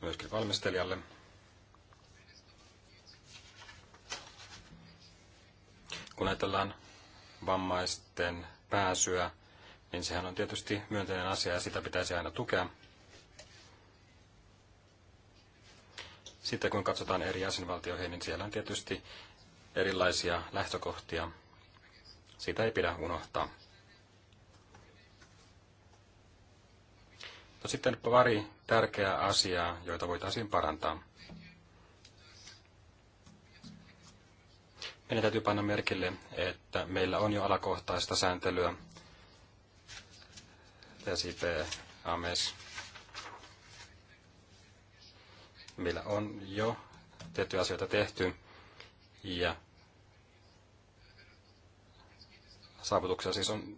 myöskin valmistelijalle. Kun ajatellaan vammaisten pääsyä, niin sehän on tietysti myönteinen asia ja sitä pitäisi aina tukea. Sitten kun katsotaan eri jäsenvaltioihin, niin siellä on tietysti erilaisia lähtökohtia. Sitä ei pidä unohtaa. Mutta no sitten pari tärkeää asiaa, joita voitaisiin parantaa. Meidän täytyy panna merkille, että meillä on jo alakohtaista sääntelyä, TSIP, AMES. Meillä on jo tiettyjä asioita tehty ja saavutuksia siis on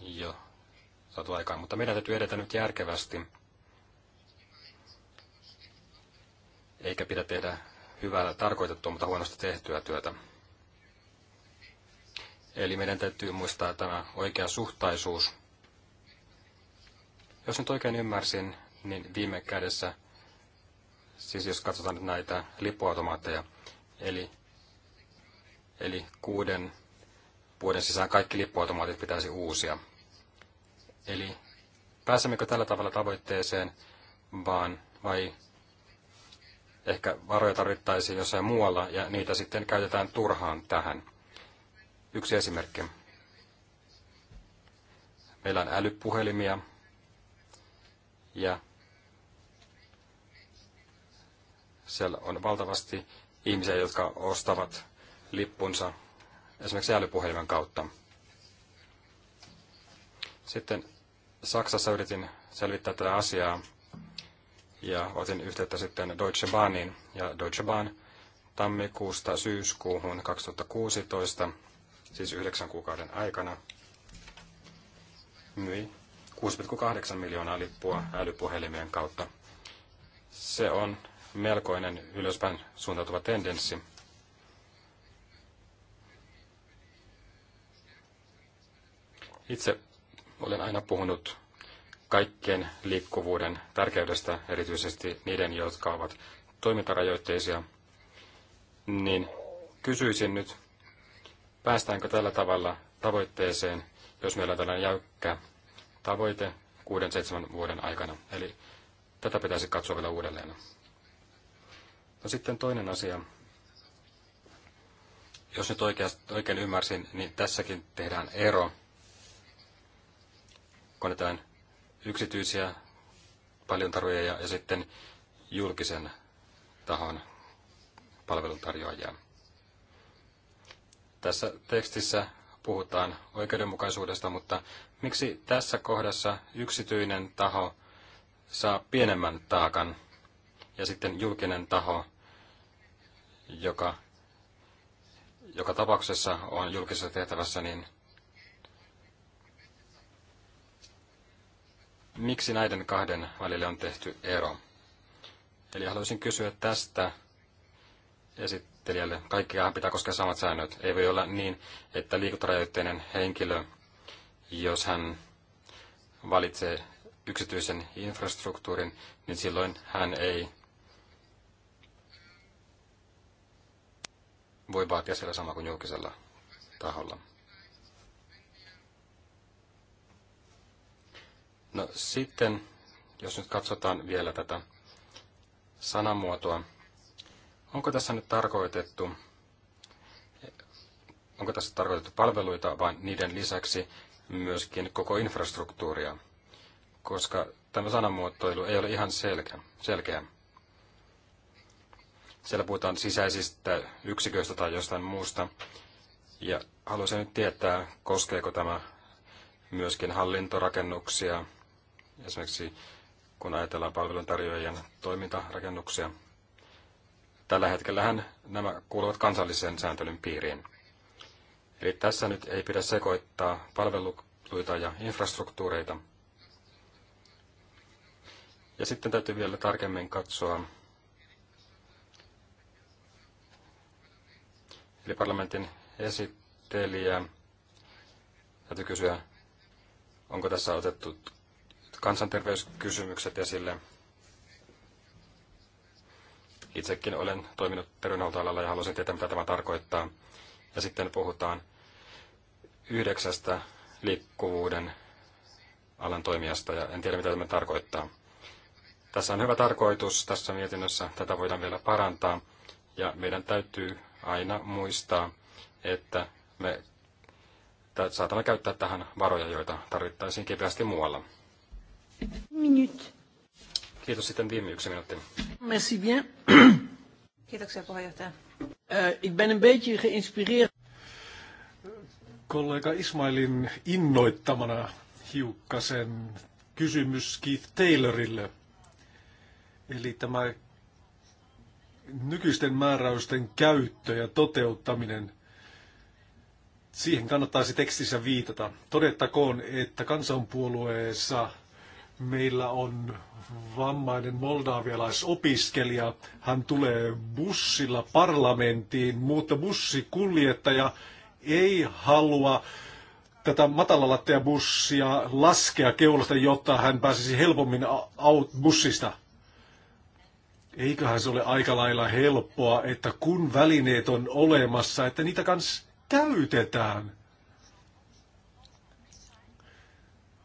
jo saatu aikaan, mutta meidän täytyy edetä nyt järkevästi, eikä pidä tehdä hyvällä tarkoitettua, mutta huonosti tehtyä työtä. Eli meidän täytyy muistaa tämä oikea suhtaisuus. Jos nyt oikein ymmärsin, niin viime kädessä, siis jos katsotaan nyt näitä lippuautomaatteja, eli, eli kuuden vuoden sisään kaikki lippuautomaatit pitäisi uusia – Eli pääsemmekö tällä tavalla tavoitteeseen vaan, vai ehkä varoja tarvittaisiin jossain muualla ja niitä sitten käytetään turhaan tähän. Yksi esimerkki. Meillä on älypuhelimia ja siellä on valtavasti ihmisiä, jotka ostavat lippunsa esimerkiksi älypuhelimen kautta. Sitten Saksassa yritin selvittää tätä asiaa ja otin yhteyttä sitten Deutsche Bahniin. Ja Deutsche Bahn tammikuusta syyskuuhun 2016, siis yhdeksän kuukauden aikana, myi 6,8 miljoonaa lippua älypuhelimien kautta. Se on melkoinen ylöspäin suuntautuva tendenssi. Itse olen aina puhunut kaikkien liikkuvuuden tärkeydestä, erityisesti niiden, jotka ovat toimintarajoitteisia, niin kysyisin nyt, päästäänkö tällä tavalla tavoitteeseen, jos meillä on tällainen jäykkä tavoite 6-7 vuoden aikana. Eli tätä pitäisi katsoa vielä uudelleen. No sitten toinen asia. Jos nyt oikein ymmärsin, niin tässäkin tehdään ero konnetaan yksityisiä palveluntarjoajia ja sitten julkisen tahon palveluntarjoajia. Tässä tekstissä puhutaan oikeudenmukaisuudesta, mutta miksi tässä kohdassa yksityinen taho saa pienemmän taakan ja sitten julkinen taho, joka joka tapauksessa on julkisessa tehtävässä, niin miksi näiden kahden välille on tehty ero. Eli haluaisin kysyä tästä esittelijälle. Kaikkiahan pitää koskea samat säännöt. Ei voi olla niin, että liikuntarajoitteinen henkilö, jos hän valitsee yksityisen infrastruktuurin, niin silloin hän ei voi vaatia siellä sama kuin julkisella taholla. No sitten, jos nyt katsotaan vielä tätä sanamuotoa, onko tässä nyt tarkoitettu, onko tässä tarkoitettu palveluita, vaan niiden lisäksi myöskin koko infrastruktuuria, koska tämä sanamuotoilu ei ole ihan selkeä. selkeä. Siellä puhutaan sisäisistä yksiköistä tai jostain muusta, ja haluaisin nyt tietää, koskeeko tämä myöskin hallintorakennuksia, esimerkiksi kun ajatellaan palveluntarjoajien toimintarakennuksia. Tällä hetkellähän nämä kuuluvat kansallisen sääntelyn piiriin. Eli tässä nyt ei pidä sekoittaa palveluita ja infrastruktuureita. Ja sitten täytyy vielä tarkemmin katsoa, eli parlamentin esittelijä, täytyy kysyä, onko tässä otettu kansanterveyskysymykset esille. Itsekin olen toiminut terveydenhuoltoalalla ja haluaisin tietää, mitä tämä tarkoittaa. Ja sitten puhutaan yhdeksästä liikkuvuuden alan toimijasta ja en tiedä, mitä tämä tarkoittaa. Tässä on hyvä tarkoitus tässä mietinnössä. Tätä voidaan vielä parantaa ja meidän täytyy aina muistaa, että me saatamme käyttää tähän varoja, joita tarvittaisiin kipeästi muualla. Minut. Kiitos sitten viime yksi minuutti. Merci bien. Kiitoksia puheenjohtaja. Uh, ik ben een beetje geïnspireerd. Kollega Ismailin innoittamana hiukkasen kysymys Keith Taylorille. Eli tämä nykyisten määräysten käyttö ja toteuttaminen, siihen kannattaisi tekstissä viitata. Todettakoon, että kansanpuolueessa Meillä on vammainen moldaavialaisopiskelija. Hän tulee bussilla parlamenttiin, mutta bussikuljettaja ei halua tätä matalalattiabussia laskea keulasta, jotta hän pääsisi helpommin bussista. Eiköhän se ole aika lailla helppoa, että kun välineet on olemassa, että niitä kans käytetään.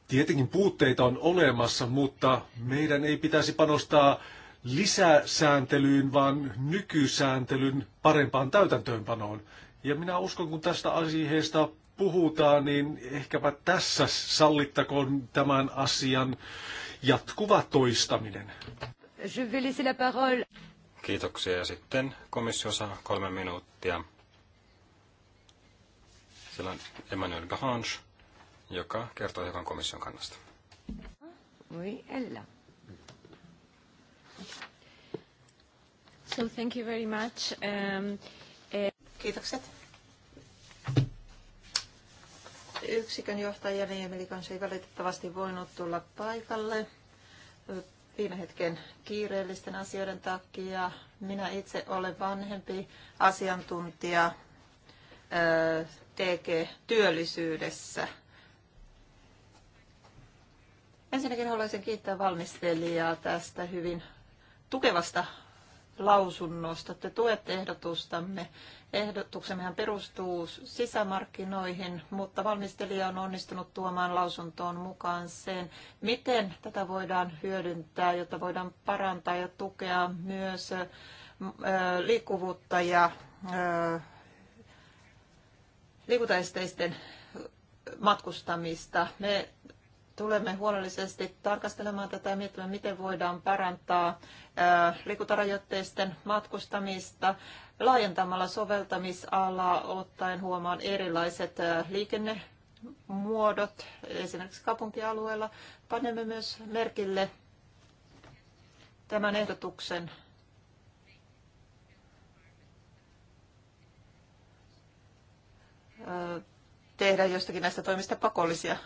Tietenkin puutteita on olemassa, mutta meidän ei pitäisi panostaa lisäsääntelyyn, vaan nykysääntelyn parempaan täytäntöönpanoon. Ja minä uskon, kun tästä aiheesta puhutaan, niin ehkäpä tässä sallittakoon tämän asian jatkuva toistaminen. Je vais la parole. Kiitoksia. Ja sitten komissio saa kolme minuuttia. Siellä on Emmanuel Gahange joka kertoo hiukan komission kannasta. Oui, Ella. So thank you very much. Um, eh... Kiitokset. Yksikön johtaja Niemeli kanssa ei valitettavasti voinut tulla paikalle viime hetken kiireellisten asioiden takia. Minä itse olen vanhempi asiantuntija TG-työllisyydessä Ensinnäkin haluaisin kiittää valmistelijaa tästä hyvin tukevasta lausunnosta. Te tuette ehdotustamme. Ehdotuksemmehan perustuu sisämarkkinoihin, mutta valmistelija on onnistunut tuomaan lausuntoon mukaan sen, miten tätä voidaan hyödyntää, jotta voidaan parantaa ja tukea myös liikkuvuutta ja liikuntaesteisten matkustamista. Me tulemme huolellisesti tarkastelemaan tätä ja miettimään, miten voidaan parantaa liikuntarajoitteisten matkustamista laajentamalla soveltamisalaa ottaen huomaan erilaiset liikennemuodot, esimerkiksi kaupunkialueella. Panemme myös merkille tämän ehdotuksen tehdä jostakin näistä toimista pakollisia.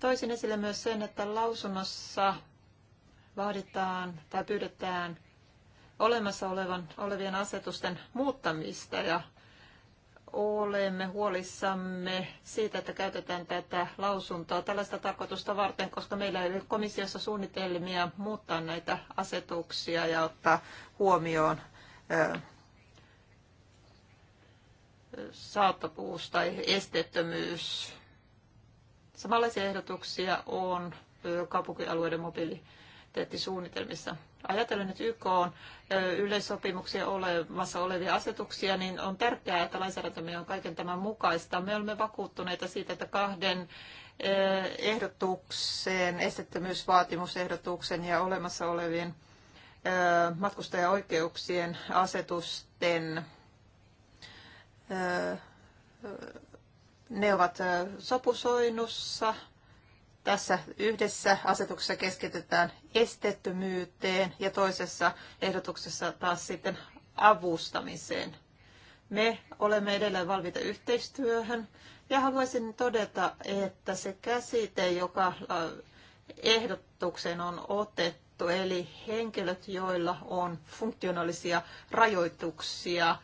Toisin esille myös sen, että lausunnossa vaaditaan tai pyydetään olemassa olevan, olevien asetusten muuttamista ja olemme huolissamme siitä, että käytetään tätä lausuntoa tällaista tarkoitusta varten, koska meillä ei ole komissiossa suunnitelmia muuttaa näitä asetuksia ja ottaa huomioon saatavuus tai esteettömyys Samanlaisia ehdotuksia on kaupunkialueiden mobiliteettisuunnitelmissa. Ajatellen että YK on yleissopimuksia olemassa olevia asetuksia, niin on tärkeää, että lainsäädäntömme on kaiken tämän mukaista. Me olemme vakuuttuneita siitä, että kahden ehdotukseen, estettömyysvaatimusehdotuksen ja olemassa olevien matkustajaoikeuksien asetusten ne ovat sopusoinnussa. Tässä yhdessä asetuksessa keskitytään esteettömyyteen ja toisessa ehdotuksessa taas sitten avustamiseen. Me olemme edelleen valmiita yhteistyöhön ja haluaisin todeta, että se käsite, joka ehdotukseen on otettu, eli henkilöt, joilla on funktionaalisia rajoituksia,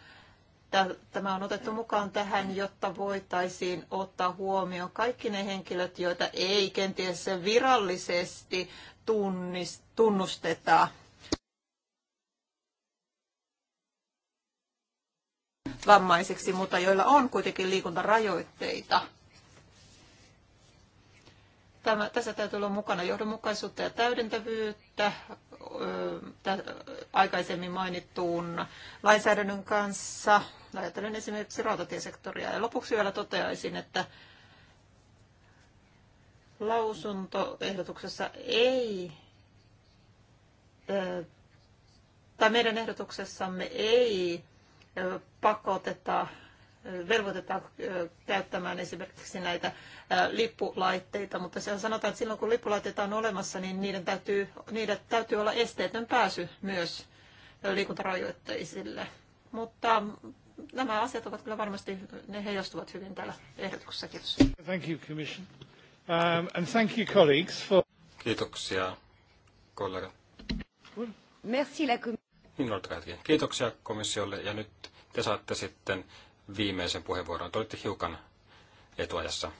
tämä on otettu mukaan tähän, jotta voitaisiin ottaa huomioon kaikki ne henkilöt, joita ei kenties virallisesti tunnist, tunnusteta. vammaiseksi, mutta joilla on kuitenkin liikuntarajoitteita. Tämä, tässä täytyy olla mukana johdonmukaisuutta ja täydentävyyttä, aikaisemmin mainittuun lainsäädännön kanssa. Ajattelen esimerkiksi rautatiesektoria. Ja lopuksi vielä toteaisin, että lausuntoehdotuksessa ei, tai meidän ehdotuksessamme ei pakoteta velvoitetaan käyttämään esimerkiksi näitä lippulaitteita, mutta se on sanotaan, että silloin kun lippulaitteita on olemassa, niin niiden täytyy, niiden täytyy olla esteetön pääsy myös liikuntarajoitteisille. Mutta nämä asiat ovat kyllä varmasti, ne heijastuvat hyvin täällä ehdotuksessa. Kiitos. Thank you, Commission. Um, and thank you, colleagues, for... Kiitoksia, kollega. Merci, la Kiitoksia komissiolle ja nyt te saatte sitten viimeisen puheenvuoron. Te olitte hiukan etuajassa.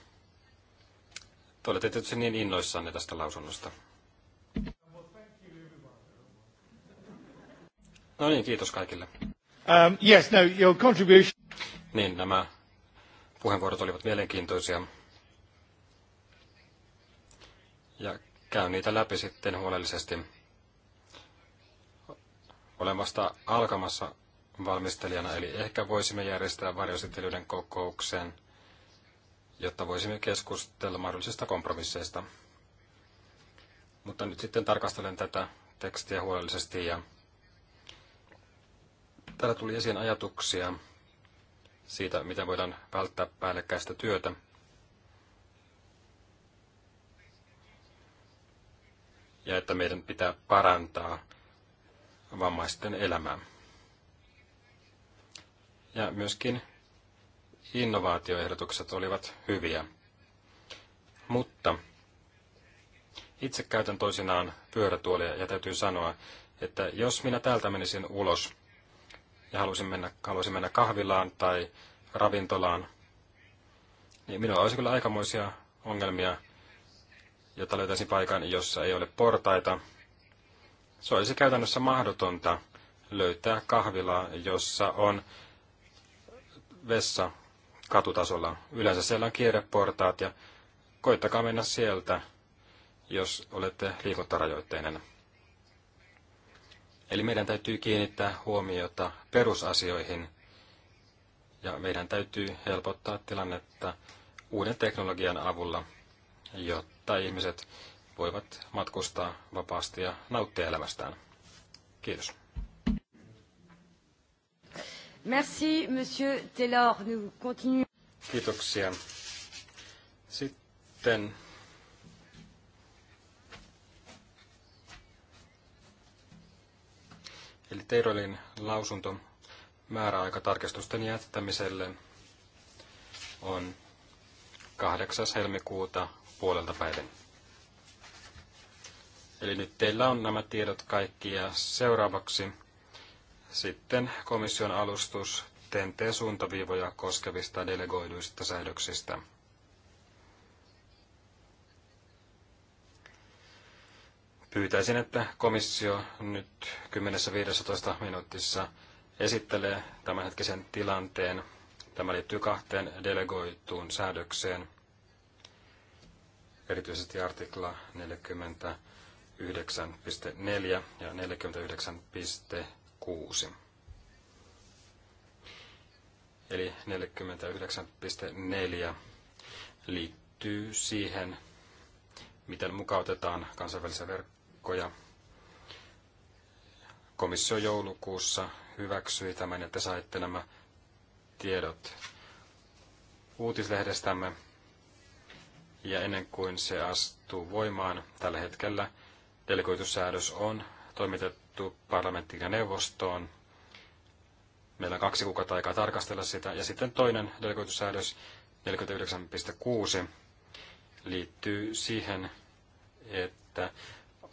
Te olette tietysti niin innoissanne tästä lausunnosta. No niin, kiitos kaikille. Um, yes, no, your contribution... Niin, nämä puheenvuorot olivat mielenkiintoisia. Ja käyn niitä läpi sitten huolellisesti. Olen vasta alkamassa valmistelijana, eli ehkä voisimme järjestää varjoesittelyiden kokouksen, jotta voisimme keskustella mahdollisista kompromisseista. Mutta nyt sitten tarkastelen tätä tekstiä huolellisesti ja täällä tuli esiin ajatuksia siitä, miten voidaan välttää päällekkäistä työtä. Ja että meidän pitää parantaa vammaisten elämää. Ja myöskin innovaatioehdotukset olivat hyviä. Mutta itse käytän toisinaan pyörätuolia ja täytyy sanoa, että jos minä täältä menisin ulos ja halusin mennä, halusin mennä kahvilaan tai ravintolaan, niin minulla olisi kyllä aikamoisia ongelmia, jotta löytäisin paikan, jossa ei ole portaita. Se olisi käytännössä mahdotonta löytää kahvilaa, jossa on vessa katutasolla. Yleensä siellä on kierreportaat ja koittakaa mennä sieltä, jos olette liikuntarajoitteinen. Eli meidän täytyy kiinnittää huomiota perusasioihin ja meidän täytyy helpottaa tilannetta uuden teknologian avulla, jotta ihmiset voivat matkustaa vapaasti ja nauttia elämästään. Kiitos. Merci, Monsieur Taylor. Nous continuons. Kiitoksia. Sitten Eli Teirolin lausunto määräaikatarkistusten jättämiselle on 8. helmikuuta puolelta päivän. Eli nyt teillä on nämä tiedot kaikki ja seuraavaksi sitten komission alustus TNT-suuntaviivoja koskevista delegoiduista säädöksistä. Pyytäisin, että komissio nyt 10-15 minuutissa esittelee tämänhetkisen tilanteen. Tämä liittyy kahteen delegoituun säädökseen, erityisesti artikla 49.4 ja 49. 6. Eli 49.4 liittyy siihen, miten mukautetaan kansainvälisiä verkkoja. Komissio joulukuussa hyväksyi tämän ja te saitte nämä tiedot uutislehdestämme. Ja ennen kuin se astuu voimaan tällä hetkellä, delegoitussäädös on toimitettu kirjoitettu parlamenttiin ja neuvostoon. Meillä on kaksi kuukautta aikaa tarkastella sitä. Ja sitten toinen delegoitussäädös 49.6 liittyy siihen, että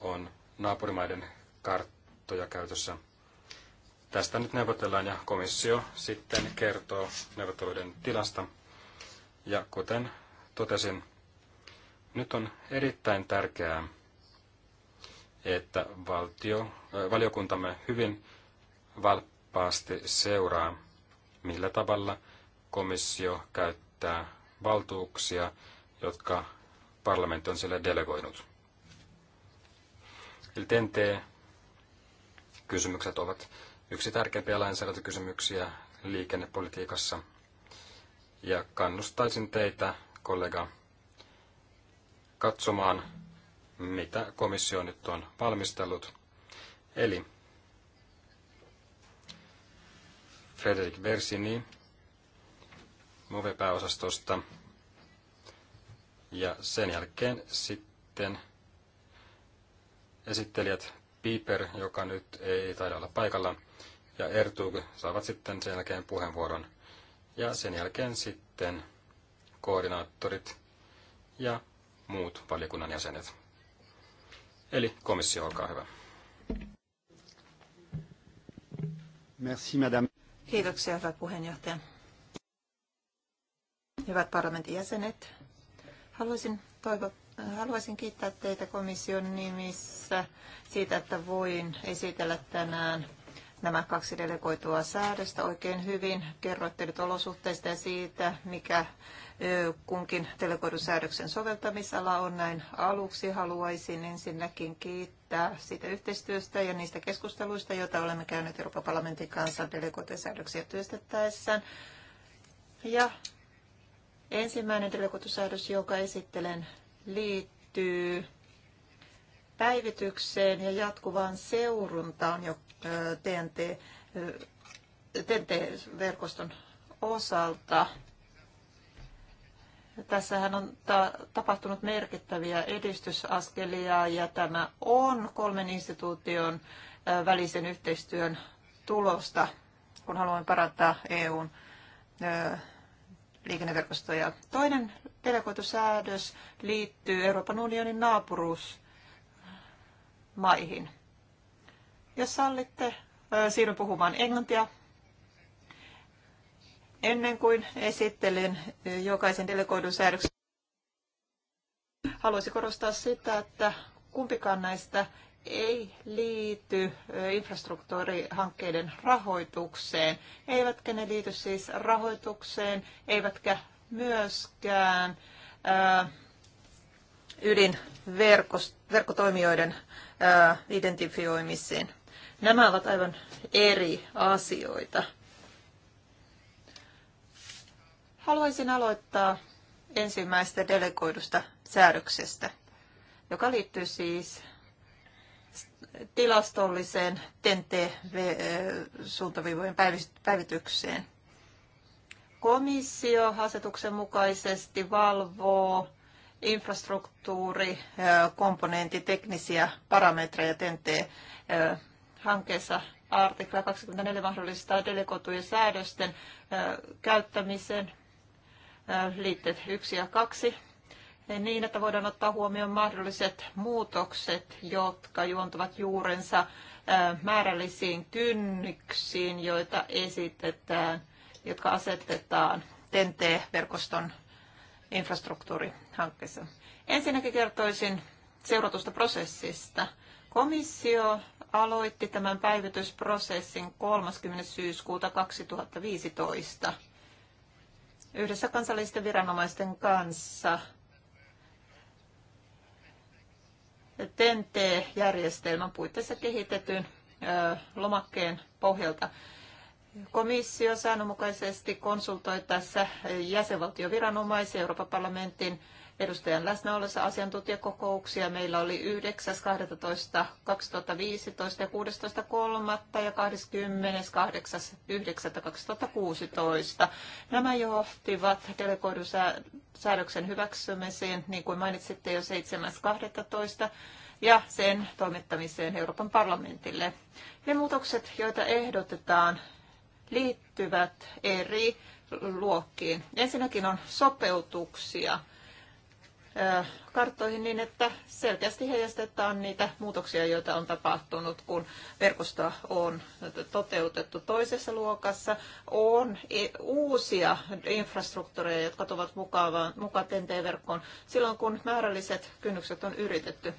on naapurimaiden karttoja käytössä. Tästä nyt neuvotellaan ja komissio sitten kertoo neuvotteluiden tilasta. Ja kuten totesin, nyt on erittäin tärkeää, että valtio, äh, valiokuntamme hyvin valppaasti seuraa, millä tavalla komissio käyttää valtuuksia, jotka parlamentti on sille delegoinut. Eli TNT-kysymykset ovat yksi tärkeimpiä lainsäädäntökysymyksiä liikennepolitiikassa. Ja kannustaisin teitä, kollega, katsomaan mitä komissio nyt on valmistellut. Eli Frederik Versini Move-pääosastosta ja sen jälkeen sitten esittelijät Piper, joka nyt ei taida olla paikalla, ja Ertug saavat sitten sen jälkeen puheenvuoron. Ja sen jälkeen sitten koordinaattorit ja muut valiokunnan jäsenet. Eli komissio, olkaa hyvä. Merci, madame. Kiitoksia, hyvä puheenjohtaja. Hyvät parlamentin jäsenet, haluaisin, toivo, haluaisin kiittää teitä komission nimissä siitä, että voin esitellä tänään nämä kaksi delegoitua säädöstä oikein hyvin. Kerroitte nyt olosuhteista ja siitä, mikä kunkin delegoidun säädöksen soveltamisala on näin aluksi. Haluaisin ensinnäkin kiittää siitä yhteistyöstä ja niistä keskusteluista, joita olemme käyneet Euroopan parlamentin kanssa delegoituja säädöksiä työstettäessään. Ja ensimmäinen delegoitusäädös, jonka esittelen, liittyy päivitykseen ja jatkuvaan seuruntaan jo TNT, TNT-verkoston osalta. Tässähän on ta- tapahtunut merkittäviä edistysaskelia ja tämä on kolmen instituution välisen yhteistyön tulosta, kun haluamme parantaa EUn liikenneverkostoja. Toinen delegoitusäädös liittyy Euroopan unionin naapuruus maihin. Jos sallitte, siirryn puhumaan englantia. Ennen kuin esittelen jokaisen delegoidun säädöksen, haluaisin korostaa sitä, että kumpikaan näistä ei liity infrastruktuurihankkeiden rahoitukseen, eivätkä ne liity siis rahoitukseen, eivätkä myöskään ydinverkotoimijoiden identifioimiseen. Nämä ovat aivan eri asioita. Haluaisin aloittaa ensimmäistä delegoidusta säädöksestä, joka liittyy siis tilastolliseen TNT-suuntaviivojen päivitykseen. Komissio asetuksen mukaisesti valvoo infrastruktuuri, komponentti, teknisiä parametreja TNT-hankkeessa artikla 24 mahdollistaa delegoitujen säädösten käyttämisen liitteet 1 ja 2 e, niin, että voidaan ottaa huomioon mahdolliset muutokset, jotka juontavat juurensa määrällisiin kynnyksiin, joita esitetään, jotka asetetaan TNT-verkoston infrastruktuuri hankkeessa. Ensinnäkin kertoisin seuratusta prosessista. Komissio aloitti tämän päivitysprosessin 30. syyskuuta 2015 yhdessä kansallisten viranomaisten kanssa tnt järjestelmän puitteissa kehitetyn lomakkeen pohjalta. Komissio säännönmukaisesti konsultoi tässä jäsenvaltioviranomaisen Euroopan parlamentin edustajan ollessa asiantuntijakokouksia. Meillä oli 9.12.2015 ja 16.3. ja 28.9.2016. Nämä johtivat delegoidun säädöksen hyväksymiseen, niin kuin mainitsitte jo 7.12 ja sen toimittamiseen Euroopan parlamentille. Ne muutokset, joita ehdotetaan, liittyvät eri luokkiin. Ensinnäkin on sopeutuksia karttoihin niin, että selkeästi heijastetaan niitä muutoksia, joita on tapahtunut, kun verkosto on toteutettu. Toisessa luokassa on uusia infrastruktuureja, jotka tuovat mukaan, mukaan TNT-verkkoon silloin, kun määrälliset kynnykset on yritetty.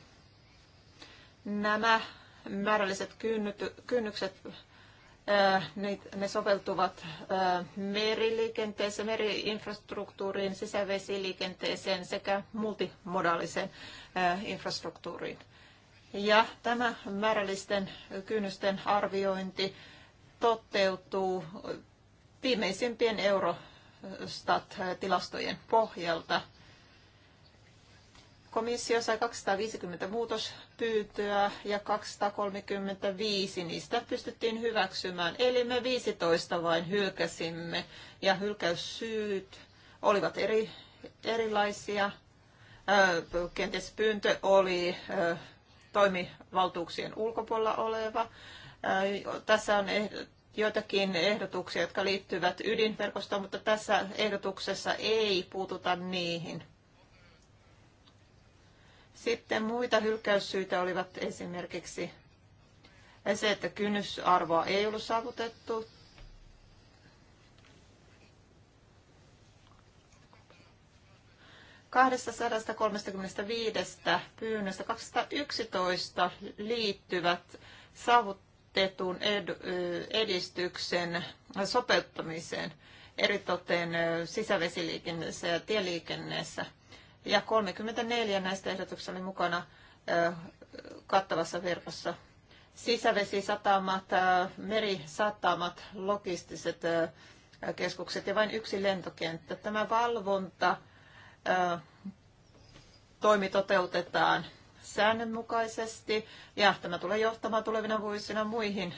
Nämä määrälliset kynnykset Äh, ne soveltuvat äh, meriliikenteeseen, meriinfrastruktuuriin, sisävesiliikenteeseen sekä multimodaaliseen äh, infrastruktuuriin. Ja tämä määrällisten kynnysten arviointi toteutuu viimeisimpien Eurostat-tilastojen pohjalta. Komissio sai 250 muutospyyntöä ja 235 niistä pystyttiin hyväksymään. Eli me 15 vain hylkäsimme ja hylkäyssyyt olivat eri, erilaisia. Kenties pyyntö oli toimivaltuuksien ulkopuolella oleva. Tässä on eh, joitakin ehdotuksia, jotka liittyvät ydinverkostoon, mutta tässä ehdotuksessa ei puututa niihin. Sitten muita hylkäyssyitä olivat esimerkiksi se, että kynnysarvoa ei ollut saavutettu. Kahdesta viidestä pyynnöstä 211 liittyvät saavutetun edistyksen sopeuttamiseen eritoten sisävesiliikenteessä ja tieliikenneessä – ja 34 näistä ehdotuksista oli mukana kattavassa verkossa. Sisävesisatamat, merisatamat, logistiset keskukset ja vain yksi lentokenttä. Tämä valvonta toimi toteutetaan säännönmukaisesti ja tämä tulee johtamaan tulevina vuosina muihin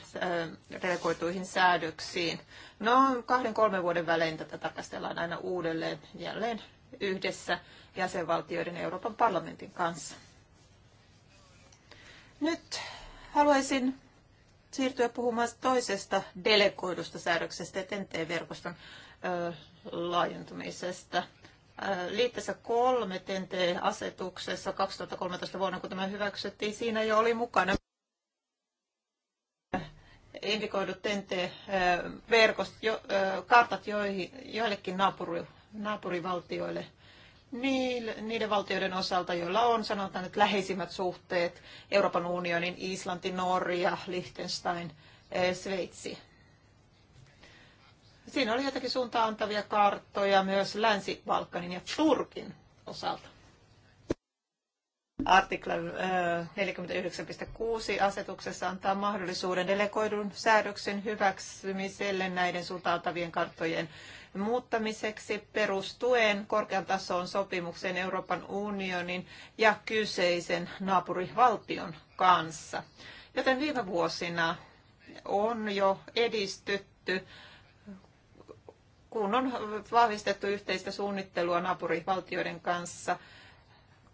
reagoituihin säädöksiin. No kahden kolmen vuoden välein tätä tarkastellaan aina uudelleen jälleen yhdessä jäsenvaltioiden ja Euroopan parlamentin kanssa. Nyt haluaisin siirtyä puhumaan toisesta delegoidusta säädöksestä, TNT-verkoston laajentumisesta. Liitteessä kolme TNT-asetuksessa 2013 vuonna, kun tämä hyväksyttiin, siinä jo oli mukana indikoidut TNT-verkostot, kartat joihin, joillekin naapuri, naapurivaltioille – niiden valtioiden osalta, joilla on sanotaan että läheisimmät suhteet Euroopan unionin, Islanti, Norja, Liechtenstein, eh, Sveitsi. Siinä oli jotakin suuntaantavia karttoja myös Länsi-Balkanin ja Turkin osalta. Artikla 49.6 asetuksessa antaa mahdollisuuden delegoidun säädöksen hyväksymiselle näiden suuntautavien karttojen muuttamiseksi perustuen korkean tason sopimukseen Euroopan unionin ja kyseisen naapurivaltion kanssa. Joten viime vuosina on jo edistytty kun on vahvistettu yhteistä suunnittelua naapurivaltioiden kanssa –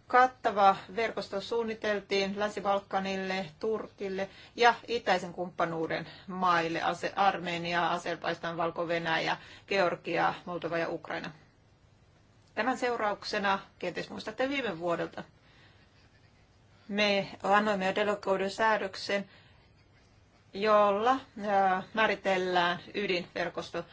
kattava verkosto suunniteltiin Länsi-Balkanille, Turkille ja itäisen kumppanuuden maille, Armenia, Azerbaijan, Valko-Venäjä, Georgia, Moldova ja Ukraina. Tämän seurauksena, kenties muistatte viime vuodelta, me annoimme jo delegoidun säädöksen, jolla määritellään ydinverkosto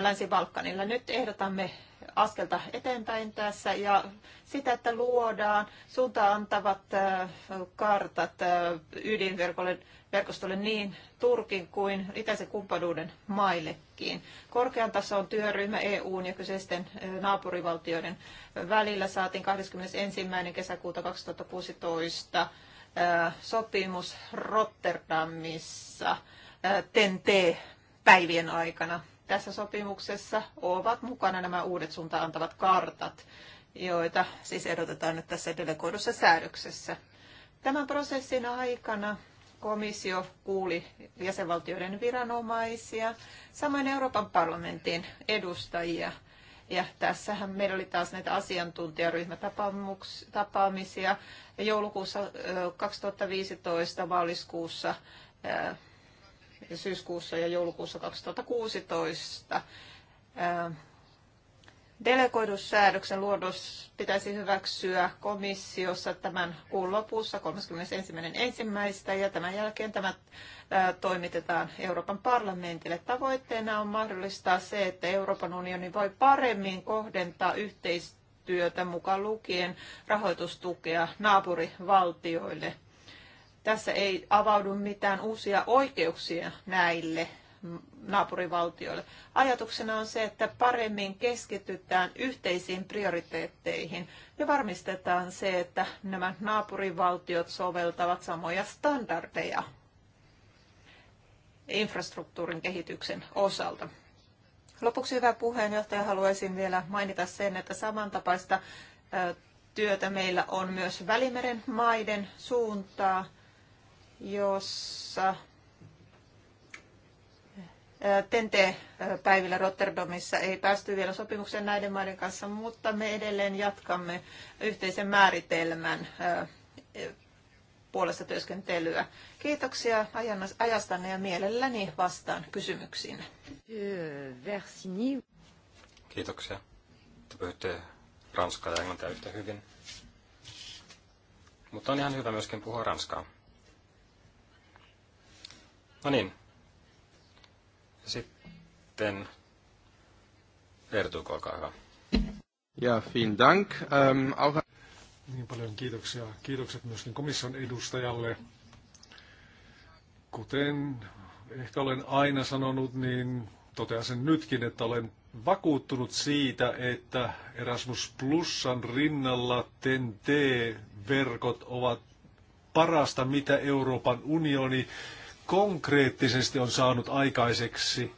Länsi-Balkanilla. Nyt ehdotamme askelta eteenpäin tässä ja sitä, että luodaan suunta antavat kartat ydinverkostolle niin Turkin kuin itäisen kumppanuuden maillekin. Korkean tason työryhmä EUn ja kyseisten naapurivaltioiden välillä saatiin 21. kesäkuuta 2016 sopimus Rotterdamissa tnt päivien aikana tässä sopimuksessa ovat mukana nämä uudet suuntaan antavat kartat, joita siis ehdotetaan nyt tässä delegoidussa säädöksessä. Tämän prosessin aikana komissio kuuli jäsenvaltioiden viranomaisia, samoin Euroopan parlamentin edustajia. Ja tässähän meillä oli taas näitä asiantuntijaryhmätapaamisia joulukuussa 2015 maaliskuussa syyskuussa ja joulukuussa 2016. Ähm, delegoidun säädöksen luonnos pitäisi hyväksyä komissiossa tämän kuun lopussa 31.1. ja tämän jälkeen tämä äh, toimitetaan Euroopan parlamentille. Tavoitteena on mahdollistaa se, että Euroopan unioni voi paremmin kohdentaa yhteistyötä mukaan lukien rahoitustukea naapurivaltioille. Tässä ei avaudu mitään uusia oikeuksia näille naapurivaltioille. Ajatuksena on se, että paremmin keskitytään yhteisiin prioriteetteihin ja varmistetaan se, että nämä naapurivaltiot soveltavat samoja standardeja infrastruktuurin kehityksen osalta. Lopuksi hyvä puheenjohtaja, haluaisin vielä mainita sen, että samantapaista työtä meillä on myös Välimeren maiden suuntaa jossa TENTE-päivillä Rotterdamissa ei päästy vielä sopimukseen näiden maiden kanssa, mutta me edelleen jatkamme yhteisen määritelmän puolesta työskentelyä. Kiitoksia ajastanne ja mielelläni vastaan kysymyksiin. Kiitoksia. Te puhutte ranskaa ja englantia yhtä hyvin. Mutta on ihan hyvä myöskin puhua ranskaa. No niin. Sitten Vertu, olkaa hyvä. Ja, vielen dank. Ähm, auch... Niin paljon kiitoksia. Kiitokset myöskin komission edustajalle. Kuten ehkä olen aina sanonut, niin totean sen nytkin, että olen vakuuttunut siitä, että Erasmus Plusan rinnalla TEN-T-verkot ovat parasta, mitä Euroopan unioni konkreettisesti on saanut aikaiseksi.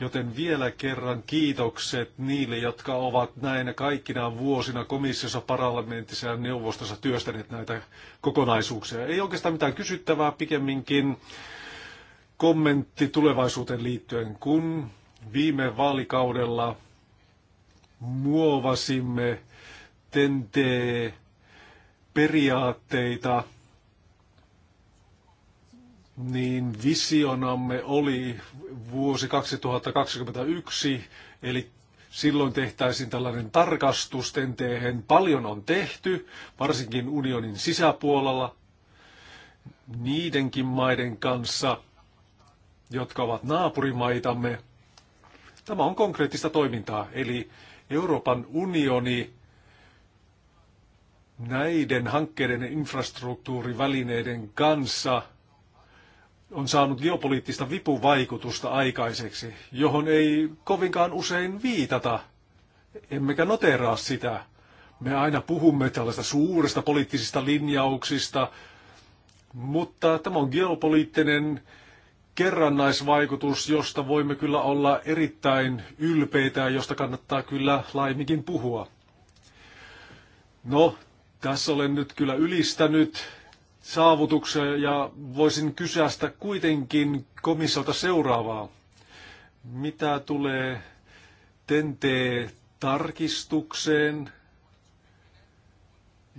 Joten vielä kerran kiitokset niille, jotka ovat näinä kaikkina vuosina komissiossa, parlamentissa ja neuvostossa työstäneet näitä kokonaisuuksia. Ei oikeastaan mitään kysyttävää, pikemminkin kommentti tulevaisuuteen liittyen, kun viime vaalikaudella muovasimme tentee periaatteita niin visionamme oli vuosi 2021, eli silloin tehtäisiin tällainen tarkastus tenteen. Paljon on tehty, varsinkin unionin sisäpuolella, niidenkin maiden kanssa, jotka ovat naapurimaitamme. Tämä on konkreettista toimintaa, eli Euroopan unioni näiden hankkeiden ja infrastruktuurivälineiden kanssa – on saanut geopoliittista vipuvaikutusta aikaiseksi, johon ei kovinkaan usein viitata, emmekä noteraa sitä. Me aina puhumme tällaista suuresta poliittisista linjauksista, mutta tämä on geopoliittinen kerrannaisvaikutus, josta voimme kyllä olla erittäin ylpeitä ja josta kannattaa kyllä laimikin puhua. No, tässä olen nyt kyllä ylistänyt saavutuksen ja voisin kysästä kuitenkin komissiolta seuraavaa. Mitä tulee TENTE-tarkistukseen,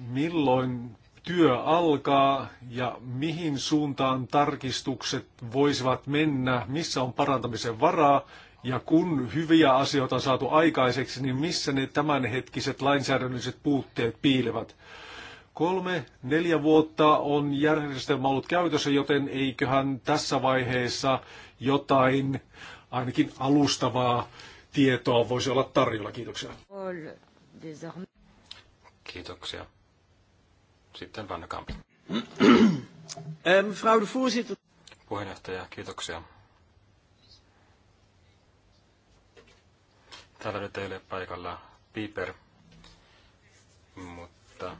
milloin työ alkaa ja mihin suuntaan tarkistukset voisivat mennä, missä on parantamisen varaa ja kun hyviä asioita on saatu aikaiseksi, niin missä ne tämänhetkiset lainsäädännölliset puutteet piilevät. Kolme, neljä vuotta on järjestelmä ollut käytössä, joten eiköhän tässä vaiheessa jotain ainakin alustavaa tietoa voisi olla tarjolla. Kiitoksia. Kiitoksia. Sitten Vanna Kamp. Ehm, mevrouw de voorzitter. Puheenjohtaja, kiitoksia. Täällä nyt ei ole paikalla Piper, mutta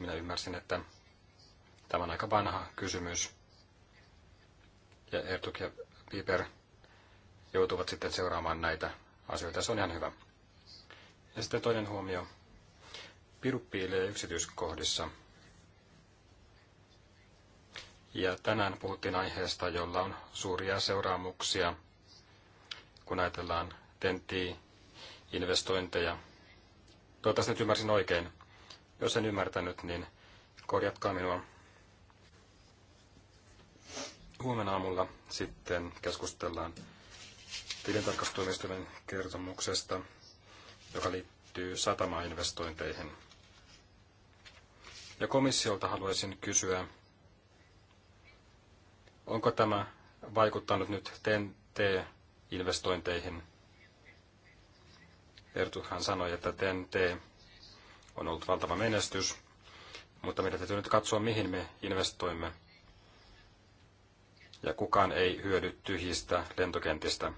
minä ymmärsin, että tämä on aika vanha kysymys. Ja Ertuk ja Piper joutuvat sitten seuraamaan näitä asioita. Se on ihan hyvä. Ja sitten toinen huomio. Piru piilee yksityiskohdissa. Ja tänään puhuttiin aiheesta, jolla on suuria seuraamuksia, kun ajatellaan tenttiä, investointeja. Toivottavasti nyt ymmärsin oikein. Jos en ymmärtänyt, niin korjatkaa minua. Huomenna aamulla sitten keskustellaan tilintarkastuomioistuimen kertomuksesta, joka liittyy satamainvestointeihin. Ja komissiolta haluaisin kysyä, onko tämä vaikuttanut nyt TEN-T-investointeihin? Ertuhan sanoi, että TEN-T on ollut valtava menestys, mutta meidän täytyy nyt katsoa, mihin me investoimme. Ja kukaan ei hyödy tyhjistä lentokentistä.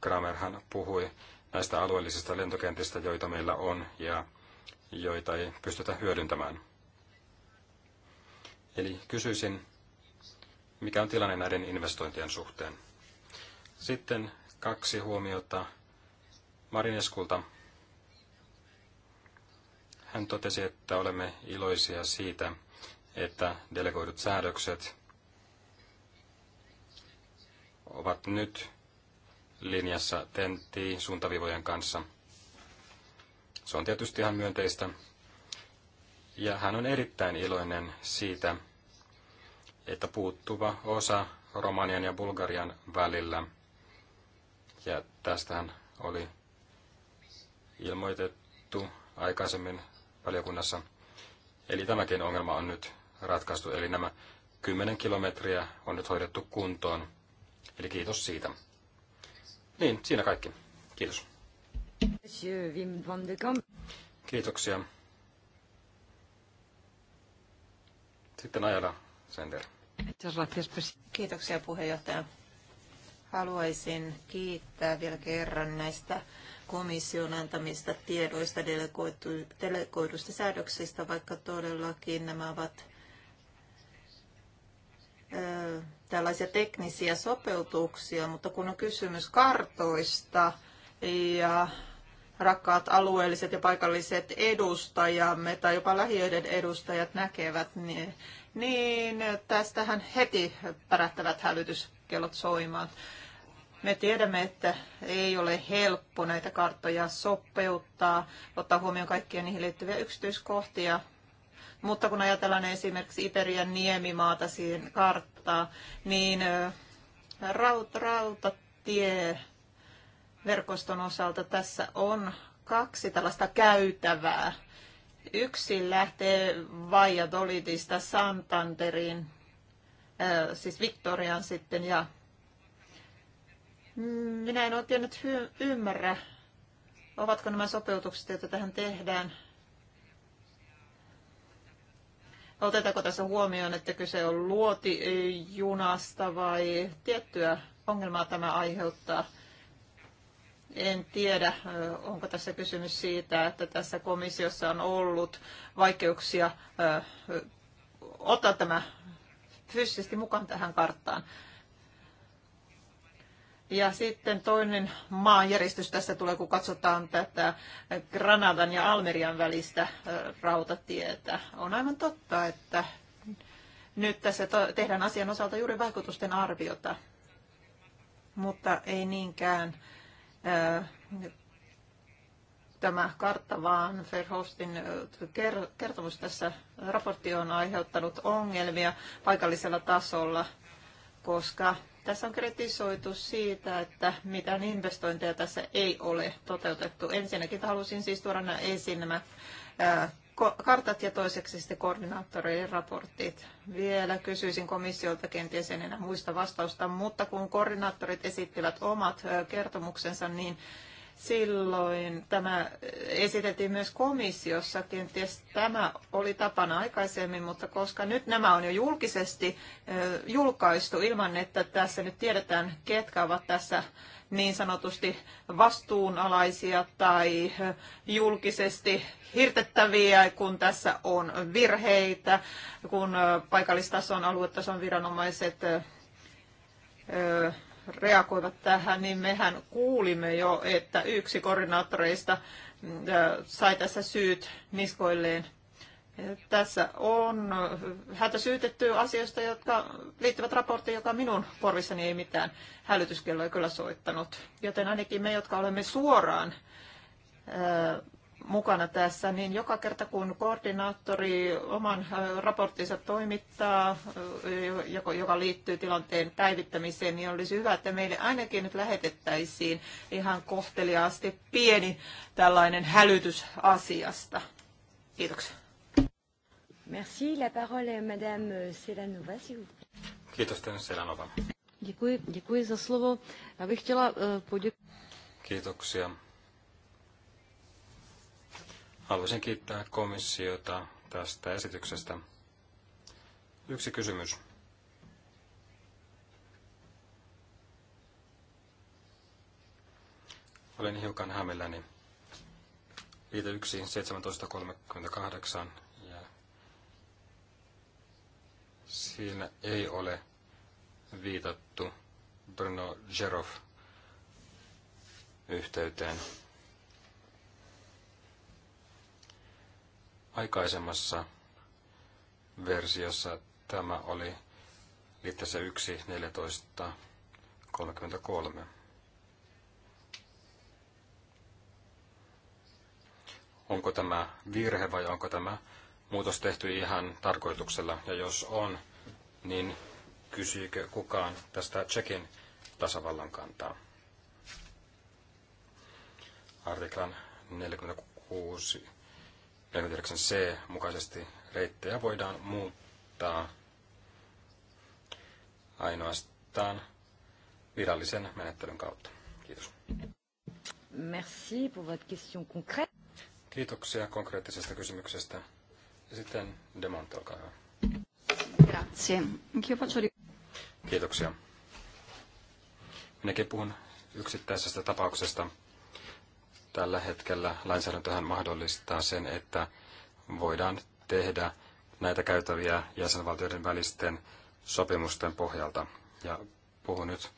Kramerhan puhui näistä alueellisista lentokentistä, joita meillä on ja joita ei pystytä hyödyntämään. Eli kysyisin, mikä on tilanne näiden investointien suhteen. Sitten kaksi huomiota Marineskulta. Hän totesi, että olemme iloisia siitä, että delegoidut säädökset ovat nyt linjassa tenttiin suuntavivojen kanssa. Se on tietysti ihan myönteistä. Ja hän on erittäin iloinen siitä, että puuttuva osa Romanian ja Bulgarian välillä, ja tästähän oli ilmoitettu aikaisemmin valiokunnassa. Eli tämäkin ongelma on nyt ratkaistu, eli nämä 10 kilometriä on nyt hoidettu kuntoon. Eli kiitos siitä. Niin, siinä kaikki. Kiitos. Kiitoksia. Sitten Ajala Sender. Kiitoksia puheenjohtaja. Haluaisin kiittää vielä kerran näistä komission antamista tiedoista delegoidusta säädöksistä, vaikka todellakin nämä ovat ö, tällaisia teknisiä sopeutuksia, mutta kun on kysymys kartoista ja rakkaat alueelliset ja paikalliset edustajamme tai jopa lähiöiden edustajat näkevät, niin, niin tästähän heti pärähtävät hälytyskellot soimaan. Me tiedämme, että ei ole helppo näitä karttoja sopeuttaa, ottaa huomioon kaikkia niihin liittyviä yksityiskohtia. Mutta kun ajatellaan esimerkiksi Iperian niemimaata siihen karttaa, niin raut, rautatie verkoston osalta tässä on kaksi tällaista käytävää. Yksi lähtee Valladolidista Santanderiin, siis Victorian sitten ja Mm, minä en oikein nyt ymmärrä, ovatko nämä sopeutukset, joita tähän tehdään, Otetaanko tässä huomioon, että kyse on luotijunasta vai tiettyä ongelmaa tämä aiheuttaa? En tiedä, onko tässä kysymys siitä, että tässä komissiossa on ollut vaikeuksia ottaa tämä fyysisesti mukaan tähän karttaan. Ja sitten toinen maanjäristys tässä tulee, kun katsotaan tätä Granadan ja Almerian välistä rautatietä. On aivan totta, että nyt tässä tehdään asian osalta juuri vaikutusten arviota, mutta ei niinkään tämä kartta, vaan Verhofstin kertomus tässä raportti on aiheuttanut ongelmia paikallisella tasolla, koska tässä on kritisoitu siitä, että mitään investointeja tässä ei ole toteutettu. Ensinnäkin halusin siis tuoda esiin nämä kartat ja toiseksi sitten koordinaattoreiden raportit. Vielä kysyisin komissiolta, kenties en enää muista vastausta, mutta kun koordinaattorit esittivät omat kertomuksensa, niin silloin tämä esitettiin myös komissiossa, kenties tämä oli tapana aikaisemmin, mutta koska nyt nämä on jo julkisesti julkaistu ilman, että tässä nyt tiedetään, ketkä ovat tässä niin sanotusti vastuunalaisia tai julkisesti hirtettäviä, kun tässä on virheitä, kun paikallistason, aluetason viranomaiset reagoivat tähän, niin mehän kuulimme jo, että yksi koordinaattoreista mm, sai tässä syyt niskoilleen. Tässä on häntä syytetty asioista, jotka liittyvät raporttiin, joka minun korvissani ei mitään hälytyskelloa kyllä soittanut. Joten ainakin me, jotka olemme suoraan mukana tässä, niin joka kerta kun koordinaattori oman raporttinsa toimittaa, joka liittyy tilanteen päivittämiseen, niin olisi hyvä, että meille ainakin nyt lähetettäisiin ihan kohteliaasti pieni tällainen hälytys asiasta. Kiitoksia. Merci. La parole est Madame euh, Selanova, s'il vous plaît. Kiitos, Selanova. Děkuji, děkuji za slovo. Já bych chtěla eh, poděkovat. Kiitoksia Haluaisin kiittää komissiota tästä esityksestä. Yksi kysymys. Olen hiukan hämilläni. Liite 1, 1738 ja siinä ei ole viitattu Bruno Jerov yhteyteen. Aikaisemmassa versiossa tämä oli liitteessä 1, 14, 33. Onko tämä virhe vai onko tämä muutos tehty ihan tarkoituksella? Ja jos on, niin kysyykö kukaan tästä Tsekin tasavallan kantaa? Artiklan 46 49c mukaisesti reittejä voidaan muuttaa ainoastaan virallisen menettelyn kautta. Kiitos. Merci pour votre question concrète. Kiitoksia konkreettisesta kysymyksestä. Ja sitten Demont, olkaa hyvä. Grazie. Kiitoksia. Minäkin puhun yksittäisestä tapauksesta, Tällä hetkellä lainsäädäntöhän mahdollistaa sen, että voidaan tehdä näitä käytäviä jäsenvaltioiden välisten sopimusten pohjalta. Ja puhun nyt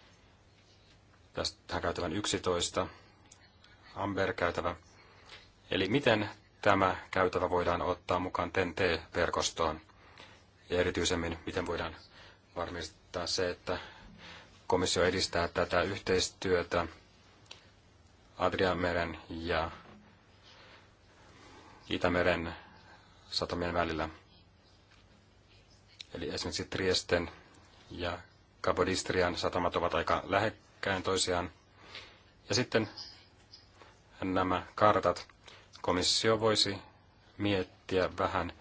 tästä käytävän 11, Amber-käytävä. Eli miten tämä käytävä voidaan ottaa mukaan TEN-T-verkostoon? Ja erityisemmin, miten voidaan varmistaa se, että komissio edistää tätä yhteistyötä Adriameren ja Itämeren satamien välillä. Eli esimerkiksi Triesten ja Kapodistrian satamat ovat aika lähekkäin toisiaan. Ja sitten nämä kartat komissio voisi miettiä vähän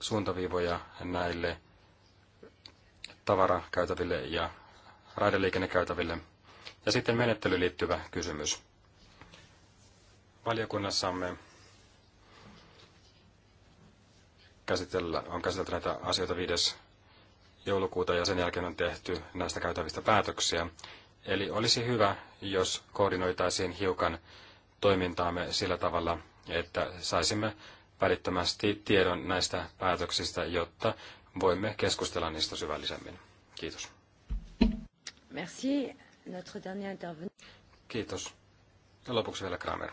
suuntaviivoja näille tavarakäytäville ja raideliikennekäytäville – ja sitten menettely liittyvä kysymys. Valiokunnassamme käsitellä, on käsitelty näitä asioita 5. joulukuuta ja sen jälkeen on tehty näistä käytävistä päätöksiä. Eli olisi hyvä, jos koordinoitaisiin hiukan toimintaamme sillä tavalla, että saisimme välittömästi tiedon näistä päätöksistä, jotta voimme keskustella niistä syvällisemmin. Kiitos. Merci notre dernier intervenant. Kiitos. Ja lopuksi vielä Kramer.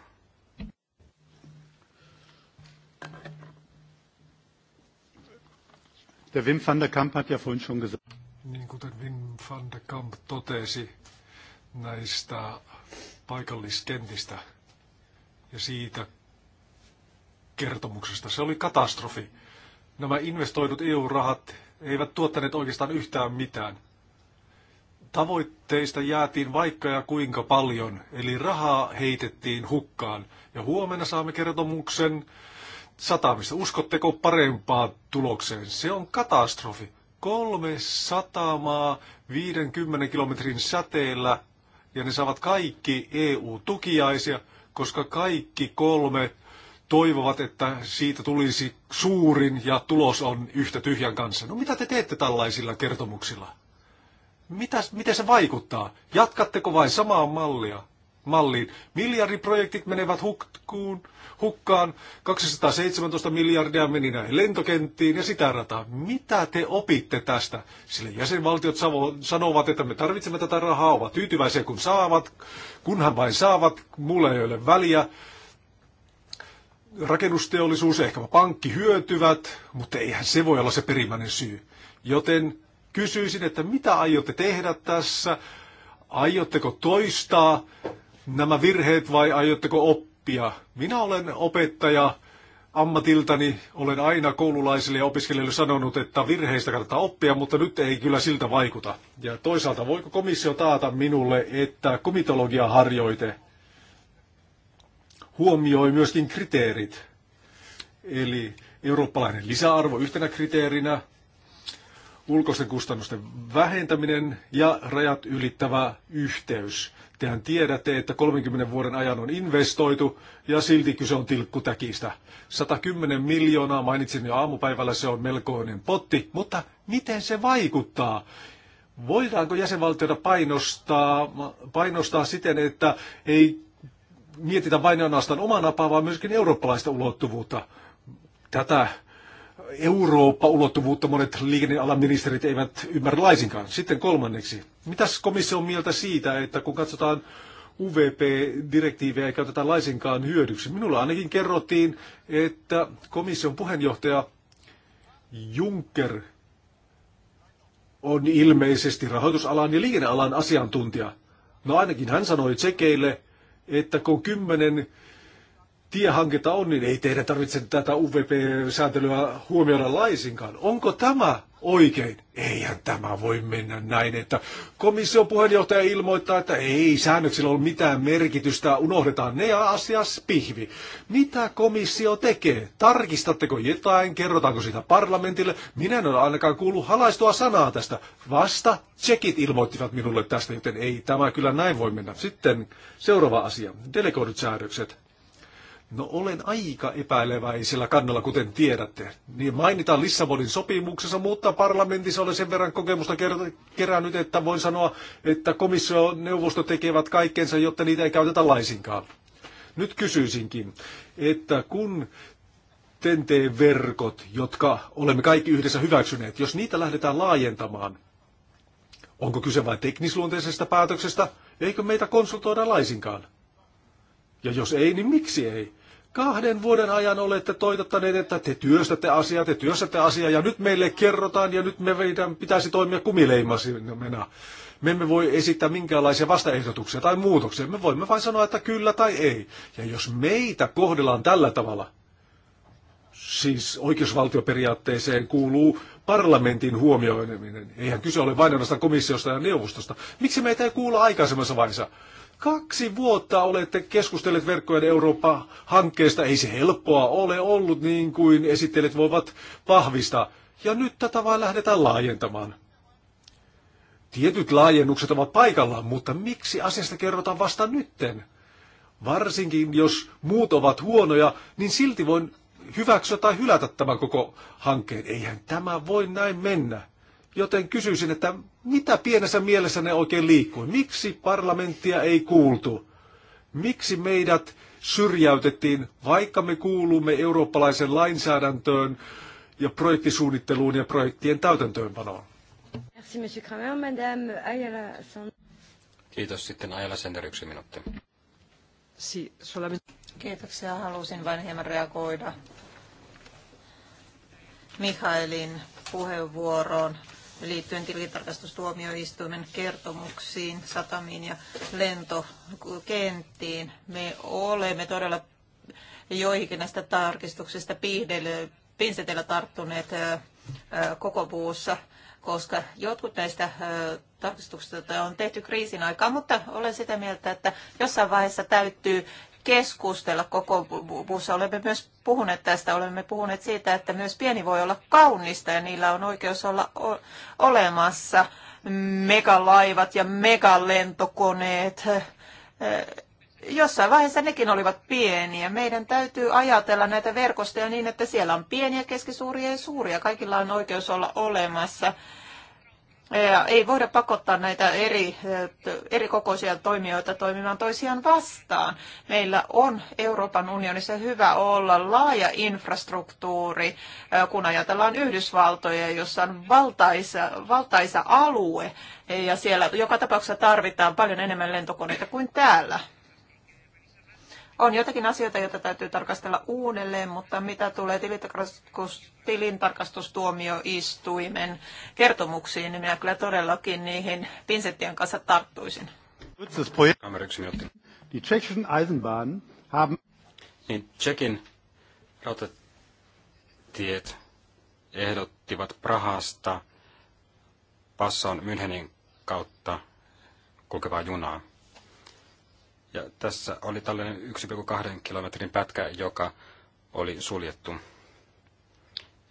Der Wim van der Kamp hat ja vorhin schon gesagt. Niin kuten Wim van der Kamp totesi näistä paikalliskentistä ja siitä kertomuksesta, se oli katastrofi. Nämä investoidut EU-rahat eivät tuottaneet oikeastaan yhtään mitään tavoitteista jäätiin vaikka ja kuinka paljon, eli rahaa heitettiin hukkaan. Ja huomenna saamme kertomuksen satamista. Uskotteko parempaa tulokseen? Se on katastrofi. Kolme satamaa 50 kilometrin säteellä ja ne saavat kaikki EU-tukiaisia, koska kaikki kolme toivovat, että siitä tulisi suurin ja tulos on yhtä tyhjän kanssa. No mitä te teette tällaisilla kertomuksilla? Mitäs, miten se vaikuttaa? Jatkatteko vain samaa mallia? malliin. Miljardiprojektit menevät hukkuun, hukkaan, 217 miljardia meni näihin lentokenttiin ja sitä rataa. Mitä te opitte tästä? Sillä jäsenvaltiot sanovat, että me tarvitsemme tätä rahaa, ovat tyytyväisiä kun saavat, kunhan vain saavat, mulle ei ole väliä. Rakennusteollisuus, ehkä pankki hyötyvät, mutta eihän se voi olla se perimmäinen syy. Joten Kysyisin, että mitä aiotte tehdä tässä? Aiotteko toistaa nämä virheet vai aiotteko oppia? Minä olen opettaja ammatiltani, olen aina koululaisille ja opiskelijoille sanonut, että virheistä kannattaa oppia, mutta nyt ei kyllä siltä vaikuta. Ja toisaalta voiko komissio taata minulle, että harjoite huomioi myöskin kriteerit? Eli eurooppalainen lisäarvo yhtenä kriteerinä, ulkoisten kustannusten vähentäminen ja rajat ylittävä yhteys. Tehän tiedätte, että 30 vuoden ajan on investoitu ja silti kyse on tilkkutäkistä. 110 miljoonaa mainitsin jo aamupäivällä, se on melkoinen potti, mutta miten se vaikuttaa? Voidaanko jäsenvaltioita painostaa, painostaa siten, että ei mietitä vain ainoastaan omaa napaa, vaan myöskin eurooppalaista ulottuvuutta? Tätä Eurooppa-ulottuvuutta monet liikennealan ministerit eivät ymmärrä laisinkaan. Sitten kolmanneksi, mitäs komissio on mieltä siitä, että kun katsotaan UVP-direktiivejä ei käytetä laisinkaan hyödyksi? Minulla ainakin kerrottiin, että komission puheenjohtaja Juncker on ilmeisesti rahoitusalan ja liikennealan asiantuntija. No ainakin hän sanoi tsekeille, että kun kymmenen tiehanketta on, niin ei teidän tarvitse tätä UVP-sääntelyä huomioida laisinkaan. Onko tämä oikein? Eihän tämä voi mennä näin, että komission puheenjohtaja ilmoittaa, että ei säännöksillä ole mitään merkitystä, unohdetaan ne ja asias pihvi. Mitä komissio tekee? Tarkistatteko jotain? Kerrotaanko sitä parlamentille? Minä en ole ainakaan kuullut halaistua sanaa tästä. Vasta tsekit ilmoittivat minulle tästä, joten ei tämä kyllä näin voi mennä. Sitten seuraava asia. Delegoidut säädökset. No olen aika epäileväisellä kannalla, kuten tiedätte. Niin mainitaan Lissabonin sopimuksessa, mutta parlamentissa olen sen verran kokemusta kerännyt, että voin sanoa, että komissio neuvosto tekevät kaikkensa, jotta niitä ei käytetä laisinkaan. Nyt kysyisinkin, että kun TNT-verkot, jotka olemme kaikki yhdessä hyväksyneet, jos niitä lähdetään laajentamaan, onko kyse vain teknisluonteisesta päätöksestä, eikö meitä konsultoida laisinkaan? Ja jos ei, niin miksi ei? kahden vuoden ajan olette toitottaneet, että te työstätte asiaa, te työstätte asiaa ja nyt meille kerrotaan ja nyt me meidän pitäisi toimia kumileimasimena. Me emme voi esittää minkäänlaisia vastaehdotuksia tai muutoksia. Me voimme vain sanoa, että kyllä tai ei. Ja jos meitä kohdellaan tällä tavalla, siis oikeusvaltioperiaatteeseen kuuluu parlamentin huomioiminen. Eihän kyse ole vain ainoastaan komissiosta ja neuvostosta. Miksi meitä ei kuulla aikaisemmassa vaiheessa? Kaksi vuotta olette keskustelleet verkkojen Eurooppa-hankkeesta. Ei se helppoa ole ollut niin kuin esittelijät voivat vahvistaa. Ja nyt tätä vain lähdetään laajentamaan. Tietyt laajennukset ovat paikallaan, mutta miksi asiasta kerrotaan vasta nytten? Varsinkin jos muut ovat huonoja, niin silti voin hyväksyä tai hylätä tämän koko hankkeen. Eihän tämä voi näin mennä. Joten kysyisin, että mitä pienessä mielessä ne oikein liikkui? Miksi parlamenttia ei kuultu? Miksi meidät syrjäytettiin, vaikka me kuulumme eurooppalaisen lainsäädäntöön ja projektisuunnitteluun ja projektien täytäntöönpanoon? Kiitos. Sitten Ajala Sender, yksi minuutti. Kiitoksia. Halusin vain hieman reagoida Mihailin puheenvuoroon liittyen tilintarkastustuomioistuimen kertomuksiin, satamiin ja lentokenttiin. Me olemme todella joihinkin näistä tarkistuksista pinsetillä tarttuneet koko puussa, koska jotkut näistä tarkistuksista on tehty kriisin aikaa, mutta olen sitä mieltä, että jossain vaiheessa täytyy keskustella koko puussa. Olemme myös puhuneet tästä, olemme puhuneet siitä, että myös pieni voi olla kaunista ja niillä on oikeus olla olemassa megalaivat ja megalentokoneet. Äh, jossain vaiheessa nekin olivat pieniä. Meidän täytyy ajatella näitä verkostoja niin, että siellä on pieniä, keskisuuria ja suuria. Kaikilla on oikeus olla olemassa ei voida pakottaa näitä eri, eri kokoisia toimijoita toimimaan toisiaan vastaan. Meillä on Euroopan unionissa hyvä olla laaja infrastruktuuri, kun ajatellaan Yhdysvaltoja, jossa on valtaisa, valtaisa alue, ja siellä joka tapauksessa tarvitaan paljon enemmän lentokoneita kuin täällä. On jotakin asioita, joita täytyy tarkastella uudelleen, mutta mitä tulee tilintarkastustuomioistuimen kertomuksiin, niin minä kyllä todellakin niihin pinsettien kanssa tarttuisin. Niin, Tsekin rautatiet ehdottivat Prahasta Passon Münchenin kautta kulkevaa junaa. Ja tässä oli tällainen 1,2 kilometrin pätkä, joka oli suljettu.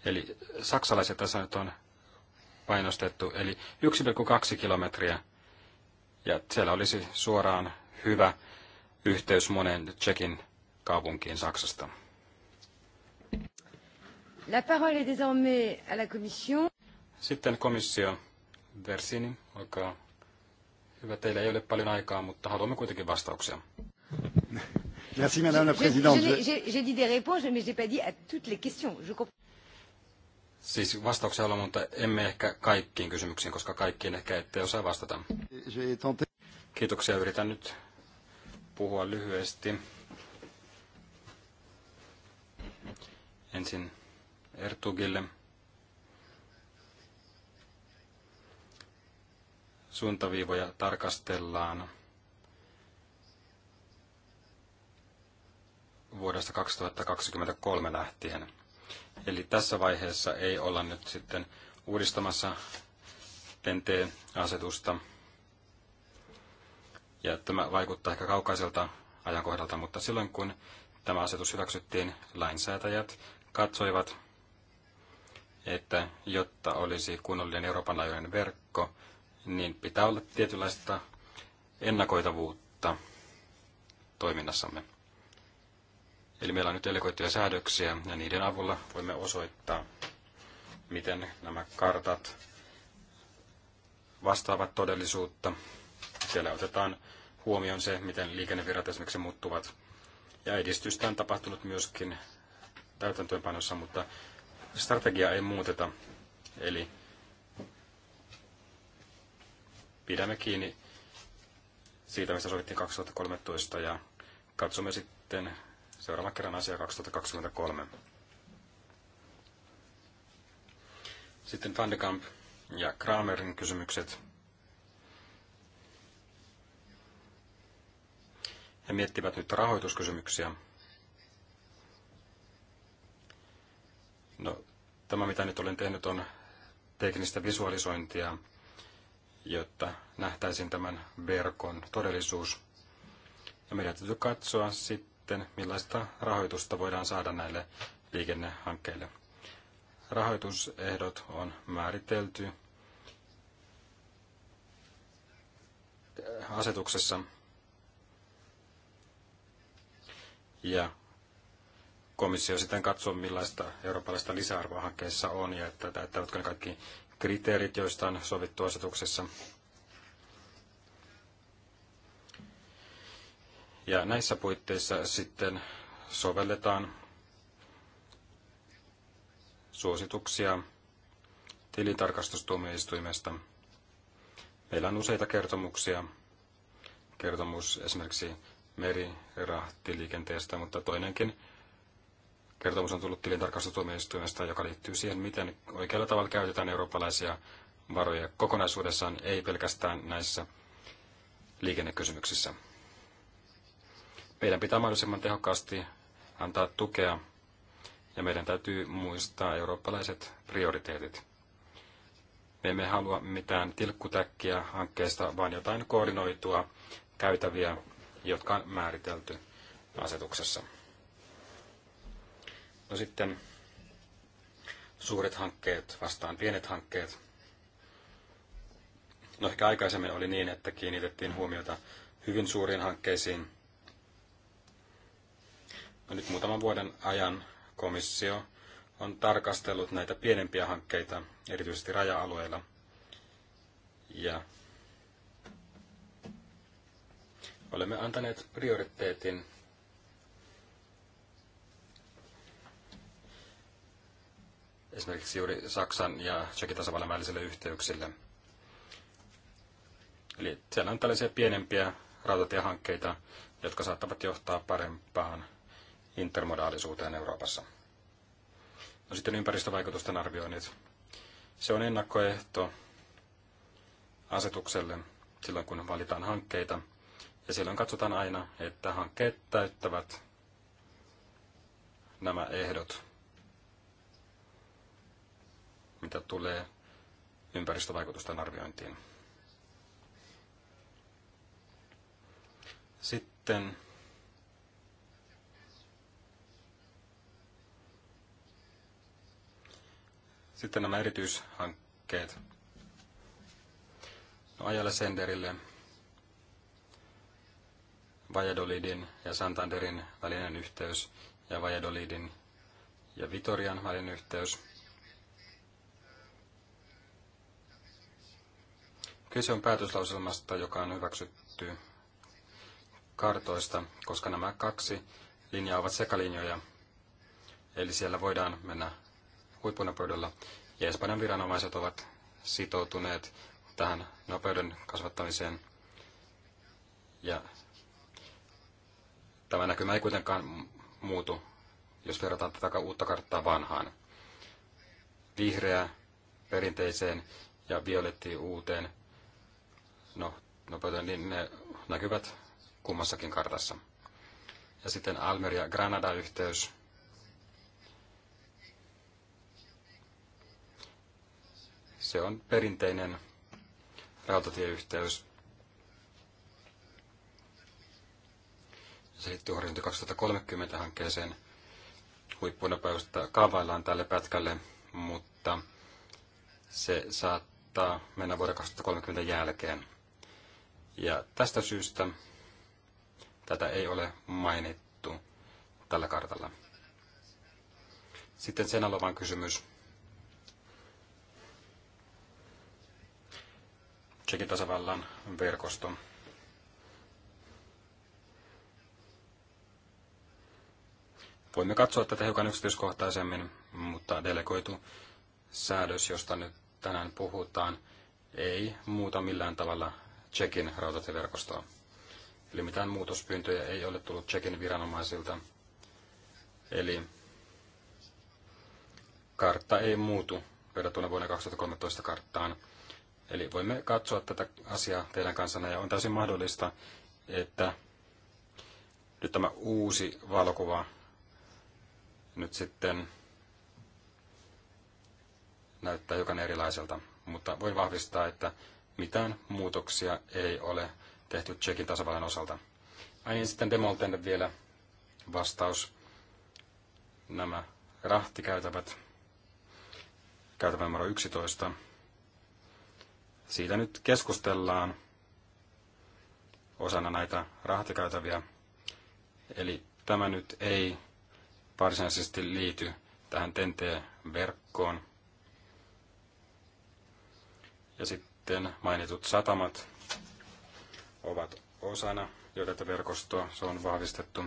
Eli saksalaiset tässä nyt on painostettu, eli 1,2 kilometriä. Ja siellä olisi suoraan hyvä yhteys monen Tsekin kaupunkiin Saksasta. La parole est désormais à la commission. Sitten komissio. Versini, olkaa Hyvä, teillä ei ole paljon aikaa, mutta haluamme kuitenkin vastauksia. Merci, Madame la Présidente. J'ai dit des réponses, mais j'ai pas dit à toutes les questions. Je Siis vastauksia olla, mutta emme ehkä kaikkiin kysymyksiin, koska kaikkiin ehkä ette osaa vastata. Kiitoksia, yritän nyt puhua lyhyesti. Ensin Ertugille. suuntaviivoja tarkastellaan vuodesta 2023 lähtien. Eli tässä vaiheessa ei olla nyt sitten uudistamassa tnt asetusta Ja tämä vaikuttaa ehkä kaukaiselta ajankohdalta, mutta silloin kun tämä asetus hyväksyttiin, lainsäätäjät katsoivat, että jotta olisi kunnollinen Euroopan laajuinen verkko, niin pitää olla tietynlaista ennakoitavuutta toiminnassamme. Eli meillä on nyt delegoituja säädöksiä ja niiden avulla voimme osoittaa, miten nämä kartat vastaavat todellisuutta. Siellä otetaan huomioon se, miten liikennevirrat esimerkiksi muuttuvat. Ja edistystä on tapahtunut myöskin täytäntöönpanossa, mutta strategia ei muuteta. Eli pidämme kiinni siitä, mistä sovittiin 2013 ja katsomme sitten seuraavan kerran asiaa 2023. Sitten Van de Kamp ja Kramerin kysymykset. He miettivät nyt rahoituskysymyksiä. No, tämä mitä nyt olen tehnyt on teknistä visualisointia jotta nähtäisiin tämän verkon todellisuus. Ja meidän täytyy katsoa sitten, millaista rahoitusta voidaan saada näille liikennehankkeille. Rahoitusehdot on määritelty asetuksessa ja komissio sitten katsoo, millaista eurooppalaista lisäarvoa hankkeessa on ja että täyttävätkö ne kaikki kriteerit, joista on sovittu asetuksessa. Ja näissä puitteissa sitten sovelletaan suosituksia tilintarkastustuomioistuimesta. Meillä on useita kertomuksia. Kertomus esimerkiksi merirahtiliikenteestä, mutta toinenkin Kertomus on tullut tilintarkastustuomioistuimesta, joka liittyy siihen, miten oikealla tavalla käytetään eurooppalaisia varoja kokonaisuudessaan, ei pelkästään näissä liikennekysymyksissä. Meidän pitää mahdollisimman tehokkaasti antaa tukea ja meidän täytyy muistaa eurooppalaiset prioriteetit. Me emme halua mitään tilkkutäkkiä hankkeesta, vaan jotain koordinoitua käytäviä, jotka on määritelty asetuksessa. No sitten suuret hankkeet vastaan pienet hankkeet. No ehkä aikaisemmin oli niin, että kiinnitettiin huomiota hyvin suuriin hankkeisiin. No nyt muutaman vuoden ajan komissio on tarkastellut näitä pienempiä hankkeita, erityisesti raja-alueilla. Ja olemme antaneet prioriteetin esimerkiksi juuri Saksan ja Tsekin tasavallan välisille yhteyksille. Eli siellä on tällaisia pienempiä rautatiehankkeita, jotka saattavat johtaa parempaan intermodaalisuuteen Euroopassa. No sitten ympäristövaikutusten arvioinnit. Se on ennakkoehto asetukselle silloin, kun valitaan hankkeita. Ja silloin katsotaan aina, että hankkeet täyttävät nämä ehdot mitä tulee ympäristövaikutusten arviointiin. Sitten Sitten nämä erityishankkeet. No, Ajalle Senderille, Valladolidin ja Santanderin välinen yhteys ja Valladolidin ja Vitorian välinen yhteys – Kyse on päätöslauselmasta, joka on hyväksytty kartoista, koska nämä kaksi linjaa ovat sekalinjoja. Eli siellä voidaan mennä huippunopeudella. Ja Espanjan viranomaiset ovat sitoutuneet tähän nopeuden kasvattamiseen. Ja tämä näkymä ei kuitenkaan muutu, jos verrataan tätä uutta karttaa vanhaan. Vihreä perinteiseen ja violetti uuteen no, nopeuteen, niin ne näkyvät kummassakin kartassa. Ja sitten Almeria-Granada-yhteys. Se on perinteinen rautatieyhteys. Se liittyy Horisontti 2030 hankkeeseen. Huippunopeusta kaavaillaan tälle pätkälle, mutta se saattaa mennä vuoden 2030 jälkeen. Ja tästä syystä tätä ei ole mainittu tällä kartalla. Sitten Senalovan kysymys. Tsekin tasavallan verkosto. Voimme katsoa tätä hiukan yksityiskohtaisemmin, mutta delegoitu säädös, josta nyt tänään puhutaan, ei muuta millään tavalla Tsekin rautatieverkostoa. Eli mitään muutospyyntöjä ei ole tullut Tsekin viranomaisilta. Eli kartta ei muutu verrattuna vuonna 2013 karttaan. Eli voimme katsoa tätä asiaa teidän kanssanne ja on täysin mahdollista, että nyt tämä uusi valokuva nyt sitten näyttää hiukan erilaiselta. Mutta voin vahvistaa, että mitään muutoksia ei ole tehty Tsekin tasavallan osalta. Ai niin, sitten Demolten vielä vastaus. Nämä rahtikäytävät, käytävä numero 11. Siitä nyt keskustellaan osana näitä rahtikäytäviä. Eli tämä nyt ei varsinaisesti liity tähän TNT-verkkoon. Ja sitten sitten mainitut satamat ovat osana jo tätä verkostoa, se on vahvistettu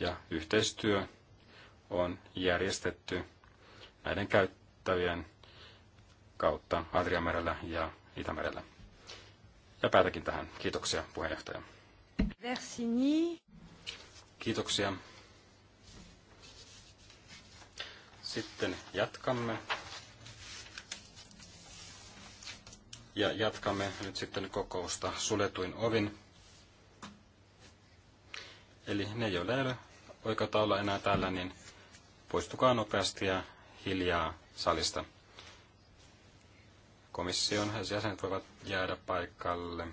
ja yhteistyö on järjestetty näiden käyttäjien kautta Adriamerellä ja Itämerellä. Ja päätäkin tähän. Kiitoksia puheenjohtaja. Versini. Kiitoksia. Sitten jatkamme Ja jatkamme nyt sitten kokousta suljetuin ovin. Eli ne, joilla ei ole oikeutta olla enää täällä, niin poistukaa nopeasti ja hiljaa salista. Komission jäsenet voivat jäädä paikalle.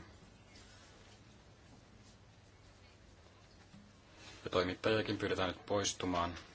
Ja toimittajakin pyydetään nyt poistumaan.